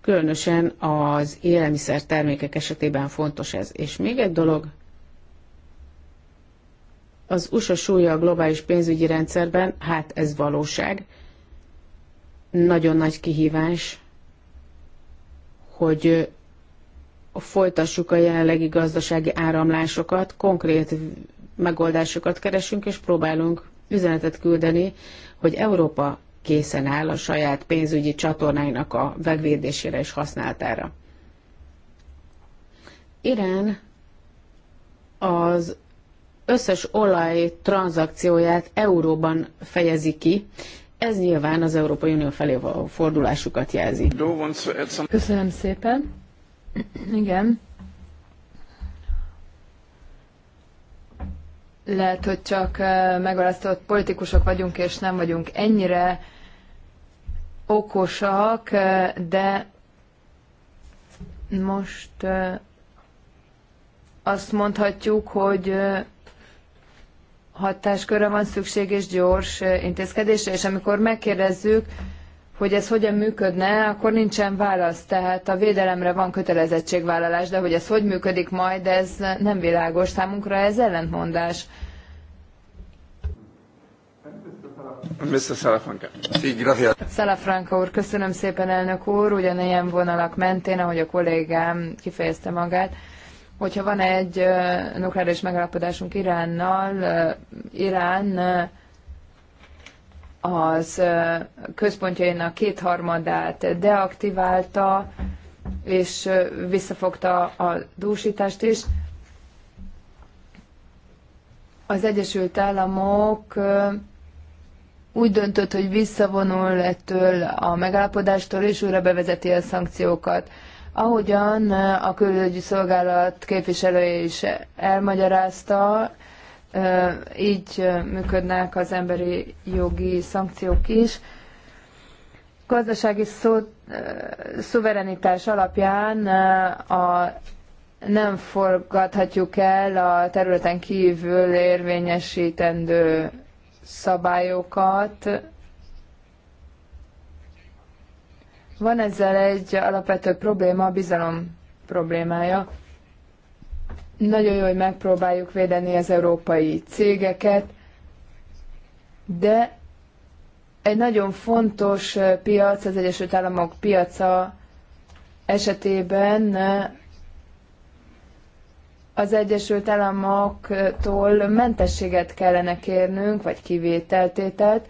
különösen az élelmiszer termékek esetében fontos ez. És még egy dolog, az USA súlya a globális pénzügyi rendszerben, hát ez valóság. Nagyon nagy kihívás, hogy folytassuk a jelenlegi gazdasági áramlásokat, konkrét megoldásokat keresünk, és próbálunk üzenetet küldeni, hogy Európa készen áll a saját pénzügyi csatornáinak a megvédésére és használatára. Irán az összes olaj tranzakcióját euróban fejezi ki, ez nyilván az Európai Unió felé a fordulásukat jelzi. Köszönöm szépen. Igen. Lehet, hogy csak eh, megalasztott politikusok vagyunk, és nem vagyunk ennyire okosak, eh, de most eh, azt mondhatjuk, hogy hatáskörre van szükség és gyors eh, intézkedésre, és amikor megkérdezzük, hogy ez hogyan működne, akkor nincsen válasz. Tehát a védelemre van kötelezettségvállalás, de hogy ez hogy működik majd, ez nem világos számunkra, ez ellentmondás. Mr. Salafranca. úr, köszönöm szépen elnök úr, ugyanilyen vonalak mentén, ahogy a kollégám kifejezte magát hogyha van egy nukleáris megállapodásunk Iránnal, Irán az központjainak kétharmadát deaktiválta, és visszafogta a dúsítást is. Az Egyesült Államok úgy döntött, hogy visszavonul ettől a megállapodástól, és újra bevezeti a szankciókat. Ahogyan eh, a külügyi szolgálat képviselője is elmagyarázta, eh, így eh, működnek az emberi jogi szankciók is. Gazdasági szó, szuverenitás alapján a, nem forgathatjuk el a területen kívül érvényesítendő szabályokat, Van ezzel egy alapvető probléma, a bizalom problémája. Nagyon jó, hogy megpróbáljuk védeni az európai cégeket, de egy nagyon fontos piac, az Egyesült Államok piaca esetében az Egyesült Államoktól mentességet kellene kérnünk, vagy kivételtételt,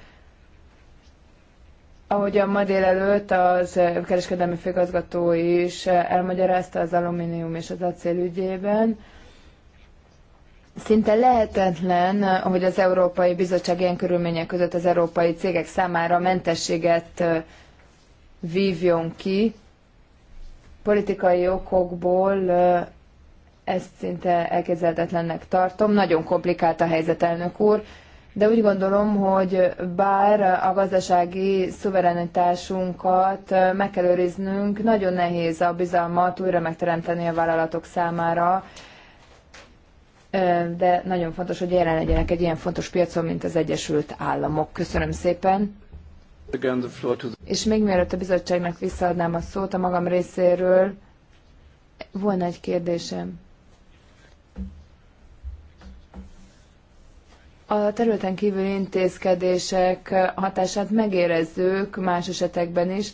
ahogy ma délelőtt az kereskedelmi főgazgató is elmagyarázta az alumínium és az acél ügyében, Szinte lehetetlen, hogy az Európai Bizottság ilyen körülmények között az európai cégek számára mentességet vívjon ki. Politikai okokból ezt szinte elképzelhetetlennek tartom. Nagyon komplikált a helyzet, elnök úr de úgy gondolom, hogy bár a gazdasági szuverenitásunkat meg kell őriznünk, nagyon nehéz a bizalmat újra megteremteni a vállalatok számára, de nagyon fontos, hogy jelen legyenek egy ilyen fontos piacon, mint az Egyesült Államok. Köszönöm szépen! És még mielőtt a bizottságnak visszaadnám a szót a magam részéről, volna egy kérdésem. a területen kívül intézkedések hatását megérezzük más esetekben is.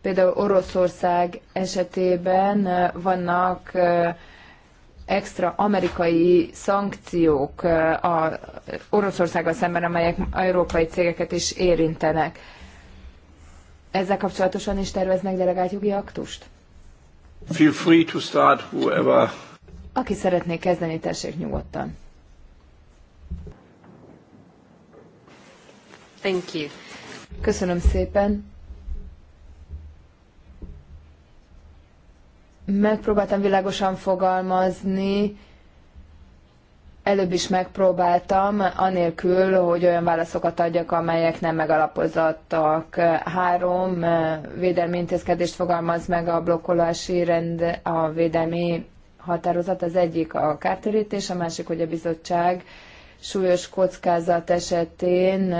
Például Oroszország esetében vannak extra amerikai szankciók a Oroszországgal szemben, amelyek európai cégeket is érintenek. Ezzel kapcsolatosan is terveznek delegált jogi aktust? Feel free to start whoever. Aki szeretné kezdeni, tessék nyugodtan. Thank you. Köszönöm szépen. Megpróbáltam világosan fogalmazni, előbb is megpróbáltam, anélkül, hogy olyan válaszokat adjak, amelyek nem megalapozottak. Három eh, védelmi intézkedést fogalmaz meg a blokkolási rend, a védelmi határozat. Az egyik a kártérítés, a másik, hogy a bizottság súlyos kockázat esetén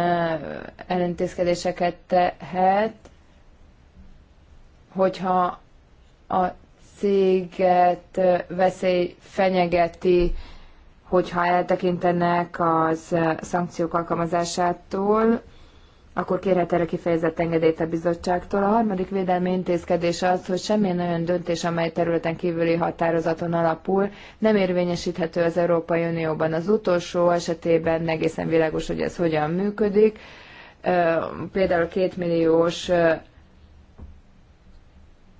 ellentészkedéseket tehet, hogyha a céget veszély fenyegeti, hogyha eltekintenek az szankciók alkalmazásától, akkor kérhet erre kifejezett engedélyt a bizottságtól. A harmadik védelmi intézkedés az, hogy semmilyen olyan döntés, amely területen kívüli határozaton alapul, nem érvényesíthető az Európai Unióban. Az utolsó esetében egészen világos, hogy ez hogyan működik. Például a kétmilliós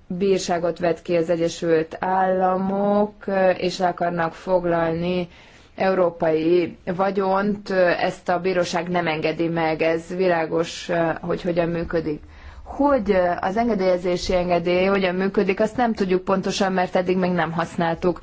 bírságot vett ki az Egyesült Államok, és le akarnak foglalni európai vagyont, ezt a bíróság nem engedi meg, ez világos, hogy hogyan működik. Hogy az engedélyezési engedély hogyan működik, azt nem tudjuk pontosan, mert eddig még nem használtuk.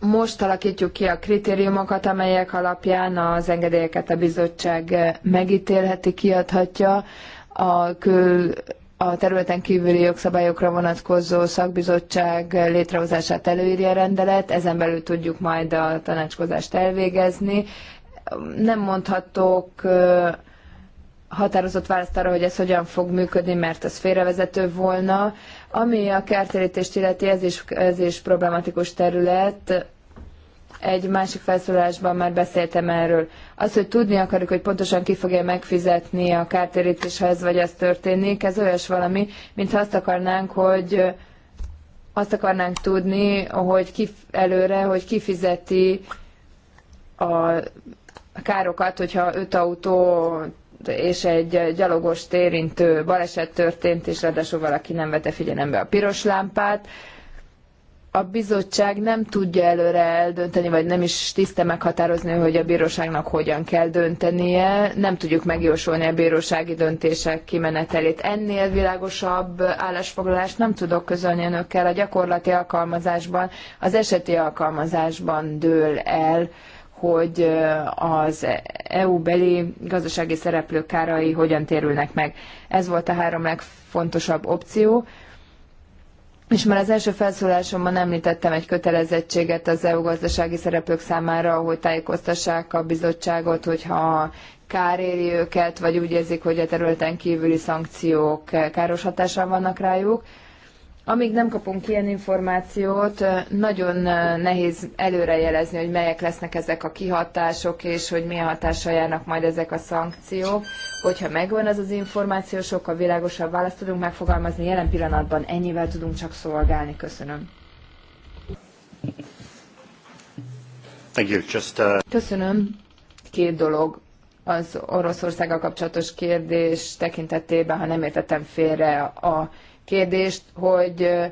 Most alakítjuk ki a kritériumokat, amelyek alapján az engedélyeket a bizottság megítélheti, kiadhatja a kül a területen kívüli jogszabályokra vonatkozó szakbizottság létrehozását előírja a rendelet, ezen belül tudjuk majd a tanácskozást elvégezni. Nem mondhatok határozott választ arra, hogy ez hogyan fog működni, mert ez félrevezető volna. Ami a kártérítést illeti, ez is, ez is problematikus terület. Egy másik felszólásban már beszéltem erről. Az, hogy tudni akarjuk, hogy pontosan ki fogja megfizetni a kártérítés, ha ez vagy ez történik, ez olyas valami, mintha azt akarnánk, hogy azt akarnánk tudni, hogy ki előre, hogy kifizeti a károkat, hogyha öt autó és egy gyalogos térintő baleset történt, és ráadásul valaki nem vette figyelembe a piros lámpát a bizottság nem tudja előre eldönteni, vagy nem is tiszte meghatározni, hogy a bíróságnak hogyan kell döntenie. Nem tudjuk megjósolni a bírósági döntések kimenetelét. Ennél világosabb állásfoglalást nem tudok közölni önökkel. A gyakorlati alkalmazásban, az eseti alkalmazásban dől el, hogy az EU-beli gazdasági szereplők kárai hogyan térülnek meg. Ez volt a három legfontosabb opció és már az első felszólásomban említettem egy kötelezettséget az EU gazdasági szereplők számára, hogy tájékoztassák a bizottságot, hogyha kár éri őket, vagy úgy érzik, hogy a területen kívüli szankciók káros hatással vannak rájuk. Amíg nem kapunk ilyen információt, nagyon nehéz előrejelezni, hogy melyek lesznek ezek a kihatások, és hogy milyen hatással járnak majd ezek a szankciók hogyha megvan az az információ, sokkal világosabb választ tudunk megfogalmazni. Jelen pillanatban ennyivel tudunk csak szolgálni. Köszönöm. Thank you. Just, uh... Köszönöm. Két dolog az Oroszországgal kapcsolatos kérdés tekintetében, ha nem értettem félre a kérdést, hogy uh,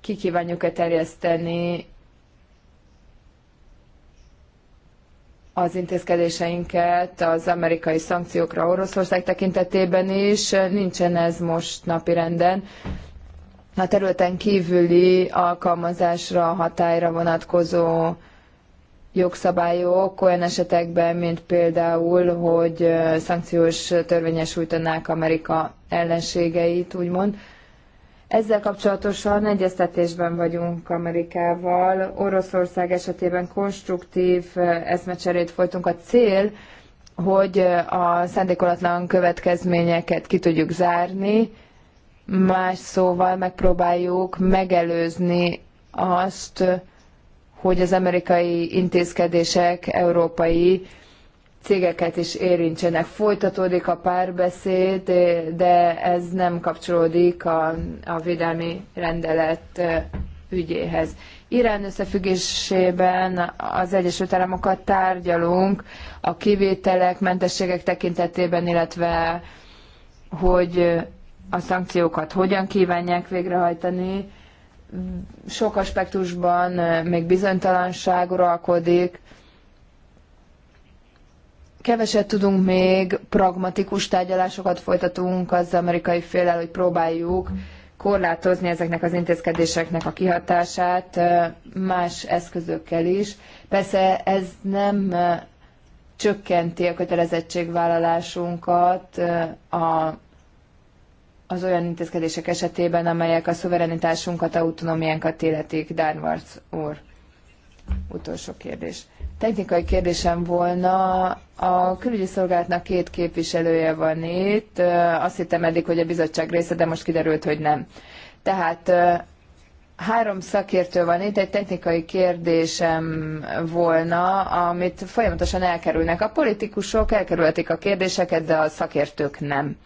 ki kívánjuk-e terjeszteni az intézkedéseinket az amerikai szankciókra Oroszország tekintetében is. Nincsen ez most napirenden. A területen kívüli alkalmazásra, hatályra vonatkozó jogszabályok olyan esetekben, mint például, hogy szankciós törvényes Amerika ellenségeit, úgymond. Ezzel kapcsolatosan egyeztetésben vagyunk Amerikával. Oroszország esetében konstruktív eh, eszmecserét folytunk. A cél, hogy eh, a szándékolatlan következményeket ki tudjuk zárni, más szóval megpróbáljuk megelőzni azt, hogy az amerikai intézkedések európai cégeket is érintsenek. Folytatódik a párbeszéd, de ez nem kapcsolódik a, a védelmi rendelet ügyéhez. Irán összefüggésében az Egyesült Államokat tárgyalunk a kivételek, mentességek tekintetében, illetve hogy a szankciókat hogyan kívánják végrehajtani. Sok aspektusban még bizonytalanság uralkodik, keveset tudunk még, pragmatikus tárgyalásokat folytatunk az amerikai félel, hogy próbáljuk korlátozni ezeknek az intézkedéseknek a kihatását más eszközökkel is. Persze ez nem csökkenti a kötelezettségvállalásunkat a, az olyan intézkedések esetében, amelyek a szuverenitásunkat, autonómiánkat életik, Dárvarc úr. Utolsó kérdés. Technikai kérdésem volna, a külügyi szolgálatnak két képviselője van itt, azt hittem eddig, hogy a bizottság része, de most kiderült, hogy nem. Tehát három szakértő van itt, egy technikai kérdésem volna, amit folyamatosan elkerülnek. A politikusok elkerülhetik a kérdéseket, de a szakértők nem.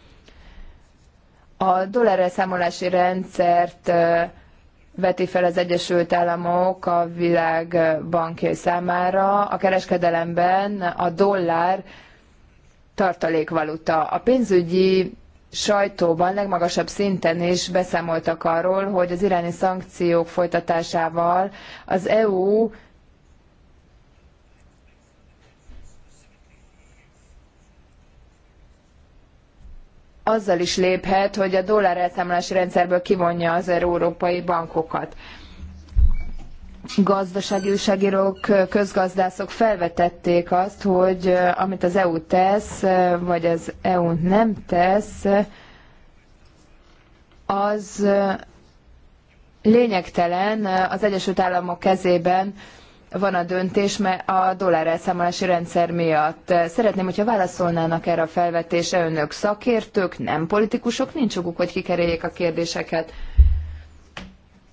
A dollárelszámolási rendszert veti fel az Egyesült Államok a világ bankjai számára. A kereskedelemben a dollár tartalékvaluta. A pénzügyi sajtóban legmagasabb szinten is beszámoltak arról, hogy az iráni szankciók folytatásával az EU azzal is léphet, hogy a dollár elszámolási rendszerből kivonja az európai bankokat. Gazdasági újságírók, közgazdászok felvetették azt, hogy amit az EU tesz, vagy az EU nem tesz, az lényegtelen az Egyesült Államok kezében van a döntés mert a dollár elszámolási rendszer miatt. Szeretném, hogyha válaszolnának erre a felvetésre önök szakértők, nem politikusok, nincs joguk, hogy kikerüljék a kérdéseket.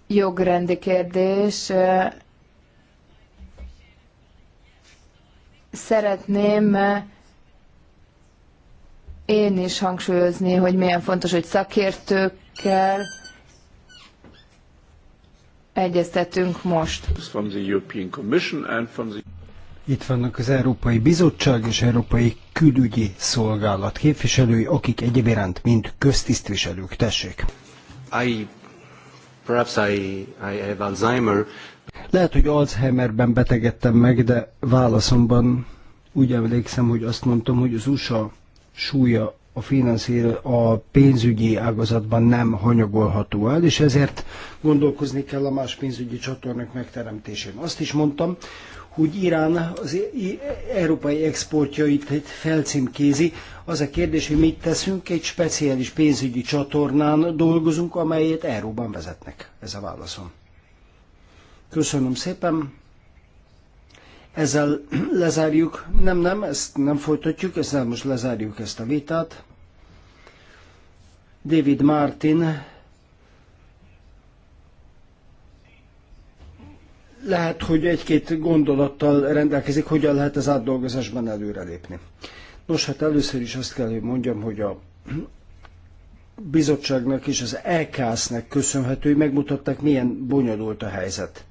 Jogrendi kérdés. Szeretném én is hangsúlyozni, hogy milyen fontos, hogy szakértőkkel egyeztetünk most. Itt vannak az Európai Bizottság és Európai Külügyi Szolgálat képviselői, akik egyébként mind köztisztviselők. Tessék! I, perhaps I, I have Alzheimer. Lehet, hogy Alzheimerben betegedtem meg, de válaszomban úgy emlékszem, hogy azt mondtam, hogy az USA súlya a, finanszír, a pénzügyi ágazatban nem hanyagolható el, és ezért gondolkozni kell a más pénzügyi csatornák megteremtésén. Azt is mondtam, hogy Irán az európai exportjait felcímkézi. Az a kérdés, hogy mit teszünk, egy speciális pénzügyi csatornán dolgozunk, amelyet Euróban vezetnek. Ez a válaszom. Köszönöm szépen. Ezzel lezárjuk, nem, nem, ezt nem folytatjuk, ezzel most lezárjuk ezt a vitát. David Martin lehet, hogy egy-két gondolattal rendelkezik, hogyan lehet az átdolgozásban előrelépni. Nos, hát először is azt kell, hogy mondjam, hogy a bizottságnak és az EKS-nek köszönhető, hogy megmutatták, milyen bonyolult a helyzet.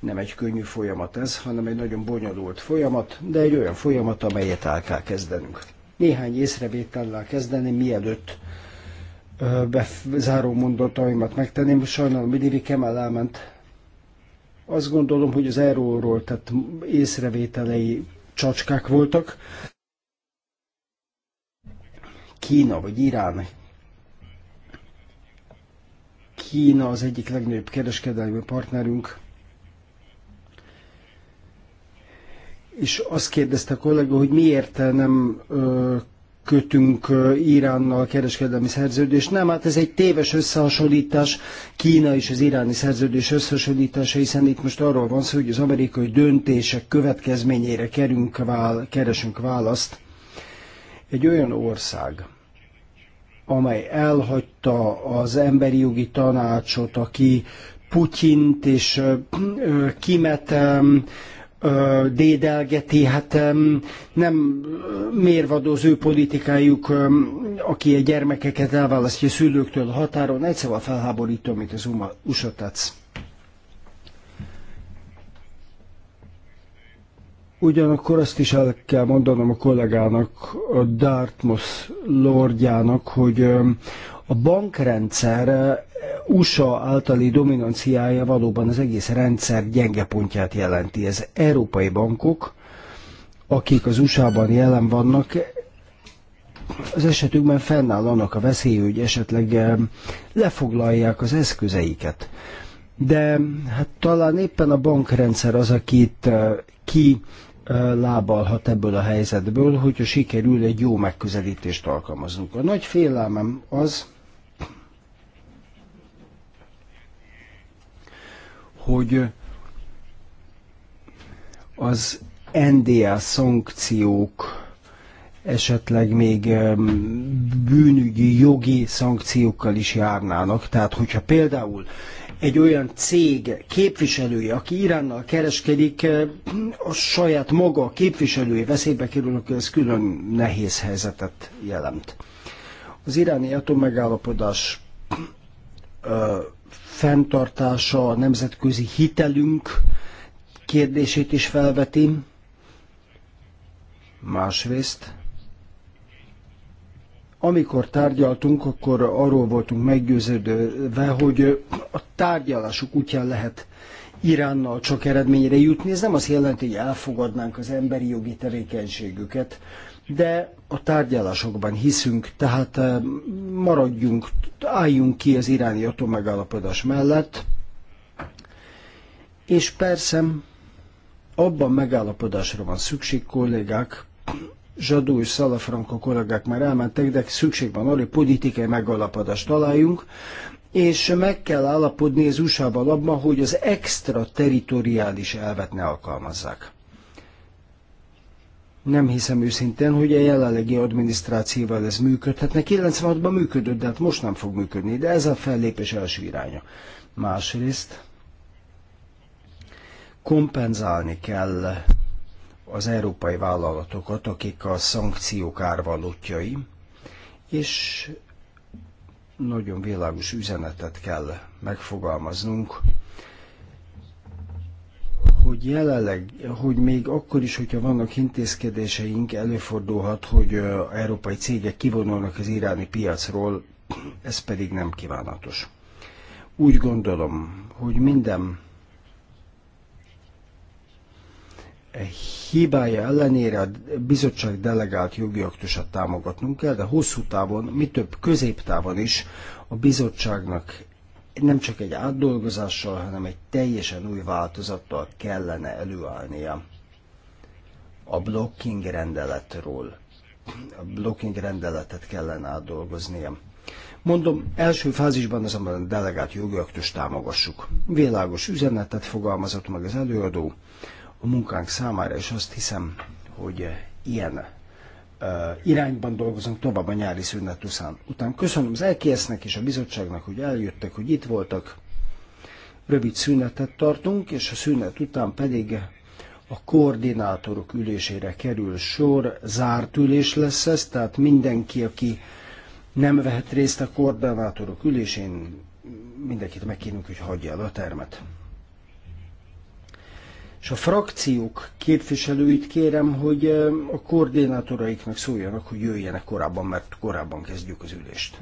Nem egy könnyű folyamat ez, hanem egy nagyon bonyolult folyamat, de egy olyan folyamat, amelyet el kell kezdenünk. Néhány észrevétellel kezdeni, mielőtt bezáró mondataimat megtenném. Sajnálom, hogy Livi Kemel elment. Azt gondolom, hogy az erről tett észrevételei csacskák voltak. Kína vagy Irán. Kína az egyik legnagyobb kereskedelmi partnerünk. és azt kérdezte a kollega, hogy miért nem kötünk Iránnal kereskedelmi szerződést. Nem, hát ez egy téves összehasonlítás, Kína és az iráni szerződés összehasonlítása, hiszen itt most arról van szó, hogy az amerikai döntések következményére kerünk, vál, keresünk választ. Egy olyan ország, amely elhagyta az emberi jogi tanácsot, aki Putyint és Kimet dédelgeti, hát nem mérvadó az ő politikájuk, aki a gyermekeket elválasztja a szülőktől a határon, egyszerűen szóval felháborító, mint az USA tetsz. Ugyanakkor azt is el kell mondanom a kollégának, a Dartmouth lordjának, hogy a bankrendszer USA általi dominanciája valóban az egész rendszer gyenge pontját jelenti. Ez európai bankok, akik az USA-ban jelen vannak, az esetükben fennáll annak a veszély, hogy esetleg eh, lefoglalják az eszközeiket. De hát talán éppen a bankrendszer az, akit eh, ki eh, lábalhat ebből a helyzetből, hogyha sikerül egy jó megközelítést alkalmaznunk. A nagy félelmem az, hogy az NDA szankciók esetleg még bűnügyi, jogi szankciókkal is járnának. Tehát, hogyha például egy olyan cég képviselője, aki Iránnal kereskedik, a saját maga a képviselője veszélybe kerül, akkor ez külön nehéz helyzetet jelent. Az iráni atommegállapodás fenntartása a nemzetközi hitelünk kérdését is felveti. Másrészt, amikor tárgyaltunk, akkor arról voltunk meggyőződve, hogy a tárgyalások útján lehet Iránnal csak eredményre jutni. Ez nem azt jelenti, hogy elfogadnánk az emberi jogi tevékenységüket, de a tárgyalásokban hiszünk, tehát eh, maradjunk, álljunk ki az iráni atommegállapodás mellett, és persze abban megállapodásra van szükség, kollégák, Zsadó és Szalafranka kollégák már elmentek, de szükség van arra, hogy politikai megállapodást találjunk, és meg kell állapodni az usa abban, hogy az extraterritoriális elvet ne alkalmazzák. Nem hiszem őszintén, hogy a jelenlegi adminisztrációval ez működhetne. 96-ban működött, de hát most nem fog működni, de ez a fellépés első iránya. Másrészt kompenzálni kell az európai vállalatokat, akik a szankciók árvalótjai, és nagyon világos üzenetet kell megfogalmaznunk hogy jelenleg, hogy még akkor is, hogyha vannak intézkedéseink, előfordulhat, hogy európai cégek kivonulnak az iráni piacról, ez pedig nem kívánatos. Úgy gondolom, hogy minden hibája ellenére a bizottság delegált jogi aktusát támogatnunk kell, de hosszú távon, mi több középtávon is a bizottságnak nem csak egy átdolgozással, hanem egy teljesen új változattal kellene előállnia a blocking rendeletről. A blocking rendeletet kellene átdolgoznia. Mondom, első fázisban azonban a delegált jogöktust támogassuk. Világos üzenetet fogalmazott meg az előadó a munkánk számára, és azt hiszem, hogy ilyen irányban dolgozunk tovább a nyári szünet után. Köszönöm az lks és a bizottságnak, hogy eljöttek, hogy itt voltak. Rövid szünetet tartunk, és a szünet után pedig a koordinátorok ülésére kerül sor. Zárt ülés lesz ez, tehát mindenki, aki nem vehet részt a koordinátorok ülésén, mindenkit megkérünk, hogy hagyja el a termet és a frakciók képviselőit kérem, hogy a koordinátoraiknak szóljanak, hogy jöjjenek korábban, mert korábban kezdjük az ülést.